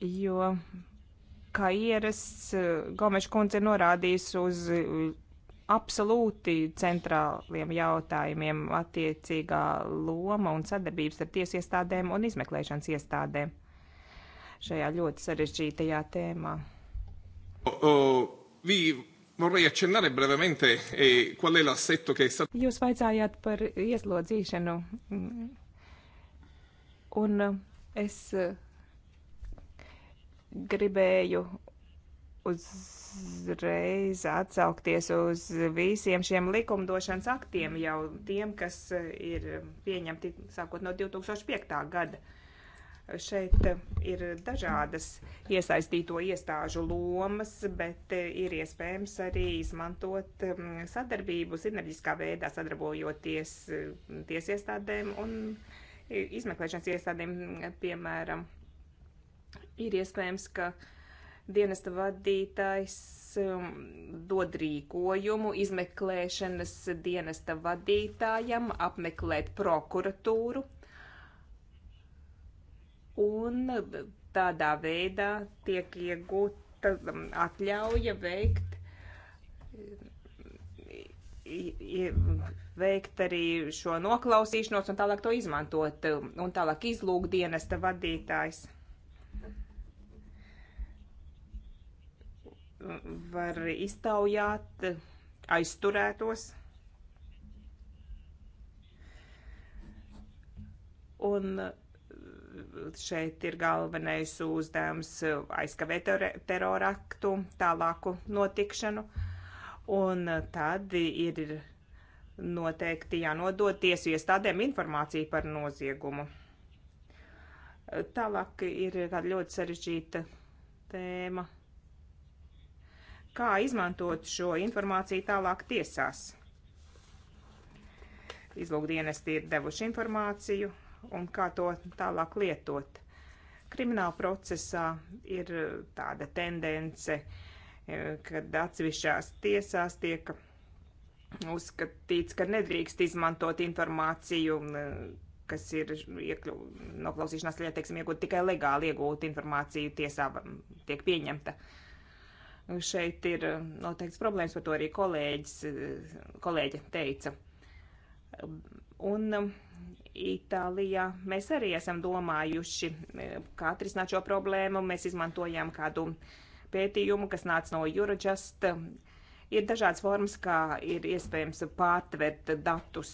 Jo, kā ierasts, eh, Gomešs kundze norādījis uz absolūti centrāliem jautājumiem attiecīgā loma un sadarbības ar tiesu iestādēm un izmeklēšanas iestādēm šajā ļoti sarežģītajā tēmā. O, o, vi Vorrei accennare brevemente eh, qual è l'assetto che è stato. Jūs vaicājāt par ieslodzīšanu. Un es eh, gribēju uzreiz atsaukties uz visiem šiem likumdošanas aktiem, jau tiem, kas eh, ir pieņemti sākot no 2005. gada. Šeit ir dažādas iesaistīto iestāžu lomas, bet ir iespējams arī izmantot mm, sadarbību sinerģiskā veidā, sadarbojoties mm, tiesiestādēm un izmeklēšanas iestādēm, mm, piemēram. Ir iespējams, ka dienesta vadītājs dod rīkojumu izmeklēšanas dienesta vadītājam apmeklēt prokuratūru un tādā veidā tiek iegūta um, atļauja veikt, veikt arī šo noklausīšanos un tālāk to izmantot, un tālāk izlūk dienesta vadītājs. Var iztaujāt aizturētos. Un šeit ir galvenais uzdevums aizkavēt teroraktu tālāku notikšanu. Un tad ir noteikti jānodod tiesu iestādēm informācija par noziegumu. Tālāk ir kāda ļoti sarežģīta tēma. Kā izmantot šo informāciju tālāk tiesās? Izlūkdienesti ir devuši informāciju, un kā to tālāk lietot. Krimināla procesā ir tāda tendence, e, kad atsevišķās tiesās tiek uzskatīts, ka nedrīkst izmantot informāciju, e, kas ir iekļu, noklausīšanās lietā, teiksim, iegūt tikai legāli iegūt informāciju tiesā tiek pieņemta. Šeit ir e, noteikts problēmas, par to arī kolēģis, kolēģi teica. Un Itālijā mēs arī esam domājuši, e, kā atrisināt šo problēmu. Mēs izmantojām kādu pētījumu, kas nāca no Eurojust. Ir dažādas formas, kā ir iespējams pārtvert datus,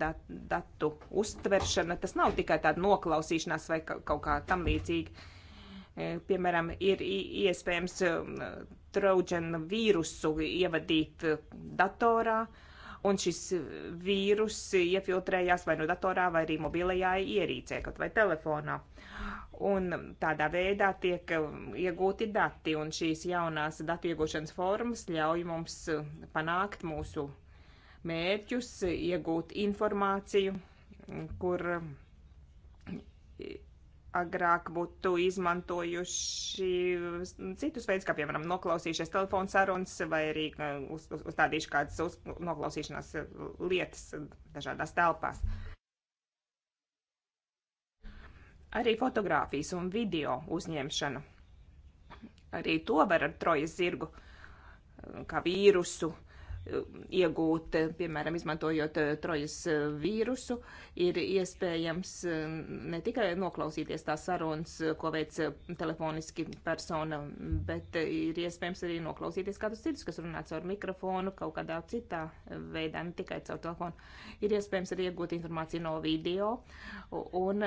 dat, datu uztveršana. Tas nav tikai tāda noklausīšanās vai kaut kā tam līdzīga. E, piemēram, ir iespējams e, trojana vīrusu ievadīt datorā, uh, un šis vīrus iefiltrējās vai no nu datorā, vai arī mobilajā ierīcē, kaut vai telefonā. Un tādā veidā tiek um, iegūti dati, un šīs jaunās datu iegūšanas formas ļauj mums um, panākt mūsu mērķus, iegūt informāciju, kur um, agrāk būtu izmantojuši citus veidus, kā piemēram noklausījušies telefonu sarunas vai arī uz, uz, uzstādījuši kādas uz, noklausīšanās lietas dažādās telpās. Arī fotografijas un video uzņemšanu. Arī to var ar trojas zirgu kā vīrusu iegūt, piemēram, izmantojot eh, trojas eh, vīrusu, ir iespējams eh, ne tikai noklausīties tās sarunas, ko veic telefoniski persona, bet ir iespējams arī noklausīties kādus citus, kas runā caur mikrofonu kaut kādā citā veidā, ne tikai caur telefonu. Ir iespējams arī iegūt informāciju no video un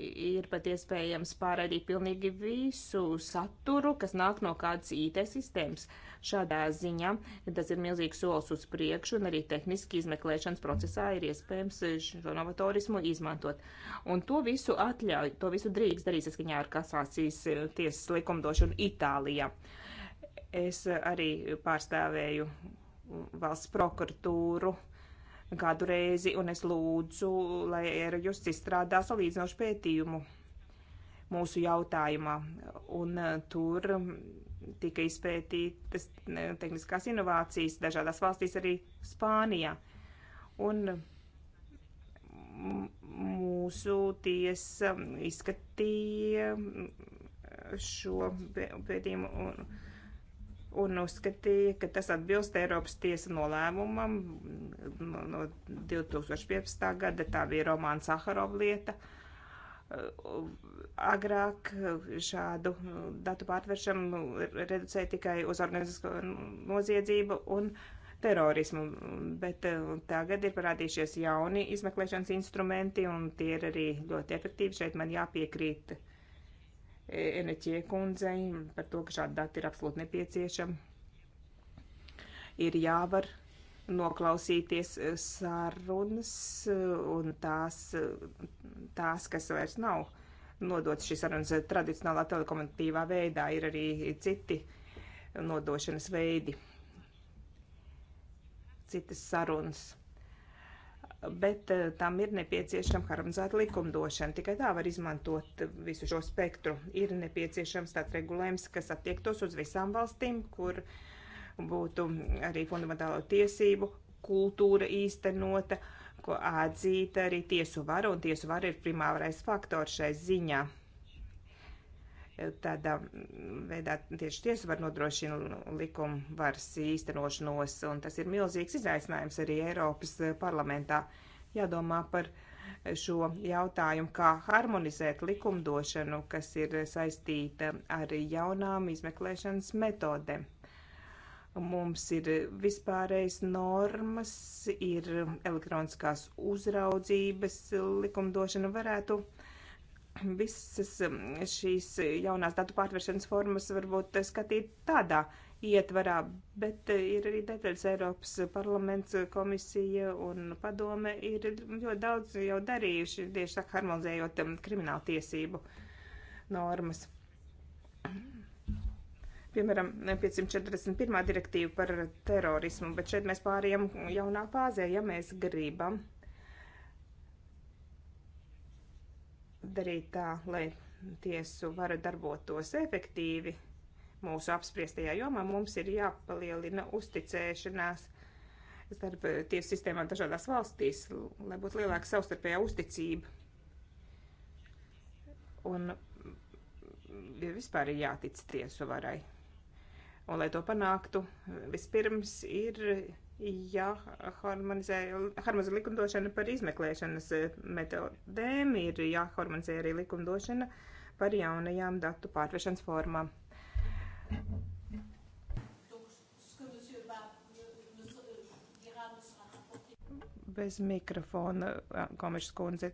ir pat iespējams pārraidīt pilnīgi visu saturu, kas nāk no kādas IT sistēmas Šādā ziņā tas ir milzīgs solis uz priekšu, un arī tehniski izmeklēšanas procesā ir iespējams šo novatorismu izmantot. Un to visu atļauj, to visu drīkst darīt saskaņā ar kasācijas eh, tiesas likumdošanu Itālijā. Es arī pārstāvēju valsts prokuratūru kādu reizi, un es lūdzu, lai Eirojus izstrādā salīdzinošu pētījumu mūsu jautājumā. Un eh, tur tika izpētītas tehniskās inovācijas dažādās valstīs, arī Spānijā. Un mūsu tiesa izskatīja šo pētījumu un, un uzskatīja, ka tas atbilst Eiropas tiesa nolēmumam no 2015. gada. Tā bija Romāna Saharova lieta. Uh, agrāk šādu datu pārtveršanu reducēja tikai uz organizisko noziedzību un terorismu, bet uh, tagad ir parādījušies jauni izmeklēšanas instrumenti, un tie ir arī ļoti efektīvi. Šeit man jāpiekrīt uh, Eneķie kundzei par to, ka šādi dati ir absolūti nepieciešami. Ir jāvar noklausīties eh, sarunas eh, un tās, eh, tās kas vairs nav nodots šīs sarunas tradicionālā telekomunikatīvā veidā, ir arī citi nodošanas veidi, citas sarunas. Bet tam ir nepieciešama harmonizēta likumdošana. Tikai tā var izmantot visu šo spektru. Ir nepieciešams tāds regulējums, kas attiektos uz visām valstīm, kur uh, būtu arī fundamentālo tiesību kultūra īstenota, ko atzīta arī tiesu vara, un tiesu vara ir primārais faktors šai ziņā. Tādā veidā tieši tiesu var nodrošina likuma varas īstenošanos, un tas ir milzīgs izaicinājums arī Eiropas parlamentā. Jādomā par šo jautājumu, kā harmonizēt likumdošanu, kas ir saistīta ar jaunām izmeklēšanas metodēm Mums ir vispārējas normas, ir elektroniskās uzraudzības likumdošana. Varētu visas um, šīs jaunās datu pārtveršanas formas varbūt skatīt tādā ietvarā, bet uh, ir arī detaļas Eiropas parlaments, komisija un padome ir ļoti daudz jau darījuši, tieši tā harmonizējot um, kriminālu tiesību normas piemēram, 541. direktīva par terorismu, bet šeit mēs pārējām jaunā fāzē, ja mēs gribam darīt tā, lai tiesu vara darbotos efektīvi mūsu apspriestajā jomā, mums ir jāpalielina uzticēšanās starp tiesu sistēmām dažādās valstīs, lai būtu lielāka savstarpējā uzticība. Un vispār ir jātic tiesu varai. Un, lai to panāktu, vispirms ir jāharmonizē harmonizē likumdošana par izmeklēšanas eh, metodēm, ir jāharmonizē arī likumdošana par jaunajām datu pārvešanas formām. Bez mikrofona, komišs eh, kundze,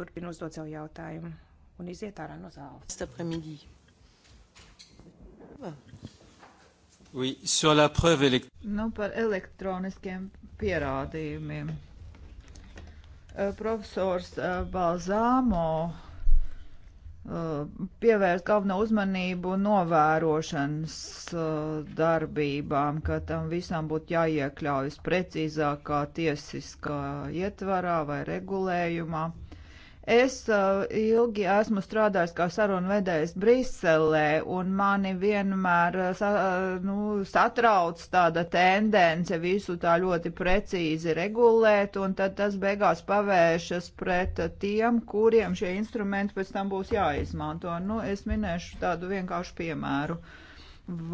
turpina uzdot savu jautājumu un iziet ārā no zāles. Cet après-midi. Ah. Oui, sur la preuve elekt... Nu, par elektroniskiem pierādījumiem. Uh, profesors uh, Balzāmo pievērst galveno uzmanību novērošanas darbībām, ka tam visam būtu jāiekļaujas precīzākā tiesiskā ietvarā vai regulējumā. Es uh, ilgi esmu strādājis kā sarunvedējs Briselē, un mani vienmēr uh, uh, nu, satrauc tāda tendence visu tā ļoti precīzi regulēt, un tad tas beigās pavēršas pret tiem, kuriem šie instrumenti pēc tam būs jāizmanto. Nu, es minēšu tādu vienkāršu piemēru.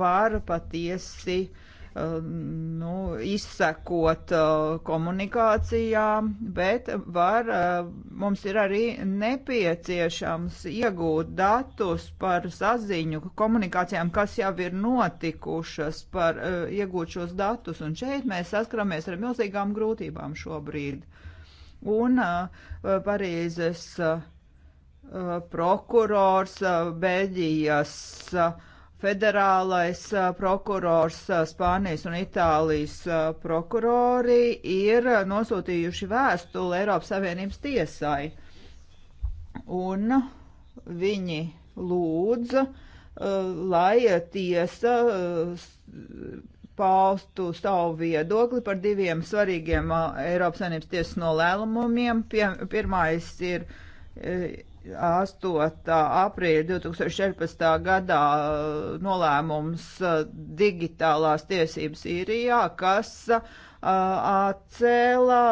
Var patiesi. Uh, Um, nu, izsekot uh, komunikācijām, bet var, uh, mums ir arī nepieciešams iegūt datus par saziņu komunikācijām, kas jau ir notikušas, par uh, iegūt šos datus. Un šeit mēs saskaramies ar milzīgām grūtībām šobrīd. Un Parīzes prokurors Beļģijas Federālais prokurors Spānijas un Itālijas prokurori ir nosūtījuši vēstuli Eiropas Savienības tiesai. Un viņi lūdza, lai tiesa paustu savu viedokli par diviem svarīgiem Eiropas Savienības tiesas nolēmumiem. Pirmais ir 8. aprīļa 2014. gadā uh, nolēmums uh, digitālās tiesības īrijā, kas uh, atcēla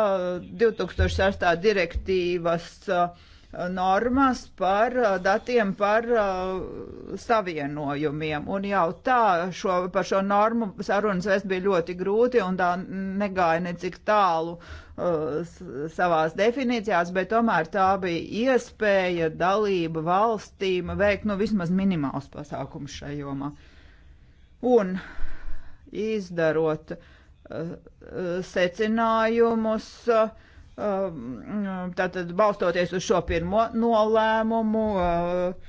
2006. direktīvas normas par datiem par savienojumiem. Un jau tā šo, par šo normu sarunas vest bija ļoti grūti un tā negāja necik tālu uh, savās definīcijās, bet tomēr tā bija iespēja dalība valstīm veikt nu, vismaz minimāls pasākums šajā jomā. Un izdarot uh, uh secinājumus, uh, um, tātad balstoties uz šo pirmo nolēmumu, uh,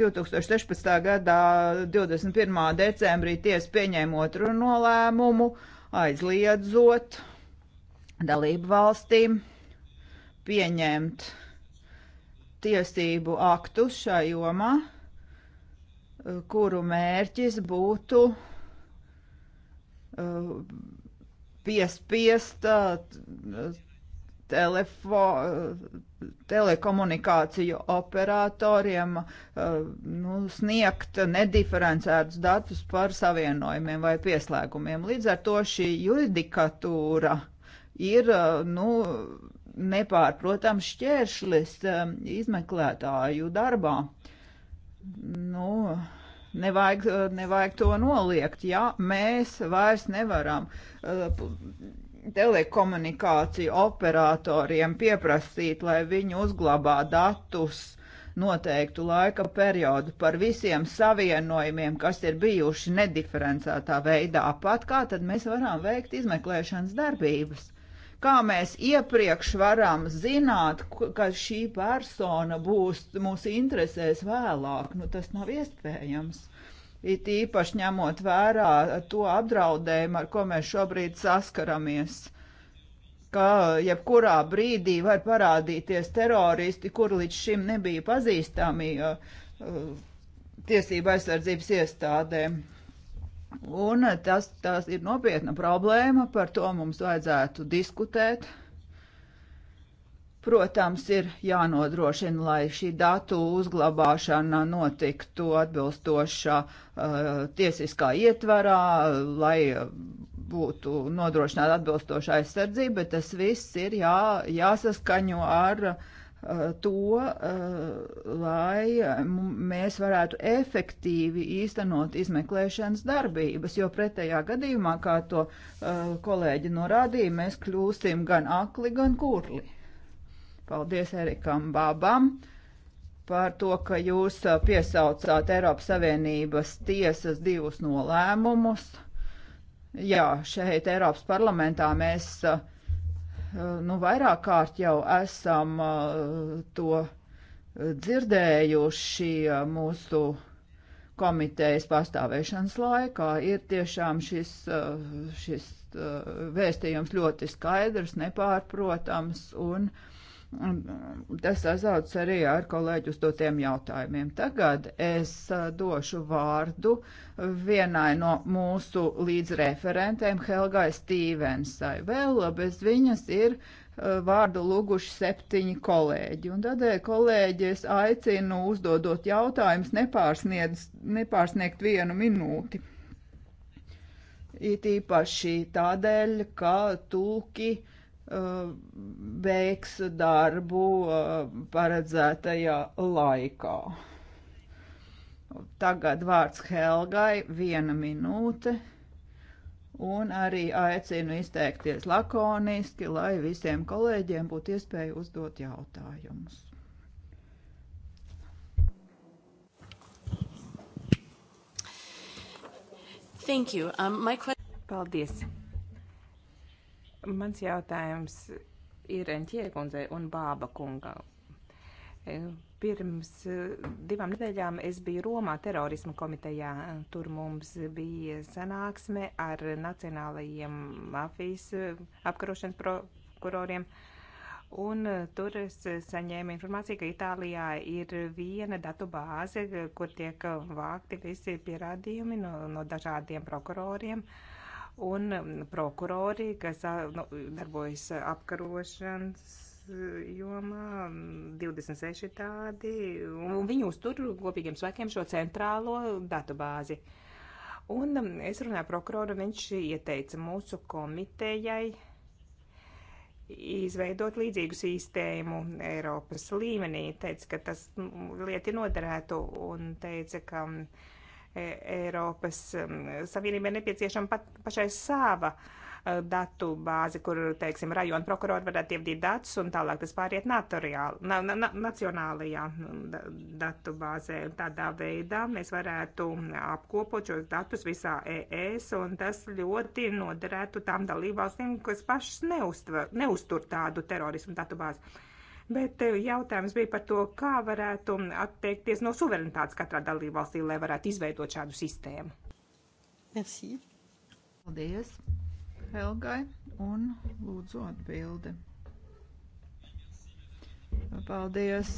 2016. gadā 21. decembrī tiesa pieņēma otru nolēmumu, aizliedzot uh, dalību valstīm pieņemt tiesību aktu šai jomā, kuru mērķis būtu uh, piespiest uh, telefo, telekomunikāciju operatoriem uh, nu, sniegt nediferencētus datus par savienojumiem vai pieslēgumiem. Līdz ar to šī judikatūra uh, ir, nu, nepārprotams šķēršlis izmeklētāju darbā. Nu, nevajag, nevajag to noliegt, ja mēs vairs nevaram telekomunikāciju operatoriem pieprasīt, lai viņi uzglabā datus noteiktu laika periodu par visiem savienojumiem, kas ir bijuši nediferencētā veidā pat, kā tad mēs varam veikt izmeklēšanas darbības. Kā mēs iepriekš varam zināt, ka šī persona būs mūsu interesēs vēlāk? Nu, tas nav iespējams. It īpaši ņemot vērā to apdraudējumu, ar ko mēs šobrīd saskaramies ka jebkurā brīdī var parādīties teroristi, kuri līdz šim nebija pazīstami uh, uh tiesība aizsardzības iestādēm. Un tas, tas ir nopietna problēma, par to mums vajadzētu diskutēt. Protams, ir jānodrošina, lai šī datu uzglabāšana notiktu atbilstošā uh, tiesiskā ietvarā, lai būtu nodrošināta atbilstoša aizsardzība, bet tas viss ir jā, jāsaskaņo ar uh, to, eh, lai mēs varētu efektīvi īstenot izmeklēšanas darbības, jo pretējā gadījumā, kā to eh, kolēģi norādīja, mēs kļūsim gan akli, gan kurli. Paldies Erikam Bābam par to, ka jūs eh, piesaucāt Eiropas Savienības tiesas divus nolēmumus. Jā, šeit Eiropas parlamentā mēs uh, Eh, nu, vairāk kārt jau esam eh, to dzirdējuši eh, mūsu komitejas pastāvēšanas laikā, ir tiešām šis, šis vēstījums ļoti skaidrs, nepārprotams un uh, Um, tas sasauc arī ar kolēģi uzdotiem jautājumiem. Tagad es uh, došu vārdu vienai no mūsu līdzreferentēm, Helgai Stīvensai. Vēl bez viņas ir uh, vārdu lūguši septiņi kolēģi. Un tādēļ kolēģi es aicinu uzdodot jautājumus nepārsniegt vienu minūti. It īpaši tādēļ, ka tulki uh, Uh, veiks darbu uh, paredzētajā laikā. Tagad vārds Helgai, viena minūte, un arī aicinu izteikties lakoniski, lai visiem kolēģiem būtu iespēja uzdot jautājumus. Thank you. Um, my question... Paldies. Mans jautājums ir Enķiekundzei un Bāba kungam. E, pirms e, divām nedēļām es biju Romā terorisma komitejā. Tur mums bija sanāksme ar nacionālajiem mafijas e, apkarošanas prokuroriem. Un tur es saņēmu informāciju, ka Itālijā ir viena datu bāze, kur tiek vākti visi pierādījumi no, no dažādiem prokuroriem. Uh, un um, prokurori, kas nu, darbojas apkarošanas jomā, 26 um, tādi, un viņi uztur kopīgiem spēkiem šo centrālo datubāzi. Un um, es runāju prokuroru, viņš ieteica mūsu komitejai izveidot līdzīgu sistēmu Eiropas līmenī. Teica, ka tas nu, lieti noderētu un teica, ka. Uh, Eiropas um, Savienībai nepieciešama pat, pašai sava uh, datu bāzi, kur, teiksim, rajona prokurori varētu ievadīt datus un tālāk tas pāriet na, na, nacionālajā um, datu bāzē. Tādā veidā mēs varētu um, apkopot šos datus visā ES un tas ļoti noderētu tām dalībvalstīm, kas pašas neuztver, neuztur tādu terorismu datu bāzi bet jautājums bija par to, kā varētu atteikties no suverenitātes katrā dalībvalstī, lai varētu izveidot šādu sistēmu. Merci. Paldies Helgai un lūdzu atbildi. Paldies,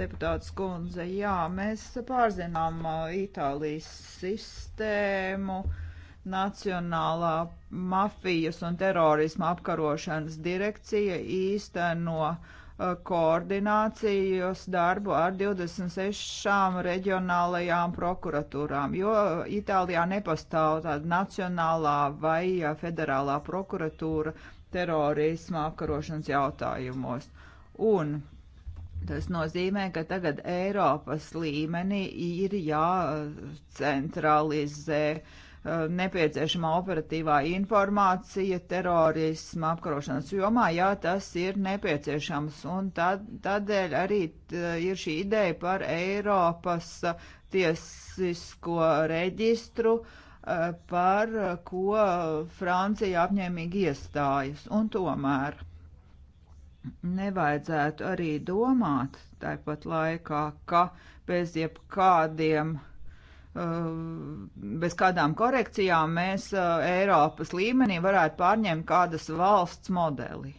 deputāts Kunze. Jā, mēs pārzinām Itālijas sistēmu Nacionālā mafijas un terorisma apkarošanas direkcija īsteno no Uh, koordinācijas darbu ar 26 reģionālajām prokuratūrām, jo Itālijā nepastāv tāda nacionālā vai uh, federālā prokuratūra terorisma apkarošanas jautājumos. Un tas nozīmē, ka tagad Eiropas līmenī ir jācentralizē uh, Uh, nepieciešamā operatīvā informācija terorisma apkarošanas jomā, ja tas ir nepieciešams. Un tad, tādēļ arī ir šī ideja par Eiropas tiesisko reģistru, uh, par ko Francija apņēmīgi iestājas. Un tomēr nevajadzētu arī domāt tāpat laikā, ka bez jebkādiem uh, Uh, bez kādām korekcijām mēs uh, Eiropas līmenī varētu pārņemt kādas valsts modeli.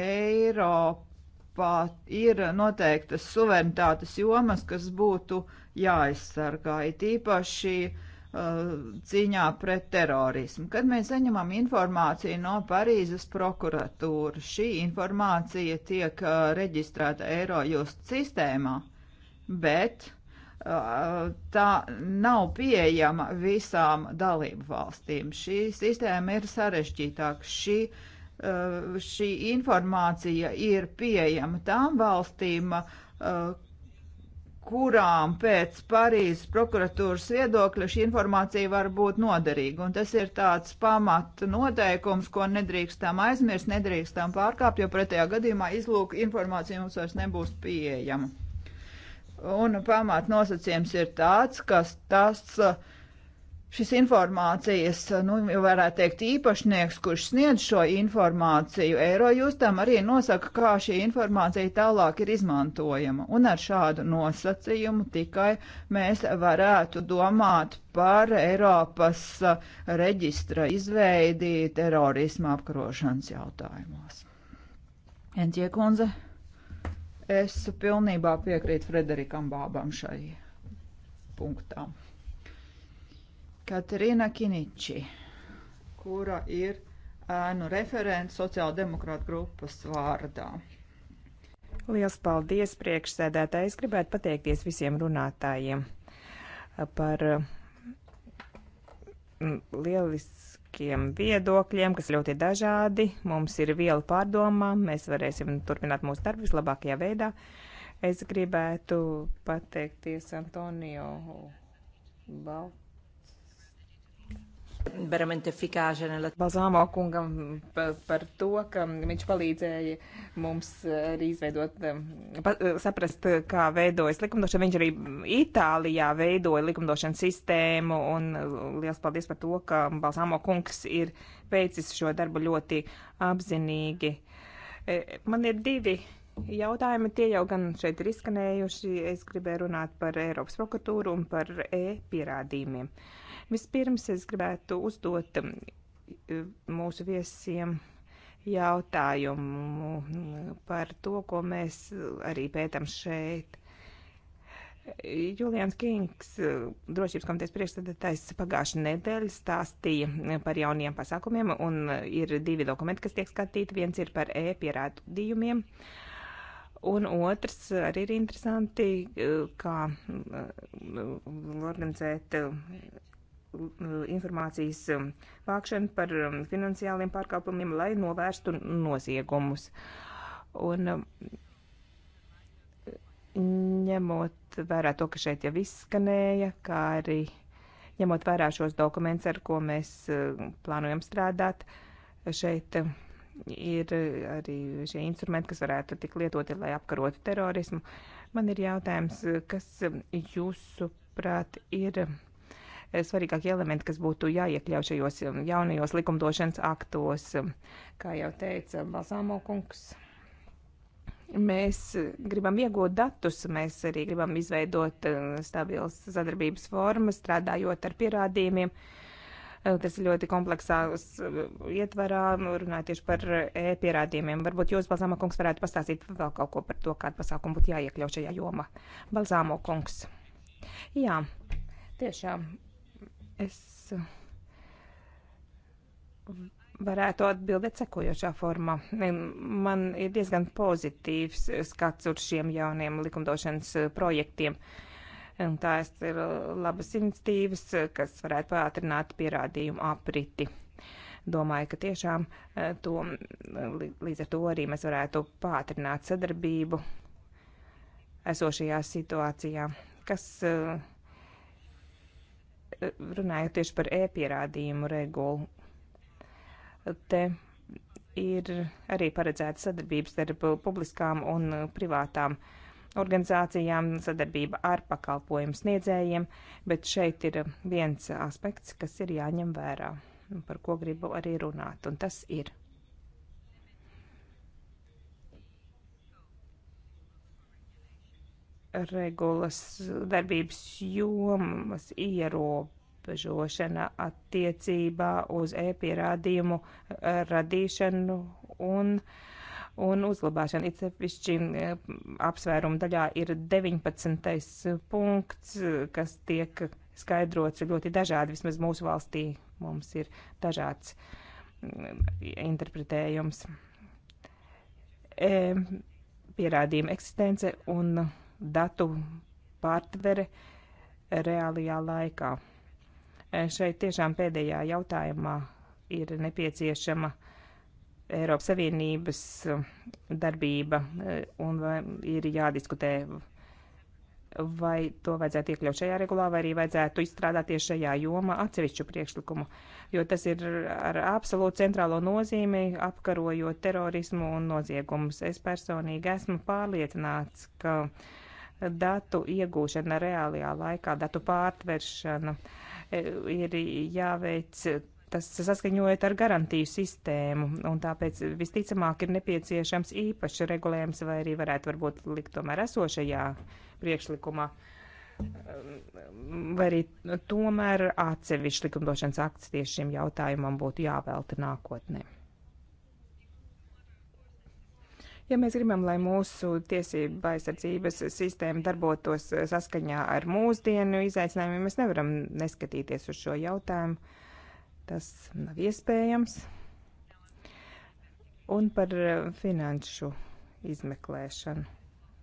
Eiropā ir noteiktas suverenitātes jomas, kas būtu jāaizsargā, it īpaši uh, cīņā pret terorismu. Kad mēs saņemam informāciju no Parīzes prokuratūras, šī informācija tiek reģistrēta Eirojust sistēmā, bet tā nav pieejama visām dalību valstīm. Šī sistēma ir sarežģītāka. Šī, eh, šī informācija ir pieejama tām valstīm, eh, kurām pēc Parīzes prokuratūras viedokļa šī informācija var būt noderīga. Un tas ir tāds pamat noteikums, ko nedrīkstam aizmirst, nedrīkstam pārkāpt, jo pretējā gadījumā izlūka informācija mums vairs nebūs pieejama. Un pamat nosacījums ir tāds, ka tas šis informācijas, nu, varētu teikt, īpašnieks, kurš sniedz šo informāciju eiro, jūs tam arī nosaka, kā šī informācija tālāk ir izmantojama. Un ar šādu nosacījumu tikai mēs varētu domāt par Eiropas reģistra izveidi terorisma apkarošanas jautājumos. Entie kundze. Es pilnībā piekrītu Frederikam Bābam šai punktā. Katrīna Kiniči, kura ir ēnu referents sociāldemokrāta grupas vārdā. Liels paldies priekšsēdētāji. Es gribētu pateikties visiem runātājiem par mm, lielis, vairākiem viedokļiem, kas ļoti dažādi. Mums ir viela pārdomām, mēs varēsim turpināt mūsu darbu vislabākajā veidā. Es gribētu pateikties Antonio Baltu Bazāmo kungam par to, ka viņš palīdzēja mums arī izveidot, um, uh, saprast, uh, kā veidojas likumdošana. Viņš arī Itālijā veidoja likumdošanu sistēmu un uh, liels paldies par to, ka Bazāmo kungs ir veicis šo darbu ļoti apzinīgi. E, man ir divi jautājumi, tie jau gan šeit ir izskanējuši. Es gribēju runāt par Eiropas prokuratūru un par e-pierādījumiem. Uh, Vispirms es gribētu uzdot um, mūsu viesiem jautājumu mm, par to, ko mēs uh, arī pētam šeit. Julians Kings, uh, drošības komitejas priekšstādātājs, pagājušā nedēļa stāstīja uh, par jauniem pasākumiem, un ir divi dokumenti, kas tiek skatīti. Viens ir par e-pierādījumiem, un otrs arī ir interesanti, kā organizēt informācijas um, vākšanu par um, finansiāliem pārkāpumiem, lai novērstu noziegumus. Un um, ņemot vērā to, ka šeit jau izskanēja, kā arī ņemot vērā šos dokumentus, ar ko mēs uh, plānojam strādāt, šeit ir arī šie instrumenti, kas varētu tik lietoti, lai apkarotu terorismu. Man ir jautājums, kas jūsuprāt ir svarīgākie elementi, kas būtu jāiekļauj šajos um, jaunajos likumdošanas aktos. Um, kā jau teica Balsāmo kungs, mēs uh, gribam iegūt datus, mēs arī gribam izveidot uh, stabils sadarbības formas, strādājot ar pierādījumiem. Uh, tas ir ļoti kompleksās ietvarā, runājot tieši par e-pierādījumiem. Varbūt jūs, Balzāmo kungs, varētu pastāstīt vēl kaut ko par to, kādu pasākumu būtu jāiekļauj šajā jomā. Balzāmo kungs. Jā, tiešām Es uh, varētu atbildēt sekojošā formā. Man ir diezgan pozitīvs skats uz šiem jauniem likumdošanas uh, projektiem. Tās ir uh, labas iniciatīvas, kas varētu pātrināt pierādījumu apriti. Domāju, ka tiešām to, līdz ar to arī mēs varētu pātrināt sadarbību esošajā situācijā, kas uh, runājot tieši par e-pierādījumu regulu, te ir arī paredzēta sadarbības starp publiskām un privātām organizācijām, sadarbība ar pakalpojumu sniedzējiem, bet šeit ir viens aspekts, kas ir jāņem vērā, par ko gribu arī runāt, un tas ir regulas darbības jomas ierobežošana attiecībā uz e-pierādījumu radīšanu un, un uzglabāšanu. It sevišķi e, apsvērumu daļā ir 19. punkts, kas tiek skaidrots ļoti dažādi, vismaz mūsu valstī mums ir dažāds mm, interpretējums. E, pierādījuma eksistence un datu pārtvere reālajā laikā. E, šeit tiešām pēdējā jautājumā ir nepieciešama Eiropas Savienības e, darbība e, un ir jādiskutē, vai to vajadzētu iekļaut šajā regulā, vai arī vajadzētu izstrādāt tieši šajā jomā atsevišķu priekšlikumu, jo tas ir ar absolūtu centrālo nozīmi apkarojot terorismu un noziegumus. Es personīgi esmu pārliecināts, ka uh, datu iegūšana reālajā laikā, datu pārtveršana e, ir jāveic. Tas saskaņojot ar garantiju sistēmu, un tāpēc visticamāk ir nepieciešams īpašs regulējums, vai arī varētu varbūt likt tomēr esošajā priekšlikumā, vai arī tomēr atsevišķi likumdošanas akts tieši šim jautājumam būtu jāvelta nākotnē. Ja mēs gribam, lai mūsu tiesība aizsardzības sistēma darbotos saskaņā ar mūsdienu izaicinājumiem, mēs nevaram neskatīties uz šo jautājumu. Tas nav iespējams. Un par eh, finanšu izmeklēšanu,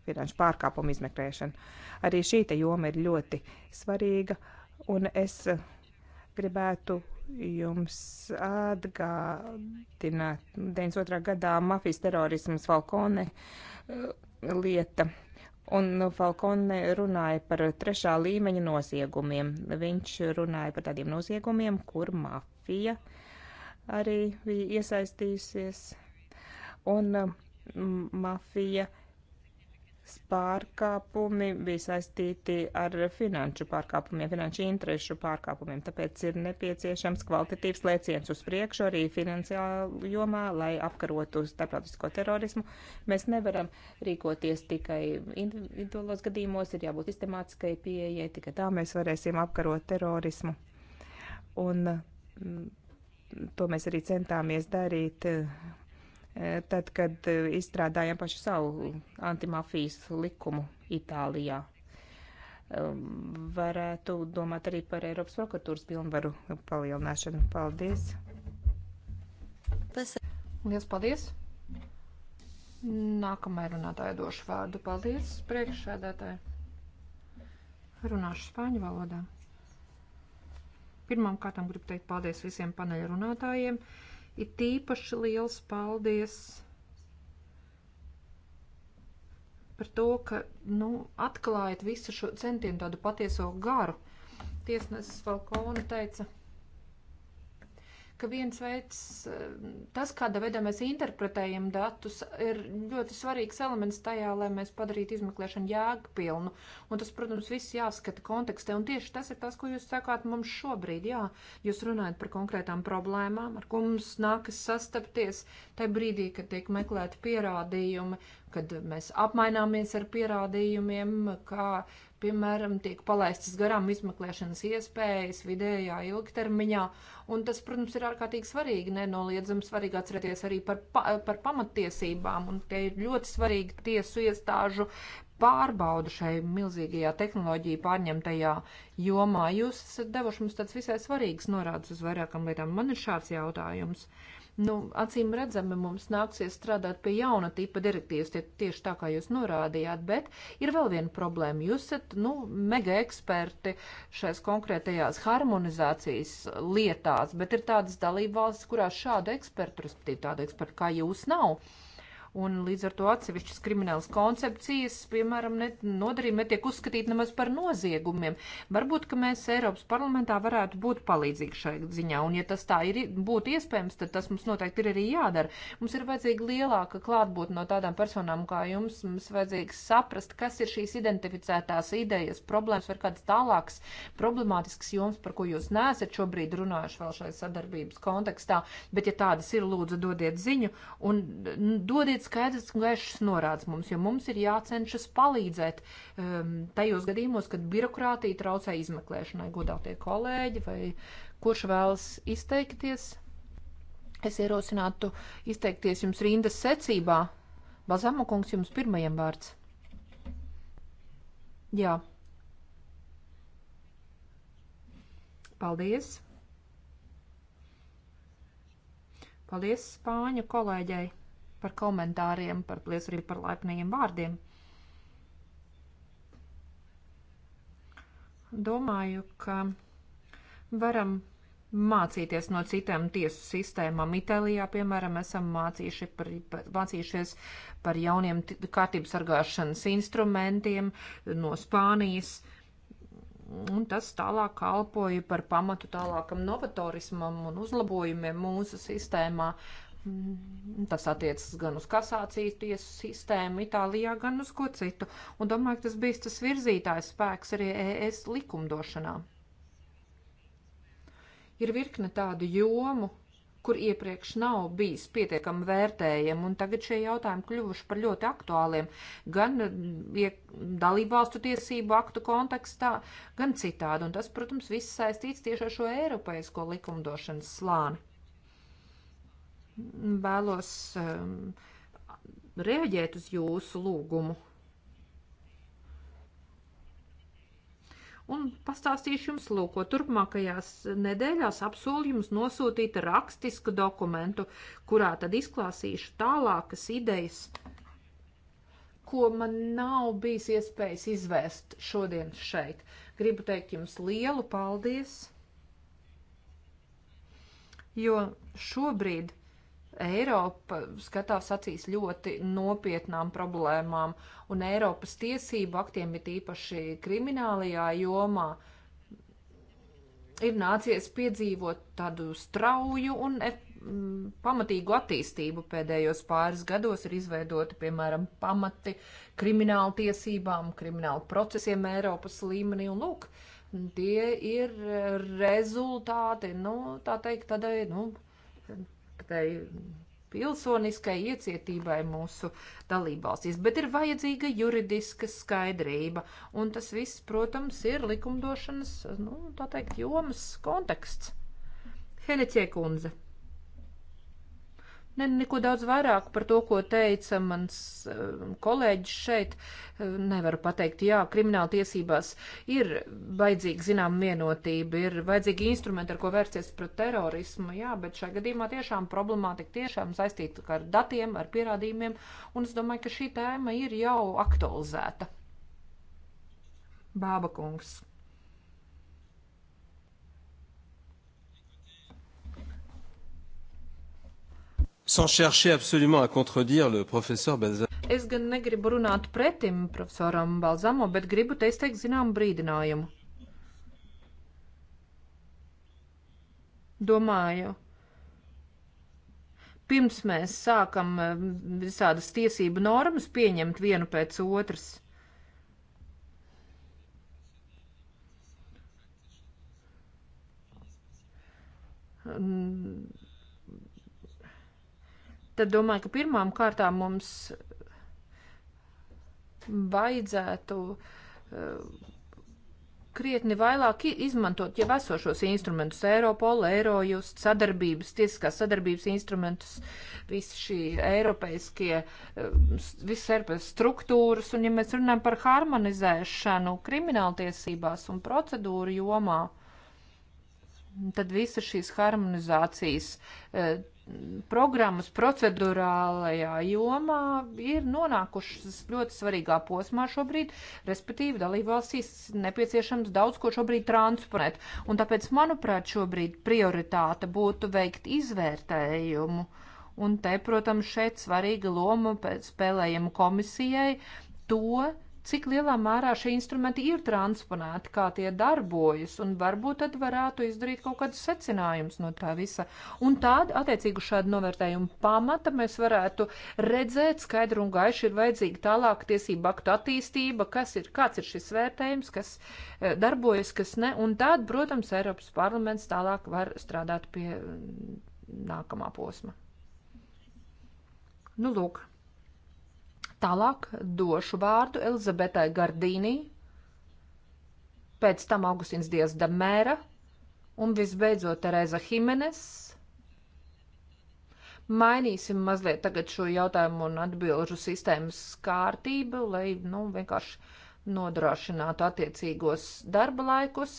finanšu pārkāpumu izmeklēšanu. Arī šī joma ir ļoti svarīga, un es eh, gribētu jums atgādināt 92. gadā mafijas terorismas Falkone uh, lieta. Un nu, Falkone runāja par trešā līmeņa noziegumiem. Viņš runāja par tādiem noziegumiem, kur mafija arī bija iesaistījusies. Un uh, mafija uh, pārkāpumi bija saistīti ar finanšu pārkāpumiem, finanšu interešu pārkāpumiem, tāpēc ir nepieciešams kvalitatīvs lēciens uz priekšu arī finansiālu jomā, lai apkarotu starptautisko terorismu. Mēs nevaram rīkoties tikai individuālos gadījumos, ir jābūt sistemātiskai pieejai, tikai tā mēs varēsim apkarot terorismu. Un mm, to mēs arī centāmies darīt Eh, tad, kad eh, izstrādājām pašu savu antimafijas likumu Itālijā. Um, varētu domāt arī par Eiropas prokuratūras pilnvaru palielināšanu. Paldies! Liels paldies! Nākamajai runātāji došu vārdu. Paldies, priekšsēdētāji! Runāšu spāņu valodā. Pirmām kārtām gribu teikt paldies visiem paneļa runātājiem. Uh, Ir tīpaši liels paldies par to, ka nu, atklājat visu šo centienu tādu patieso garu. Tiesnesis Falkona teica, ka viens veids, eh, tas, kāda veidā mēs interpretējam datus, ir ļoti svarīgs elements tajā, lai mēs padarītu izmeklēšanu jēgpilnu. Un tas, protams, viss jāskata kontekstē. Un tieši tas ir tas, ko jūs sakāt mums šobrīd. Jā, jūs runājat par konkrētām problēmām, ar ko mums nākas sastapties tajā brīdī, kad tiek meklēti pierādījumi, kad mēs apmaināmies ar pierādījumiem, kā Piemēram, tiek palaistas garām izmeklēšanas iespējas vidējā ilgtermiņā, un tas, protams, ir ārkārtīgi svarīgi, nenoliedzami svarīgi atcerēties arī par, pa, par pamattiesībām, un te ir ļoti svarīgi tiesu iestāžu pārbaudu šai milzīgajā tehnoloģiju pārņemtajā jomā. Jūs esat devuši mums tāds visai svarīgs norādes uz vairākam lietām. Man ir šāds jautājums. Uh, Nu, acīm redzami mums nāksies strādāt pie jauna tipa direktīvas, tie, tieši tā kā jūs norādījāt, bet ir vēl viena problēma. Jūs esat, nu, mega eksperti šais konkrētajās harmonizācijas lietās, bet ir tādas dalībvalstis, kurās šādu ekspertu, respektīvi tādu ekspertu kā jūs nav un līdz ar to atsevišķas kriminālas koncepcijas, piemēram, net, nodarījumi netiek uzskatīt nemaz par noziegumiem. Varbūt, ka mēs Eiropas parlamentā varētu būt palīdzīgi šai ziņā, un ja tas tā ir, būtu iespējams, tad tas mums noteikti ir arī jādara. Mums ir vajadzīga lielāka klātbūtne no tādām personām kā jums, mums vajadzīgs saprast, kas ir šīs identificētās idejas, problēmas vai kādas tālākas problemātiskas jomas, par ko jūs nesat šobrīd runājuši vēl šai sadarbības kontekstā, bet ja tādas ir, lūdzu, dodiet ziņu un dodiet sniedz skaidrs un gaišs norādes mums, jo mums ir jācenšas palīdzēt um, tajos gadījumos, kad birokrātija traucē izmeklēšanai. Godātie kolēģi vai kurš vēlas izteikties? Es ierosinātu izteikties jums rindas secībā. Bazamokungs jums pirmajam vārds. Jā. Paldies! Paldies Spāņu kolēģei! par komentāriem, par paldies arī par laipniem vārdiem. Domāju, ka varam mācīties no citām tiesu sistēmām. Itālijā, piemēram, esam mācījuši par, par, mācījušies par jauniem kārtības sargāšanas instrumentiem no Spānijas. Un tas tālāk kalpoja par pamatu tālākam novatorismam un uzlabojumiem mūsu sistēmā. Uh, Mm, tas attiecas gan uz kasācijas tiesu sistēmu Itālijā, gan uz ko citu. Un domāju, ka tas bijis tas virzītājs spēks arī ES likumdošanā. Ir virkne tādu jomu, kur iepriekš nav bijis pietiekami vērtējami, un tagad šie jautājumi kļuvuši par ļoti aktuāliem gan mm, dalībvalstu tiesību aktu kontekstā, gan citādi. Un tas, protams, viss saistīts tieši ar šo eiropeisko likumdošanas slāni vēlos um, reaģēt uz jūsu lūgumu. Un pastāstīšu jums, lūk, ko turpmākajās nedēļās apsolu jums nosūtīt rakstisku dokumentu, kurā tad izklāsīšu tālākas idejas, ko man nav bijis iespējas izvērst šodien šeit. Gribu teikt jums lielu paldies, jo šobrīd Eiropa skatās acīs ļoti nopietnām problēmām, un Eiropas tiesību aktiem ir īpaši kriminālajā jomā. Ir nācies piedzīvot tādu strauju un e pamatīgu attīstību pēdējos pāris gados. Ir izveidoti, piemēram, pamati krimināla tiesībām, krimināla procesiem Eiropas līmenī. Un, lūk, tie ir rezultāti, nu, tā teikt, tādai, nu, tai pilsoniskai iecietībai mūsu dalībvalstīs, bet ir vajadzīga juridiska skaidrība, un tas viss, protams, ir likumdošanas, nu, tā teikt, jomas konteksts. Heneķie kundze. Ne, neko daudz vairāk par to, ko teica mans eh, kolēģis šeit. Eh, nevaru pateikt, jā, krimināla tiesībās ir vajadzīga zinām vienotība, ir vajadzīgi instrumenti, ar ko vērsties pret terorismu, jā, bet šajā gadījumā tiešām problemātika tiešām saistīta ar datiem, ar pierādījumiem, un es domāju, ka šī tēma ir jau aktualizēta. Bāba kungs. Sans chercher absolument à contredire le professeur Balzamo. Es gan negribu runāt pretim profesoram Balzamo, bet gribu te izteikt zinām brīdinājumu. Domāju, pirms mēs sākam eh, visādas tiesību normas pieņemt vienu pēc otras. Un tad domāju, ka pirmām kārtām mums vajadzētu uh, krietni vairāk izmantot jau esošos instrumentus, Eiropolu, Eirojust, sadarbības, tiesiskās sadarbības instrumentus, visi šī eiropeiskie, eh, visas Eiropas struktūras, un ja mēs runājam par harmonizēšanu krimināltiesībās un procedūru jomā, uh, tad visa šīs harmonizācijas eh, programmas procedurālajā jomā ir nonākušas ļoti svarīgā posmā šobrīd, respektīvi dalībvalstīs nepieciešams daudz ko šobrīd transponēt. Un tāpēc, manuprāt, šobrīd prioritāte būtu veikt izvērtējumu. Un te, protams, šeit svarīga loma spēlējama komisijai to, cik lielā mērā šie instrumenti ir transponēti, kā tie darbojas, un varbūt tad varētu izdarīt kaut kādus secinājumus no tā visa. Un tādu attiecīgu šādu novērtējumu pamata mēs varētu redzēt skaidru un gaišu ir vajadzīga tālāk tiesība aktu attīstība, kas ir, kāds ir šis vērtējums, kas e, darbojas, kas ne, un tad, protams, Eiropas parlaments tālāk var strādāt pie mm, nākamā posma. Nu, lūk. Tālāk došu vārdu Elizabetai Gardīnī, pēc tam Augustīns Dievs Damēra un visbeidzot Tereza Himenes. Mainīsim mazliet tagad šo jautājumu un atbilžu sistēmas kārtību, lai, nu, vienkārši nodrošinātu attiecīgos darba laikus.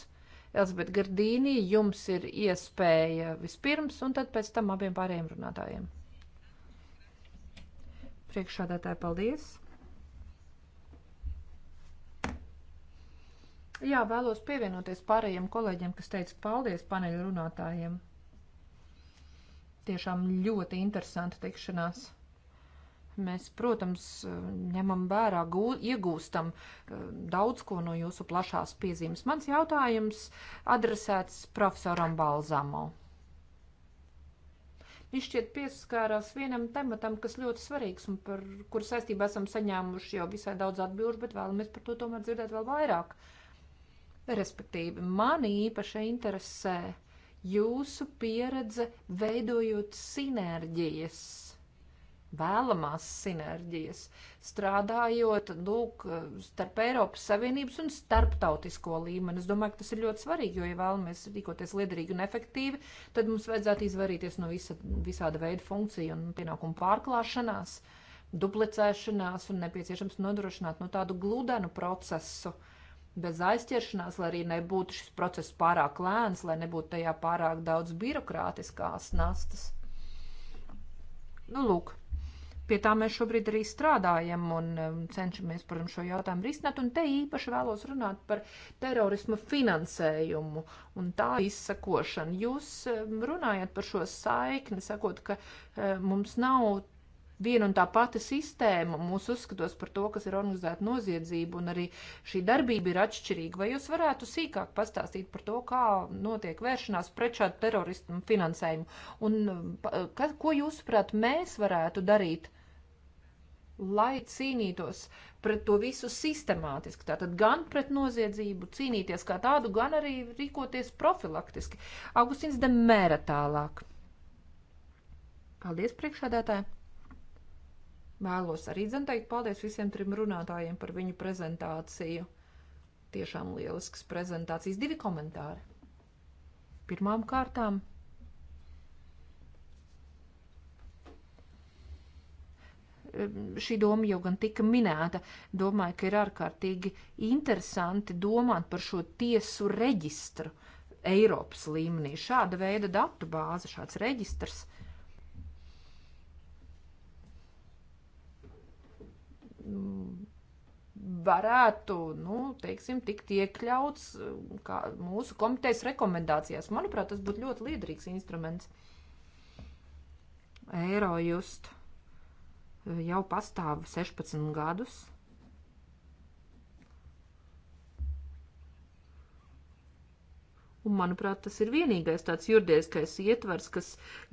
Elzbieta Gardīnī, jums ir iespēja vispirms un tad pēc tam abiem pārējiem runātājiem. Priekšādātāji, paldies! Jā, vēlos pievienoties pārējiem kolēģiem, kas teica paldies paneļu runātājiem. Tiešām ļoti interesanta tikšanās. Mēs, protams, ņemam vērā, gū, iegūstam eh, daudz ko no jūsu plašās piezīmes. Mans jautājums adresēts profesoram Balzamo izšķiet pieskārās vienam tematam, kas ļoti svarīgs un par kur saistībā esam saņēmuši jau visai daudz atbilžu, bet vēlamies par to tomēr dzirdēt vēl vairāk. Respektīvi, mani īpaši interesē jūsu pieredze veidojot sinerģijas vēlamās sinerģijas, strādājot, lūk, starp Eiropas Savienības un starptautisko līmeni. Es domāju, ka tas ir ļoti svarīgi, jo, ja vēlamies rīkoties liederīgi un efektīvi, tad mums vajadzētu izvairīties no visa, visāda veida funkciju un pienākumu pārklāšanās duplicēšanās un nepieciešams nodrošināt nu, tādu gludenu procesu. Bez aizķeršanās, lai arī nebūtu šis process pārāk lēns, lai nebūtu tajā pārāk daudz birokrātiskās nastas. Nu, lūk, Pie tā mēs šobrīd arī strādājam un um, cenšamies, protams, šo jautājumu risināt. Un te īpaši vēlos runāt par terorismu finansējumu un tā izsakošanu. Jūs um, runājat par šo saikni, sakot, ka um, mums nav viena un tā pati sistēma mūsu uzskatos par to, kas ir organizēta noziedzība, un arī šī darbība ir atšķirīga. Vai jūs varētu sīkāk pastāstīt par to, kā notiek vēršanās pret šādu teroristu finansējumu? Un ka, ko jūs, prāt, mēs varētu darīt, lai cīnītos pret to visu sistemātiski. Tātad gan pret noziedzību cīnīties kā tādu, gan arī rīkoties profilaktiski. Augustins de Mēra tālāk. Paldies priekšādātāji! Vēlos arī dzenteikt paldies visiem trim runātājiem par viņu prezentāciju. Tiešām lielisks prezentācijas divi komentāri. Pirmām kārtām – šī doma jau gan tika minēta. Domāju, ka ir ārkārtīgi interesanti domāt par šo tiesu reģistru Eiropas līmenī. Šāda veida datu bāze, šāds reģistrs. varētu, nu, teiksim, tikt iekļauts mm, kā mūsu komitejas rekomendācijās. Manuprāt, tas būtu ļoti liederīgs instruments. Eirojust jau pastāv 16 gadus. Un, manuprāt, tas ir vienīgais tāds juridiskais ietvers, kas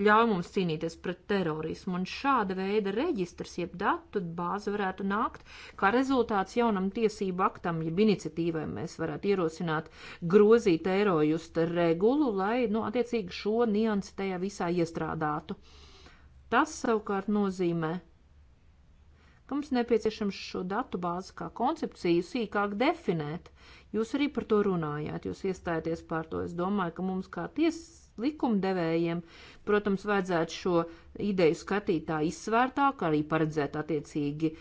ļauj mums cīnīties pret terorismu. Un šāda veida reģistrs, jeb datu bāze varētu nākt kā rezultāts jaunam tiesību aktam, jeb iniciatīvai mēs varētu ierosināt grozīt eirojusta regulu, lai, nu, attiecīgi šo niansi tajā visā iestrādātu. Tas savukārt nozīmē, Mums nepieciešams šo datu bāzi kā koncepciju sīkāk definēt. Jūs arī par to runājāt, jūs iestājāties par to. Es domāju, ka mums kā tiesas likumdevējiem, protams, vajadzētu šo ideju skatīt tā izsvērtāk, arī paredzēt attiecīgi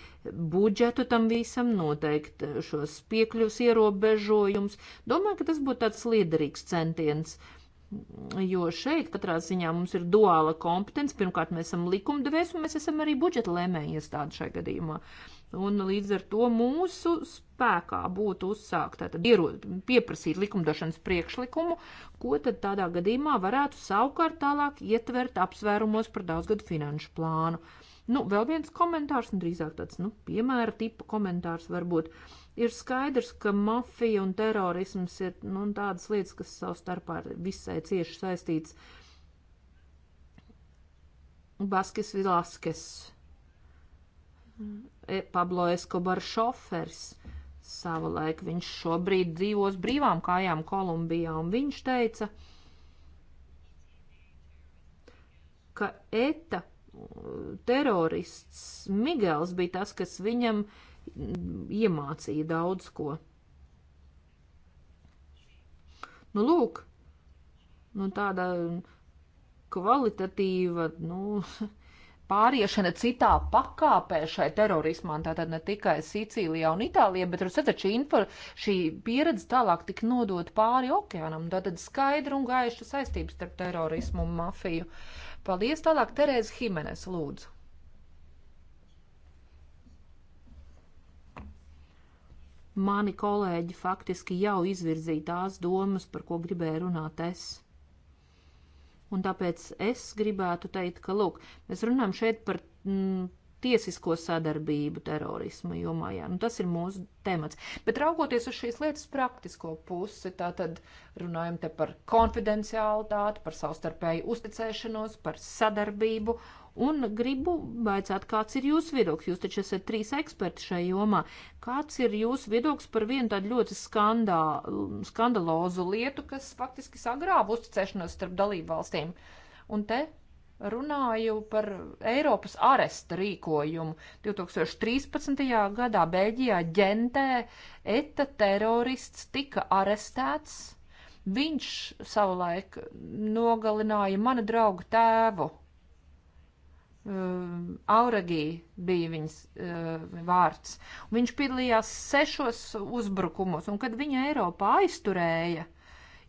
budžetu tam visam, noteikt šos piekļuvs ierobežojums. Domāju, ka tas būtu tāds liederīgs centiens. Uh, Jo šeit katrā ziņā mums ir duāla kompetence. Pirmkārt, mēs esam likumdevējs un mēs esam arī budžeta lēmēji iestādi šajā gadījumā. Un līdz ar to mūsu spēkā būtu uzsākt, tātad ieru, pieprasīt likumdošanas priekšlikumu, ko tad tādā gadījumā varētu savukārt tālāk ietvert apsvērumos par daudzgadu finanšu plānu. Nu, vēl viens komentārs, un drīzāk tāds, nu, piemēra tipa komentārs varbūt. Uh, Ir skaidrs, ka mafija un terorisms ir nu, tādas lietas, kas savā starpā ir visai cieši saistīts. Baskis Vilaskes, e, Pablo Escobar šofers savulaik viņš šobrīd dzīvos brīvām kājām Kolumbijā, un viņš teica, ka ETA terorists Migels bija tas, kas viņam uh, iemācīja daudz ko. Nu, lūk, nu, tāda kvalitatīva, nu, (laughs) pāriešana citā pakāpē šai terorismā, tātad ne tikai Sicīlijā un Itālijā, bet, redzat, šī, info, šī pieredze tālāk tik nodot pāri okeānam, tātad skaidra un gaiša saistības starp terorismu un mafiju. Paldies tālāk, Terēza Himenes, lūdzu. Mani kolēģi faktiski jau izvirzīja tās domas, par ko gribēju runāt es. Un tāpēc es gribētu teikt, ka, lūk, mēs runājam šeit par, m, mm, tiesisko sadarbību terorismu jomā. Jā, nu, tas ir mūsu temats. Bet raugoties uz šīs lietas praktisko pusi, tā tad runājam te par konfidenciālitāti, par savstarpēju uzticēšanos, par sadarbību. Un gribu baicāt, kāds ir jūsu viedoklis. Jūs taču esat trīs eksperti šajā jomā. Kāds ir jūsu viedoklis par vienu tādu ļoti skandā, skandalozu lietu, kas faktiski sagrāva uzticēšanos starp dalību valstīm? Un te runāju par Eiropas aresta rīkojumu. 2013. gadā Beļģijā ģentē ETA terorists tika arestēts. Viņš savulaik nogalināja mana drauga tēvu. Um, Auragī bija viņas uh, vārds. Viņš piedalījās sešos uzbrukumos, un kad viņa Eiropā aizturēja, uh,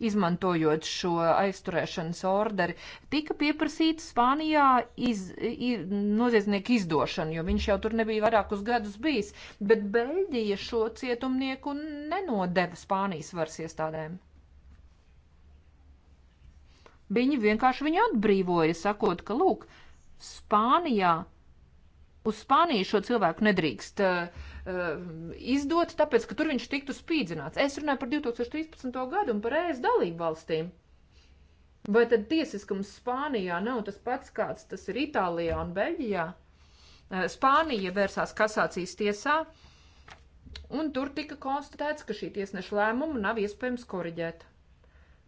izmantojot šo aizturēšanas orderi, tika pieprasīta Spānijā iz, iz, noziedznieku izdošana, jo viņš jau tur nebija vairākus gadus bijis, bet Beļģija šo cietumnieku nenodeva Spānijas varas iestādēm. Viņi vienkārši viņu atbrīvoja, sakot, ka, lūk, Spānijā, uz Spāniju šo cilvēku nedrīkst uh, Eh, izdot, tāpēc, ka tur viņš tiktu spīdzināts. Es runāju par 2013. gadu un par ES dalību valstīm. Vai tad tiesiskums Spānijā nav tas pats, kāds tas ir Itālijā un Beļģijā? Eh, Spānija vērsās kasācijas tiesā, un tur tika konstatēts, ka šī tiesneša lēmuma nav iespējams koriģēt.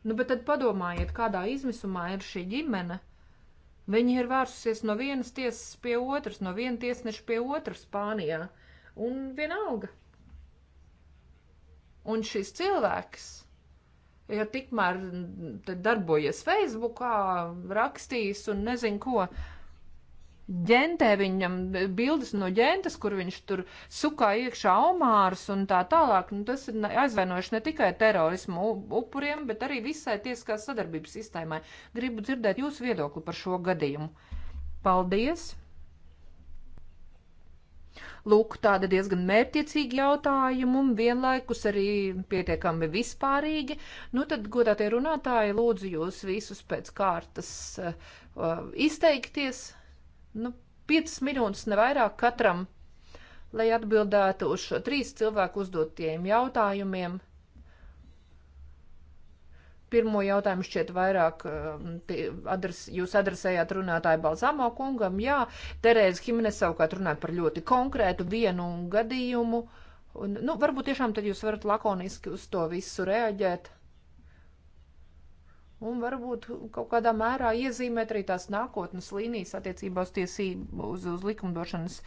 Nu, bet tad padomājiet, kādā izmisumā ir šī ģimene. Viņi ir vērsusies no vienas tiesas pie otras, no viena tiesneša pie otras Spānijā. Uh, un vienalga. Un šis cilvēks, ja tikmēr darbojas Facebookā, rakstīs un nezinu ko, ģentē viņam bildes no ģentes, kur viņš tur sukā iekšā omārus un tā tālāk, nu tas ir aizvainojuši ne tikai terorismu upuriem, bet arī visai tieskās sadarbības sistēmai. Gribu dzirdēt jūsu viedokli par šo gadījumu. Paldies! Lūk, tāda diezgan mērķiecīga jautājuma un vienlaikus arī pietiekami vispārīgi. Nu tad, godātie runātāji, lūdzu jūs visus pēc kārtas uh, izteikties. Nu, 5 minūtes nevairāk katram, lai atbildētu uz šo trīs cilvēku uzdotiem jautājumiem. Pirmo jautājumu šķiet vairāk um, adres, jūs adresējāt runātāju Balzamo kungam. Jā, Terēza Himenes savukārt runāja par ļoti konkrētu vienu gadījumu. Un, nu, varbūt tiešām tad jūs varat lakoniski uz to visu reaģēt. Un varbūt kaut kādā mērā iezīmēt arī tās nākotnes līnijas attiecībā uz tiesību, uz, uz likumdošanas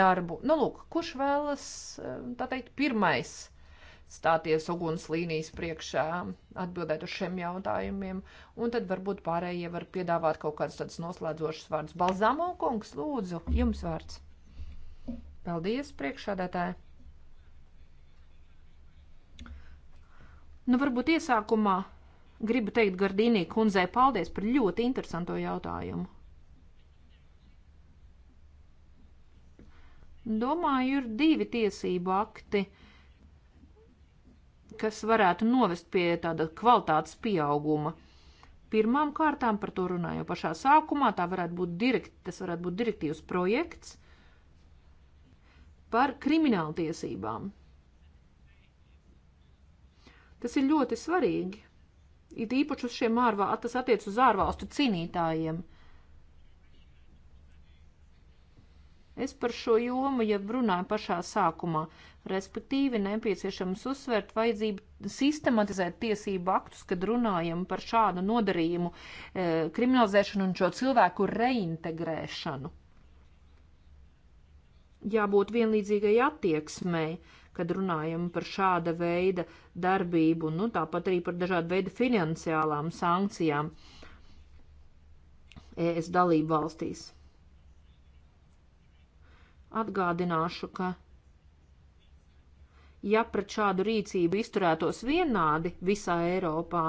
darbu. Nu, lūk, kurš vēlas, um, tā teikt, pirmais stāties uguns līnijas priekšā, atbildēt uz šiem jautājumiem, un tad varbūt pārējie var piedāvāt kaut kādas tādas noslēdzošas vārdas. Balzamo kungs, lūdzu, jums vārds. Paldies, priekšādātāji! Nu, varbūt iesākumā gribu teikt Gardīnī kundzei paldies par ļoti interesanto jautājumu. Domāju, ir divi tiesību akti, kas varētu novest pie tāda kvalitātes pieauguma. Pirmām kārtām par to runāju pašā sākumā, tā varētu būt direkt, tas varētu būt direktīvas projekts par kriminālu tiesībām. Tas ir ļoti svarīgi. It īpaši uz šiem ārvā, tas attiec uz ārvalstu cīnītājiem. Uh, Es par šo jomu jau runāju pašā sākumā, respektīvi nepieciešams uzsvērt vajadzību sistematizēt tiesību aktus, kad runājam par šādu nodarījumu e, kriminalizēšanu un šo cilvēku reintegrēšanu. Jābūt vienlīdzīgai attieksmei, kad runājam par šāda veida darbību, nu tāpat arī par dažādu veidu finansiālām sankcijām ES dalību valstīs. Atgādināšu, ka ja pret šādu rīcību izturētos vienādi visā Eiropā,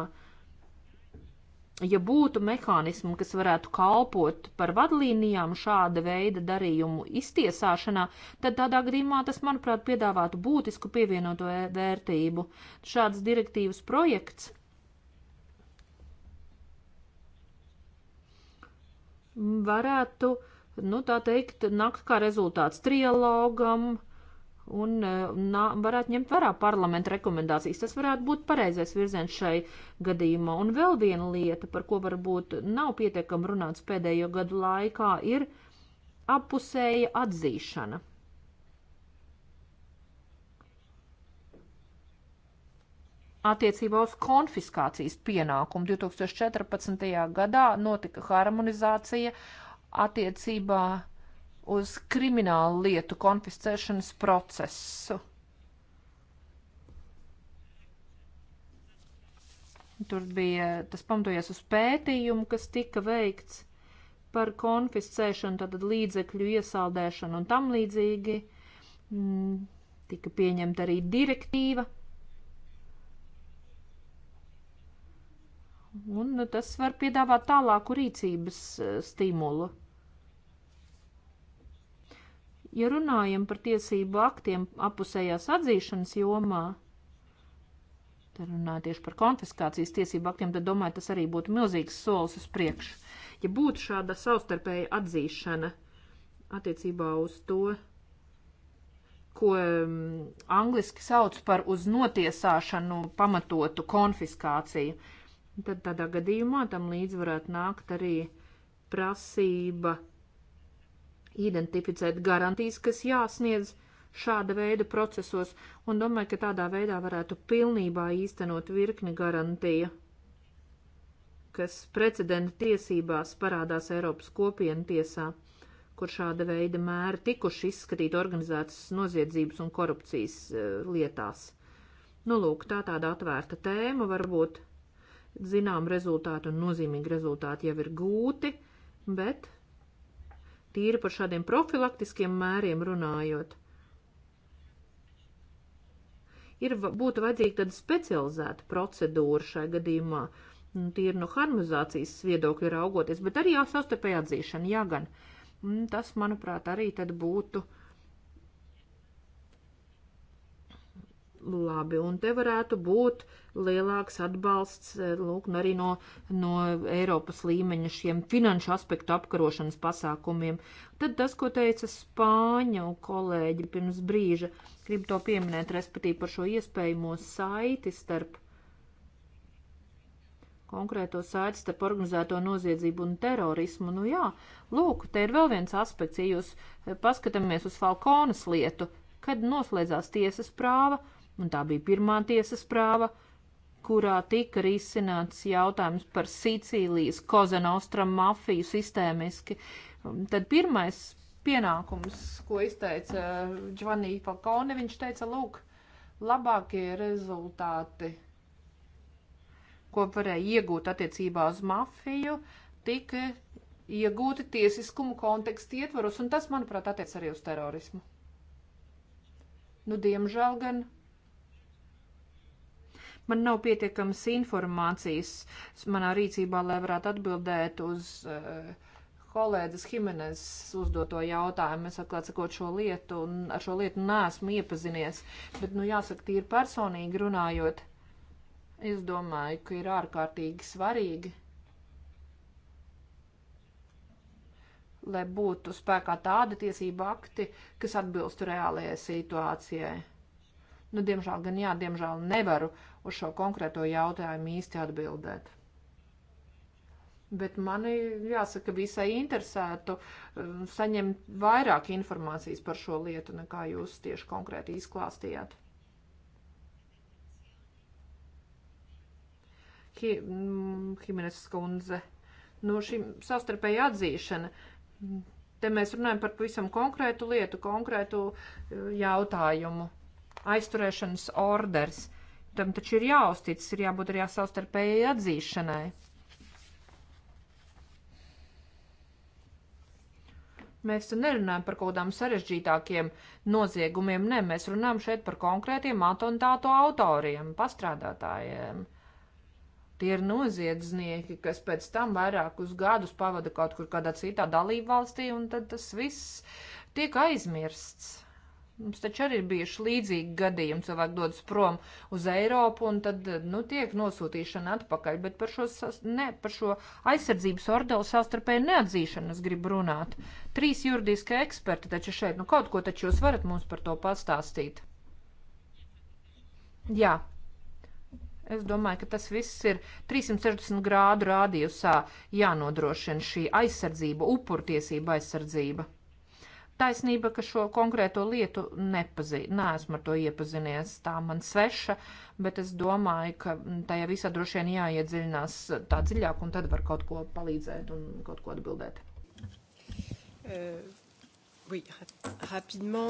ja būtu mehānismi, kas varētu kalpot par vadlīnijām šāda veida darījumu iztiesāšanā, tad tādā gadījumā tas, manuprāt, piedāvātu būtisku pievienoto vērtību. Šāds direktīvas projekts varētu uh, nu, tā teikt, nakt kā rezultāts trialogam un e, nā, varētu ņemt vērā parlamenta rekomendācijas. Tas varētu būt pareizais virziens šai gadījumā. Un vēl viena lieta, par ko varbūt nav pietiekam runāts pēdējo gadu laikā, ir apusēja atzīšana. Attiecībā uz konfiskācijas pienākumu 2014. gadā notika harmonizācija attiecībā uz kriminālu lietu konfiscēšanas procesu. Tur bija tas pamatojies uz pētījumu, kas tika veikts par konfiscēšanu, tātad līdzekļu iesaldēšanu un tam līdzīgi. Mm, tika pieņemta arī direktīva. Un tas var piedāvāt tālāku rīcības eh, stimulu. Ja runājam par tiesību aktiem apusējās atzīšanas jomā, tad runājot tieši par konfiskācijas tiesību aktiem, tad domāju, tas arī būtu milzīgs solis uz priekšu. Ja būtu šāda savstarpēja atzīšana attiecībā uz to, ko mm, angliski sauc par uz notiesāšanu pamatotu konfiskāciju, tad tādā gadījumā tam līdz varētu nākt arī prasība identificēt garantijas, kas jāsniedz šāda veida procesos, un domāju, ka tādā veidā varētu pilnībā īstenot virkni garantija, kas precedenta tiesībās parādās Eiropas kopienu tiesā kur šāda veida mēri tikuši izskatīti organizētas noziedzības un korupcijas e, lietās. Nu, lūk, tā tāda atvērta tēma, varbūt zinām rezultāti un nozīmīgi rezultāti jau ir gūti, bet tīri par šādiem profilaktiskiem mēriem runājot, ir, būtu vajadzīga tāda specializēta procedūra šai gadījumā, nu, tīri no harmonizācijas viedokļa raugoties, bet arī jāsastarpēja atzīšana, jā gan. Tas, manuprāt, arī tad būtu uh, labi, un te varētu būt lielāks atbalsts, eh, lūk, arī no, no Eiropas līmeņa šiem finanšu aspektu apkarošanas pasākumiem. Tad tas, ko teica Spāņu kolēģi pirms brīža, grib to pieminēt, respektīvi par šo iespējamo saiti starp konkrēto saiti starp organizēto noziedzību un terorismu. Nu jā, lūk, te ir vēl viens aspekts, ja jūs eh, paskatāmies uz Falkonas lietu, kad noslēdzās tiesas prāva, uh, un tā bija pirmā tiesas prāva, kurā tika risināts jautājums par Sīcīlijas Kozenostra mafiju sistēmiski. Tad pirmais pienākums, ko izteica uh, Giovanni Falcone, viņš teica, lūk, labākie rezultāti, ko varēja iegūt attiecībā uz mafiju, tika iegūti tiesiskumu kontekstu ietvaros, un tas, manuprāt, attiec arī uz terorismu. Nu, diemžēl gan Man nav pietiekamas informācijas manā rīcībā, lai varētu atbildēt uz uh, eh, kolēdzes Himenes uzdoto jautājumu. Es atklāt sakot šo lietu un ar šo lietu neesmu iepazinies, bet, nu, jāsaka, tīri personīgi runājot, es domāju, ka ir ārkārtīgi svarīgi lai būtu spēkā tādi tiesību akti, kas atbilstu reālajai situācijai. Nu, diemžēl, gan jā, diemžēl nevaru uz šo konkrēto jautājumu īsti atbildēt. Bet mani, jāsaka, visai interesētu um, saņemt vairāk informācijas par šo lietu, nekā jūs tieši konkrēti izklāstījāt. Himenes mm, skundze. Nu, šī savstarpēja atzīšana. Te mēs runājam par pavisam konkrētu lietu, konkrētu uh, jautājumu. Aizturēšanas orders. Uh, tam taču ir jāuzticas, ir jābūt arī savstarpēji atzīšanai. Mēs te nerunājam par kaut kādām sarežģītākiem noziegumiem, nē, mēs runājam šeit par konkrētiem atentātu autoriem, pastrādātājiem. Tie ir noziedznieki, kas pēc tam vairākus gadus pavada kaut kur kādā citā dalībvalstī, un tad tas viss tiek aizmirsts. Mums taču arī ir bijuši līdzīgi gadījumi. Cilvēki dodas prom uz Eiropu un tad nu, tiek nosūtīšana atpakaļ. Bet par šo, ne, par šo aizsardzības ordeli savstarpēju neatzīšanu es gribu runāt. Trīs juridiskie eksperti taču šeit, nu kaut ko taču jūs varat mums par to pastāstīt. Jā, Es domāju, ka tas viss ir 360 grādu rādījusā jānodrošina šī aizsardzība, upurtiesība aizsardzība taisnība, ka šo konkrēto lietu nepazīstu. Nē, esmu ar to iepazinies, tā man sveša, bet es domāju, ka tajā visā droši vien jāiedziļinās tā dziļāk, un tad var kaut ko palīdzēt un kaut ko atbildēt. Uh, oui, rapidement.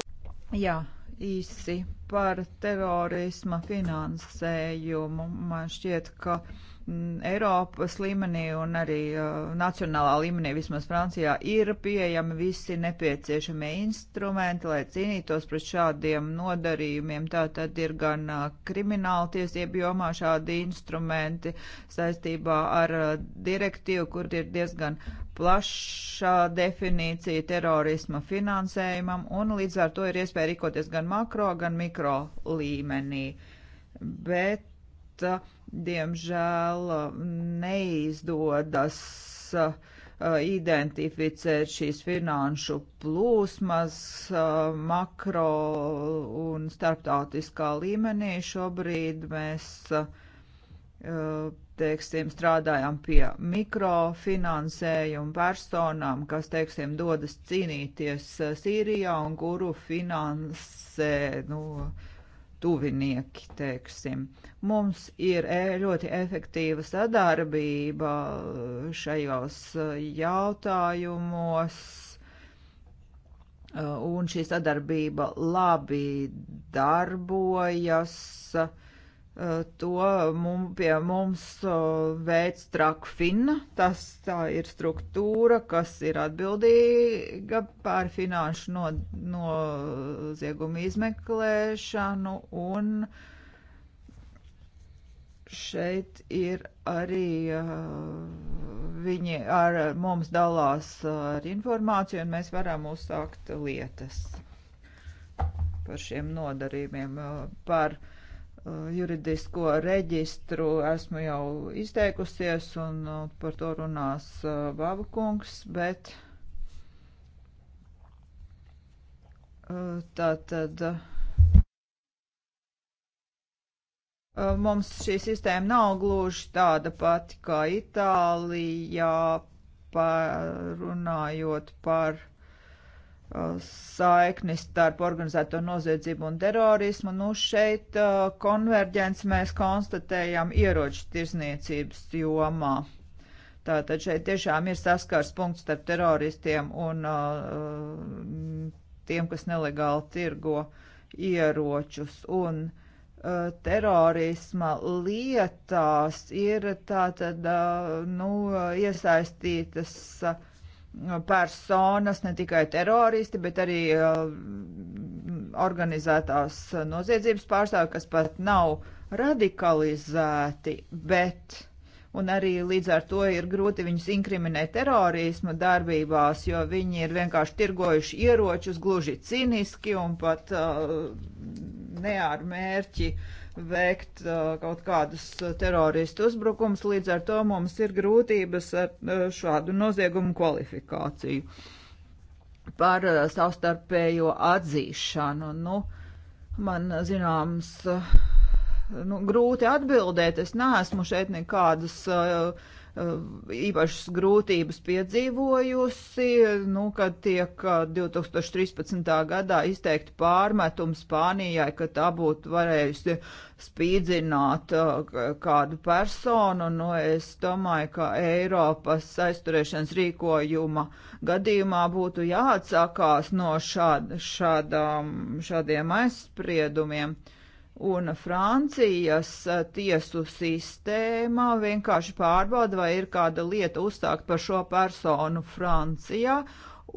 Jā. Yeah īsi par terorisma finansējumu. Man šķiet, ka mm, Eiropas līmenī un arī uh, nacionālā līmenī, vismaz Francijā, ir pieejami visi nepieciešamie instrumenti, lai cīnītos pret šādiem nodarījumiem. Tā tad ir gan uh, krimināla tiesība jomā šādi instrumenti saistībā ar uh, direktīvu, kur ir diezgan plaša definīcija terorisma finansējumam, un līdz ar to ir iespēja rīkoties gan gan makro, gan mikro līmenī. Bet, uh, diemžēl, uh, neizdodas uh, identificēt šīs finanšu plūsmas makro un starptautiskā līmenī. Šobrīd mēs teiksim, strādājam pie mikrofinansējuma personām, kas, teiksim, dodas cīnīties eh, Sīrijā un kuru finansē, nu, tuvinieki, teiksim. Mums ir eh, ļoti efektīva sadarbība eh, šajos jautājumos, un šī sadarbība labi darbojas Eh, to mum, pie mums eh, veids trakfina. Tas tā ir struktūra, kas ir atbildīga pār finanšu noziegumu no, no izmeklēšanu un šeit ir arī uh, viņi ar mums dalās ar informāciju un mēs varam uzsākt lietas par šiem nodarījumiem, par uh, Eh, juridisko reģistru esmu jau izteikusies un eh, par to runās eh, Vābu kungs, bet tā tad. Mums šī sistēma nav gluži tāda pati kā Itālijā, par, runājot par Uh, saikni starp organizēto noziedzību un terorismu. Nu, šeit uh, konverģents mēs konstatējam ieroču tirzniecības jomā. Tātad šeit tiešām ir saskars punkts starp teroristiem un uh, tiem, kas nelegāli tirgo ieročus. Un uh, terorisma lietās ir tātad, uh, nu, iesaistītas uh, personas, ne tikai teroristi, bet arī uh, organizētās noziedzības pārstāvji, kas pat nav radikalizēti, bet un arī līdz ar to ir grūti viņus inkriminēt terorisma darbībās, jo viņi ir vienkārši tirgojuši ieročus gluži cīniski un pat uh, ne ar mērķi uh, veikt uh, kaut kādus uh, teroristu uzbrukums, līdz ar to mums ir grūtības ar uh, šādu noziegumu kvalifikāciju par savstarpējo atzīšanu. Nu, man zināms, nu, grūti atbildēt, es neesmu šeit nekādas uh, Uh, īpašas grūtības piedzīvojusi, nu, kad tiek 2013. Uh, gadā izteikti pārmetumi Spānijai, ka tā būtu varējusi spīdzināt uh, kādu personu. Nu, es domāju, ka Eiropas aizturēšanas rīkojuma gadījumā būtu jāatsakās no šād, šādām, šādiem aizspriedumiem. Uh, Un Francijas eh, tiesu sistēmā vienkārši pārbauda, vai ir kāda lieta uzsākt par šo personu Francijā.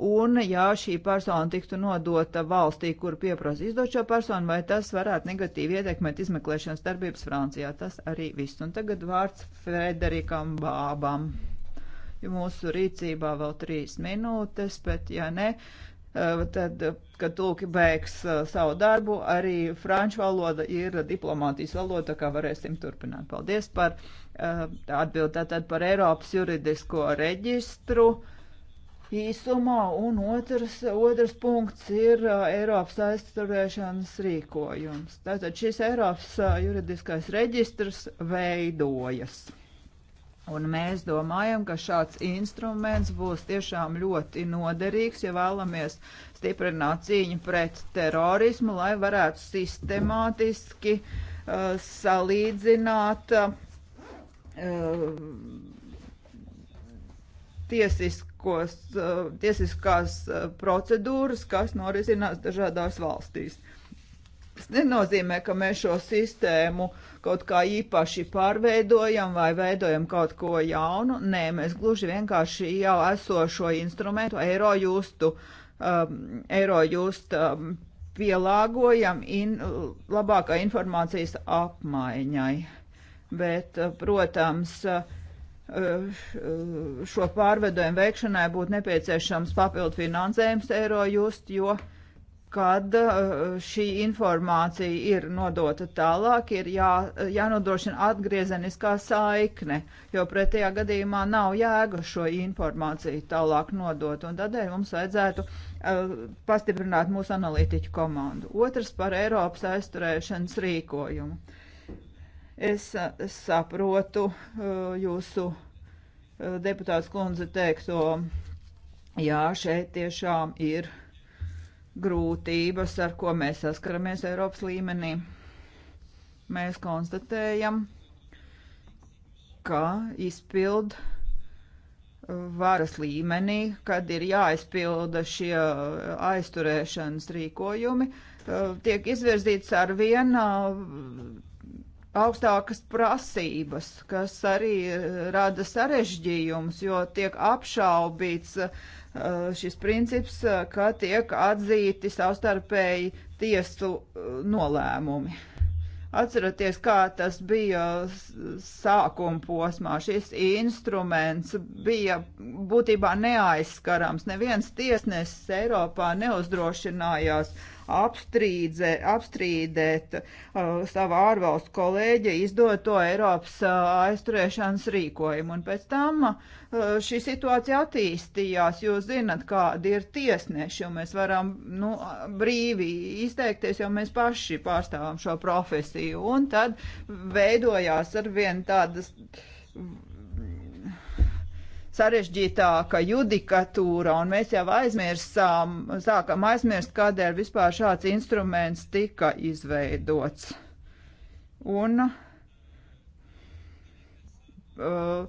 Un, ja šī persona tiktu nodota valstī, kur pieprasa izdot šo personu, vai tas varētu negatīvi ietekmēt izmeklēšanas darbības Francijā. Tas arī viss. Un tagad vārds Frederikam Bābam. Ja mūsu rīcībā vēl trīs minūtes, bet ja ne, Eh, tad, kad tulki beigs eh, savu darbu, arī franču valoda ir diplomātijas valoda, kā varēsim turpināt. Paldies par eh, atbildi tātad par Eiropas juridisko reģistru īsumā, un otrs, otrs punkts ir Eiropas aizturēšanas rīkojums. Tātad šis Eiropas juridiskais reģistrs veidojas. Un mēs domājam, ka šāds instruments būs tiešām ļoti noderīgs, ja vēlamies stiprināt cīņu pret terorismu, lai varētu sistemātiski uh, salīdzināt uh, tiesiskos, uh, tiesiskās uh, procedūras, kas norisinās dažādās valstīs. Uh, Tas nenozīmē, ka mēs šo sistēmu kaut kā īpaši pārveidojam vai veidojam kaut ko jaunu. Nē, mēs gluži vienkārši jau esošo instrumentu, eiro justu, um, eiro just, um, pielāgojam in, labākai informācijas apmaiņai. Bet, uh, protams, uh, uh, šo pārvedojumu veikšanai būtu nepieciešams papildu finansējums eiro just, jo kad eh, šī informācija ir nodota tālāk, ir jā, jānodrošina atgriezeniskā saikne, jo pretējā gadījumā nav jēga šo informāciju tālāk nodot, un tādēļ mums vajadzētu uh, pastiprināt mūsu analītiķu komandu. Otrs par Eiropas aizturēšanas rīkojumu. Es, es eh, saprotu uh, jūsu uh, deputāts kundze teikto, jā, šeit tiešām ir grūtības, ar ko mēs saskaramies Eiropas līmenī. Mēs konstatējam, ka izpild varas līmenī, kad ir jāizpilda šie aizturēšanas rīkojumi, tiek izvirzīts ar vienā uh, augstākas prasības, kas arī uh, rada sarežģījumus, jo tiek apšaubīts uh, Eh, šis princips, eh, ka tiek atzīti savstarpēji tiesu eh, nolēmumi. Atceraties, kā tas bija sākuma posmā. Šis instruments bija būtībā neaizskarams. Neviens tiesnesis Eiropā neuzdrošinājās uh, apstrīdze, apstrīdēt uh, savu ārvalstu kolēģi izdoto Eiropas uh, aizturēšanas rīkojumu. Un pēc tam uh, šī situācija attīstījās. Jūs zinat, kādi ir tiesneši, un mēs varam nu, brīvi izteikties, jo mēs paši pārstāvam šo profesiju. Un tad veidojās ar vien tādas sarežģītāka judikatūra, un mēs jau aizmirsām, sākam aizmirst, kādēļ vispār šāds instruments tika izveidots. Un uh,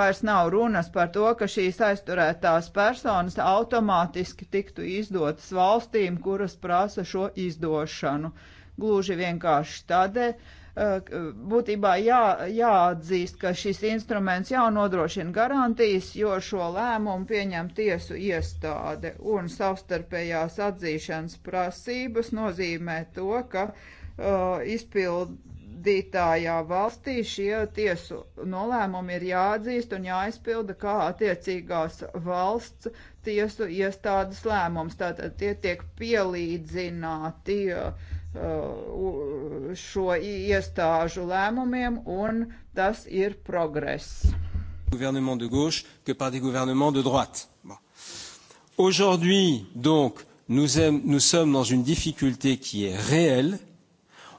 vairs nav runas par to, ka šīs aizturētās personas automātiski tiktu izdotas valstīm, kuras prasa šo izdošanu. Gluži vienkārši tādēļ, būtībā jā, jāatzīst, ka šis instruments jau nodrošina garantijas, jo šo lēmumu pieņem tiesu iestāde un savstarpējās atzīšanas prasības nozīmē to, ka uh, izpildītājā valstī šie tiesu nolēmumi ir jāatzīst un jāizpilda kā attiecīgās valsts tiesu iestādes lēmums. Tātad tie tiek pielīdzināti. Uh, Uh, šo iestāžu lēmumiem, un tas ir progress. Gouvernement de gauche que par des gouvernements de droite. Bon. Aujourd'hui, donc, nous, aime, nous sommes dans une difficulté qui est réelle.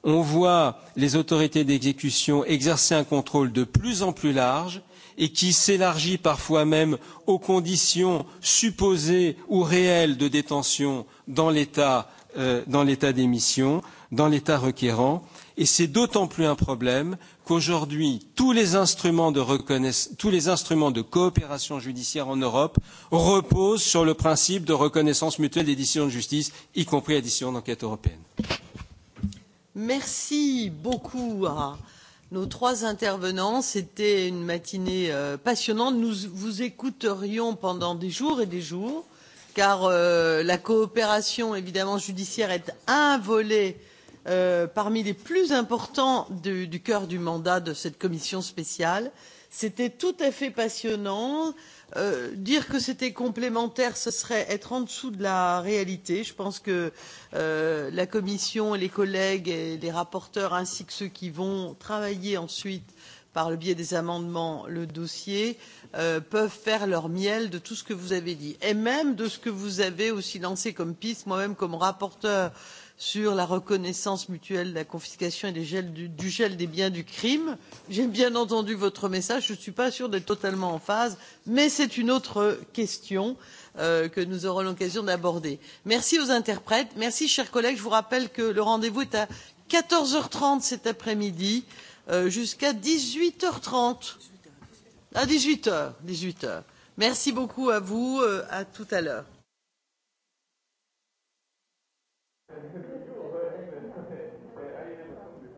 On voit les autorités d'exécution exercer un contrôle de plus en plus large et qui s'élargit parfois même aux conditions supposées ou réelles de détention dans l'État euh, dans l'état d'émission, dans l'état requérant. Et c'est d'autant plus un problème qu'aujourd'hui, tous les instruments de reconnaissance, tous les instruments de coopération judiciaire en Europe reposent sur le principe de reconnaissance mutuelle des décisions de justice, y compris la décision d'enquête européenne. Merci beaucoup à nos trois intervenants. C'était une matinée euh, passionnante. Nous vous écouterions pendant des jours et des jours car euh, la coopération évidemment judiciaire est un volet euh, parmi les plus importants du, du cœur du mandat de cette commission spéciale. C'était tout à fait passionnant. Euh, dire que c'était complémentaire, ce serait être en dessous de la réalité. Je pense que euh, la Commission et les collègues et les rapporteurs ainsi que ceux qui vont travailler ensuite par le biais des amendements le dossier euh, peuvent faire leur miel de tout ce que vous avez dit et même de ce que vous avez aussi lancé comme piste moi même comme rapporteur sur la reconnaissance mutuelle de la confiscation et des gels du, du gel des biens du crime. J'ai bien entendu votre message, je ne suis pas sûre d'être totalement en phase, mais c'est une autre question euh, que nous aurons l'occasion d'aborder. Merci aux interprètes, merci chers collègues, je vous rappelle que le rendez-vous est à 14h30 cet après-midi. Euh, euh, jusqu'à 18h30. À 18h, 18h. Merci beaucoup à vous, euh, à tout à l'heure.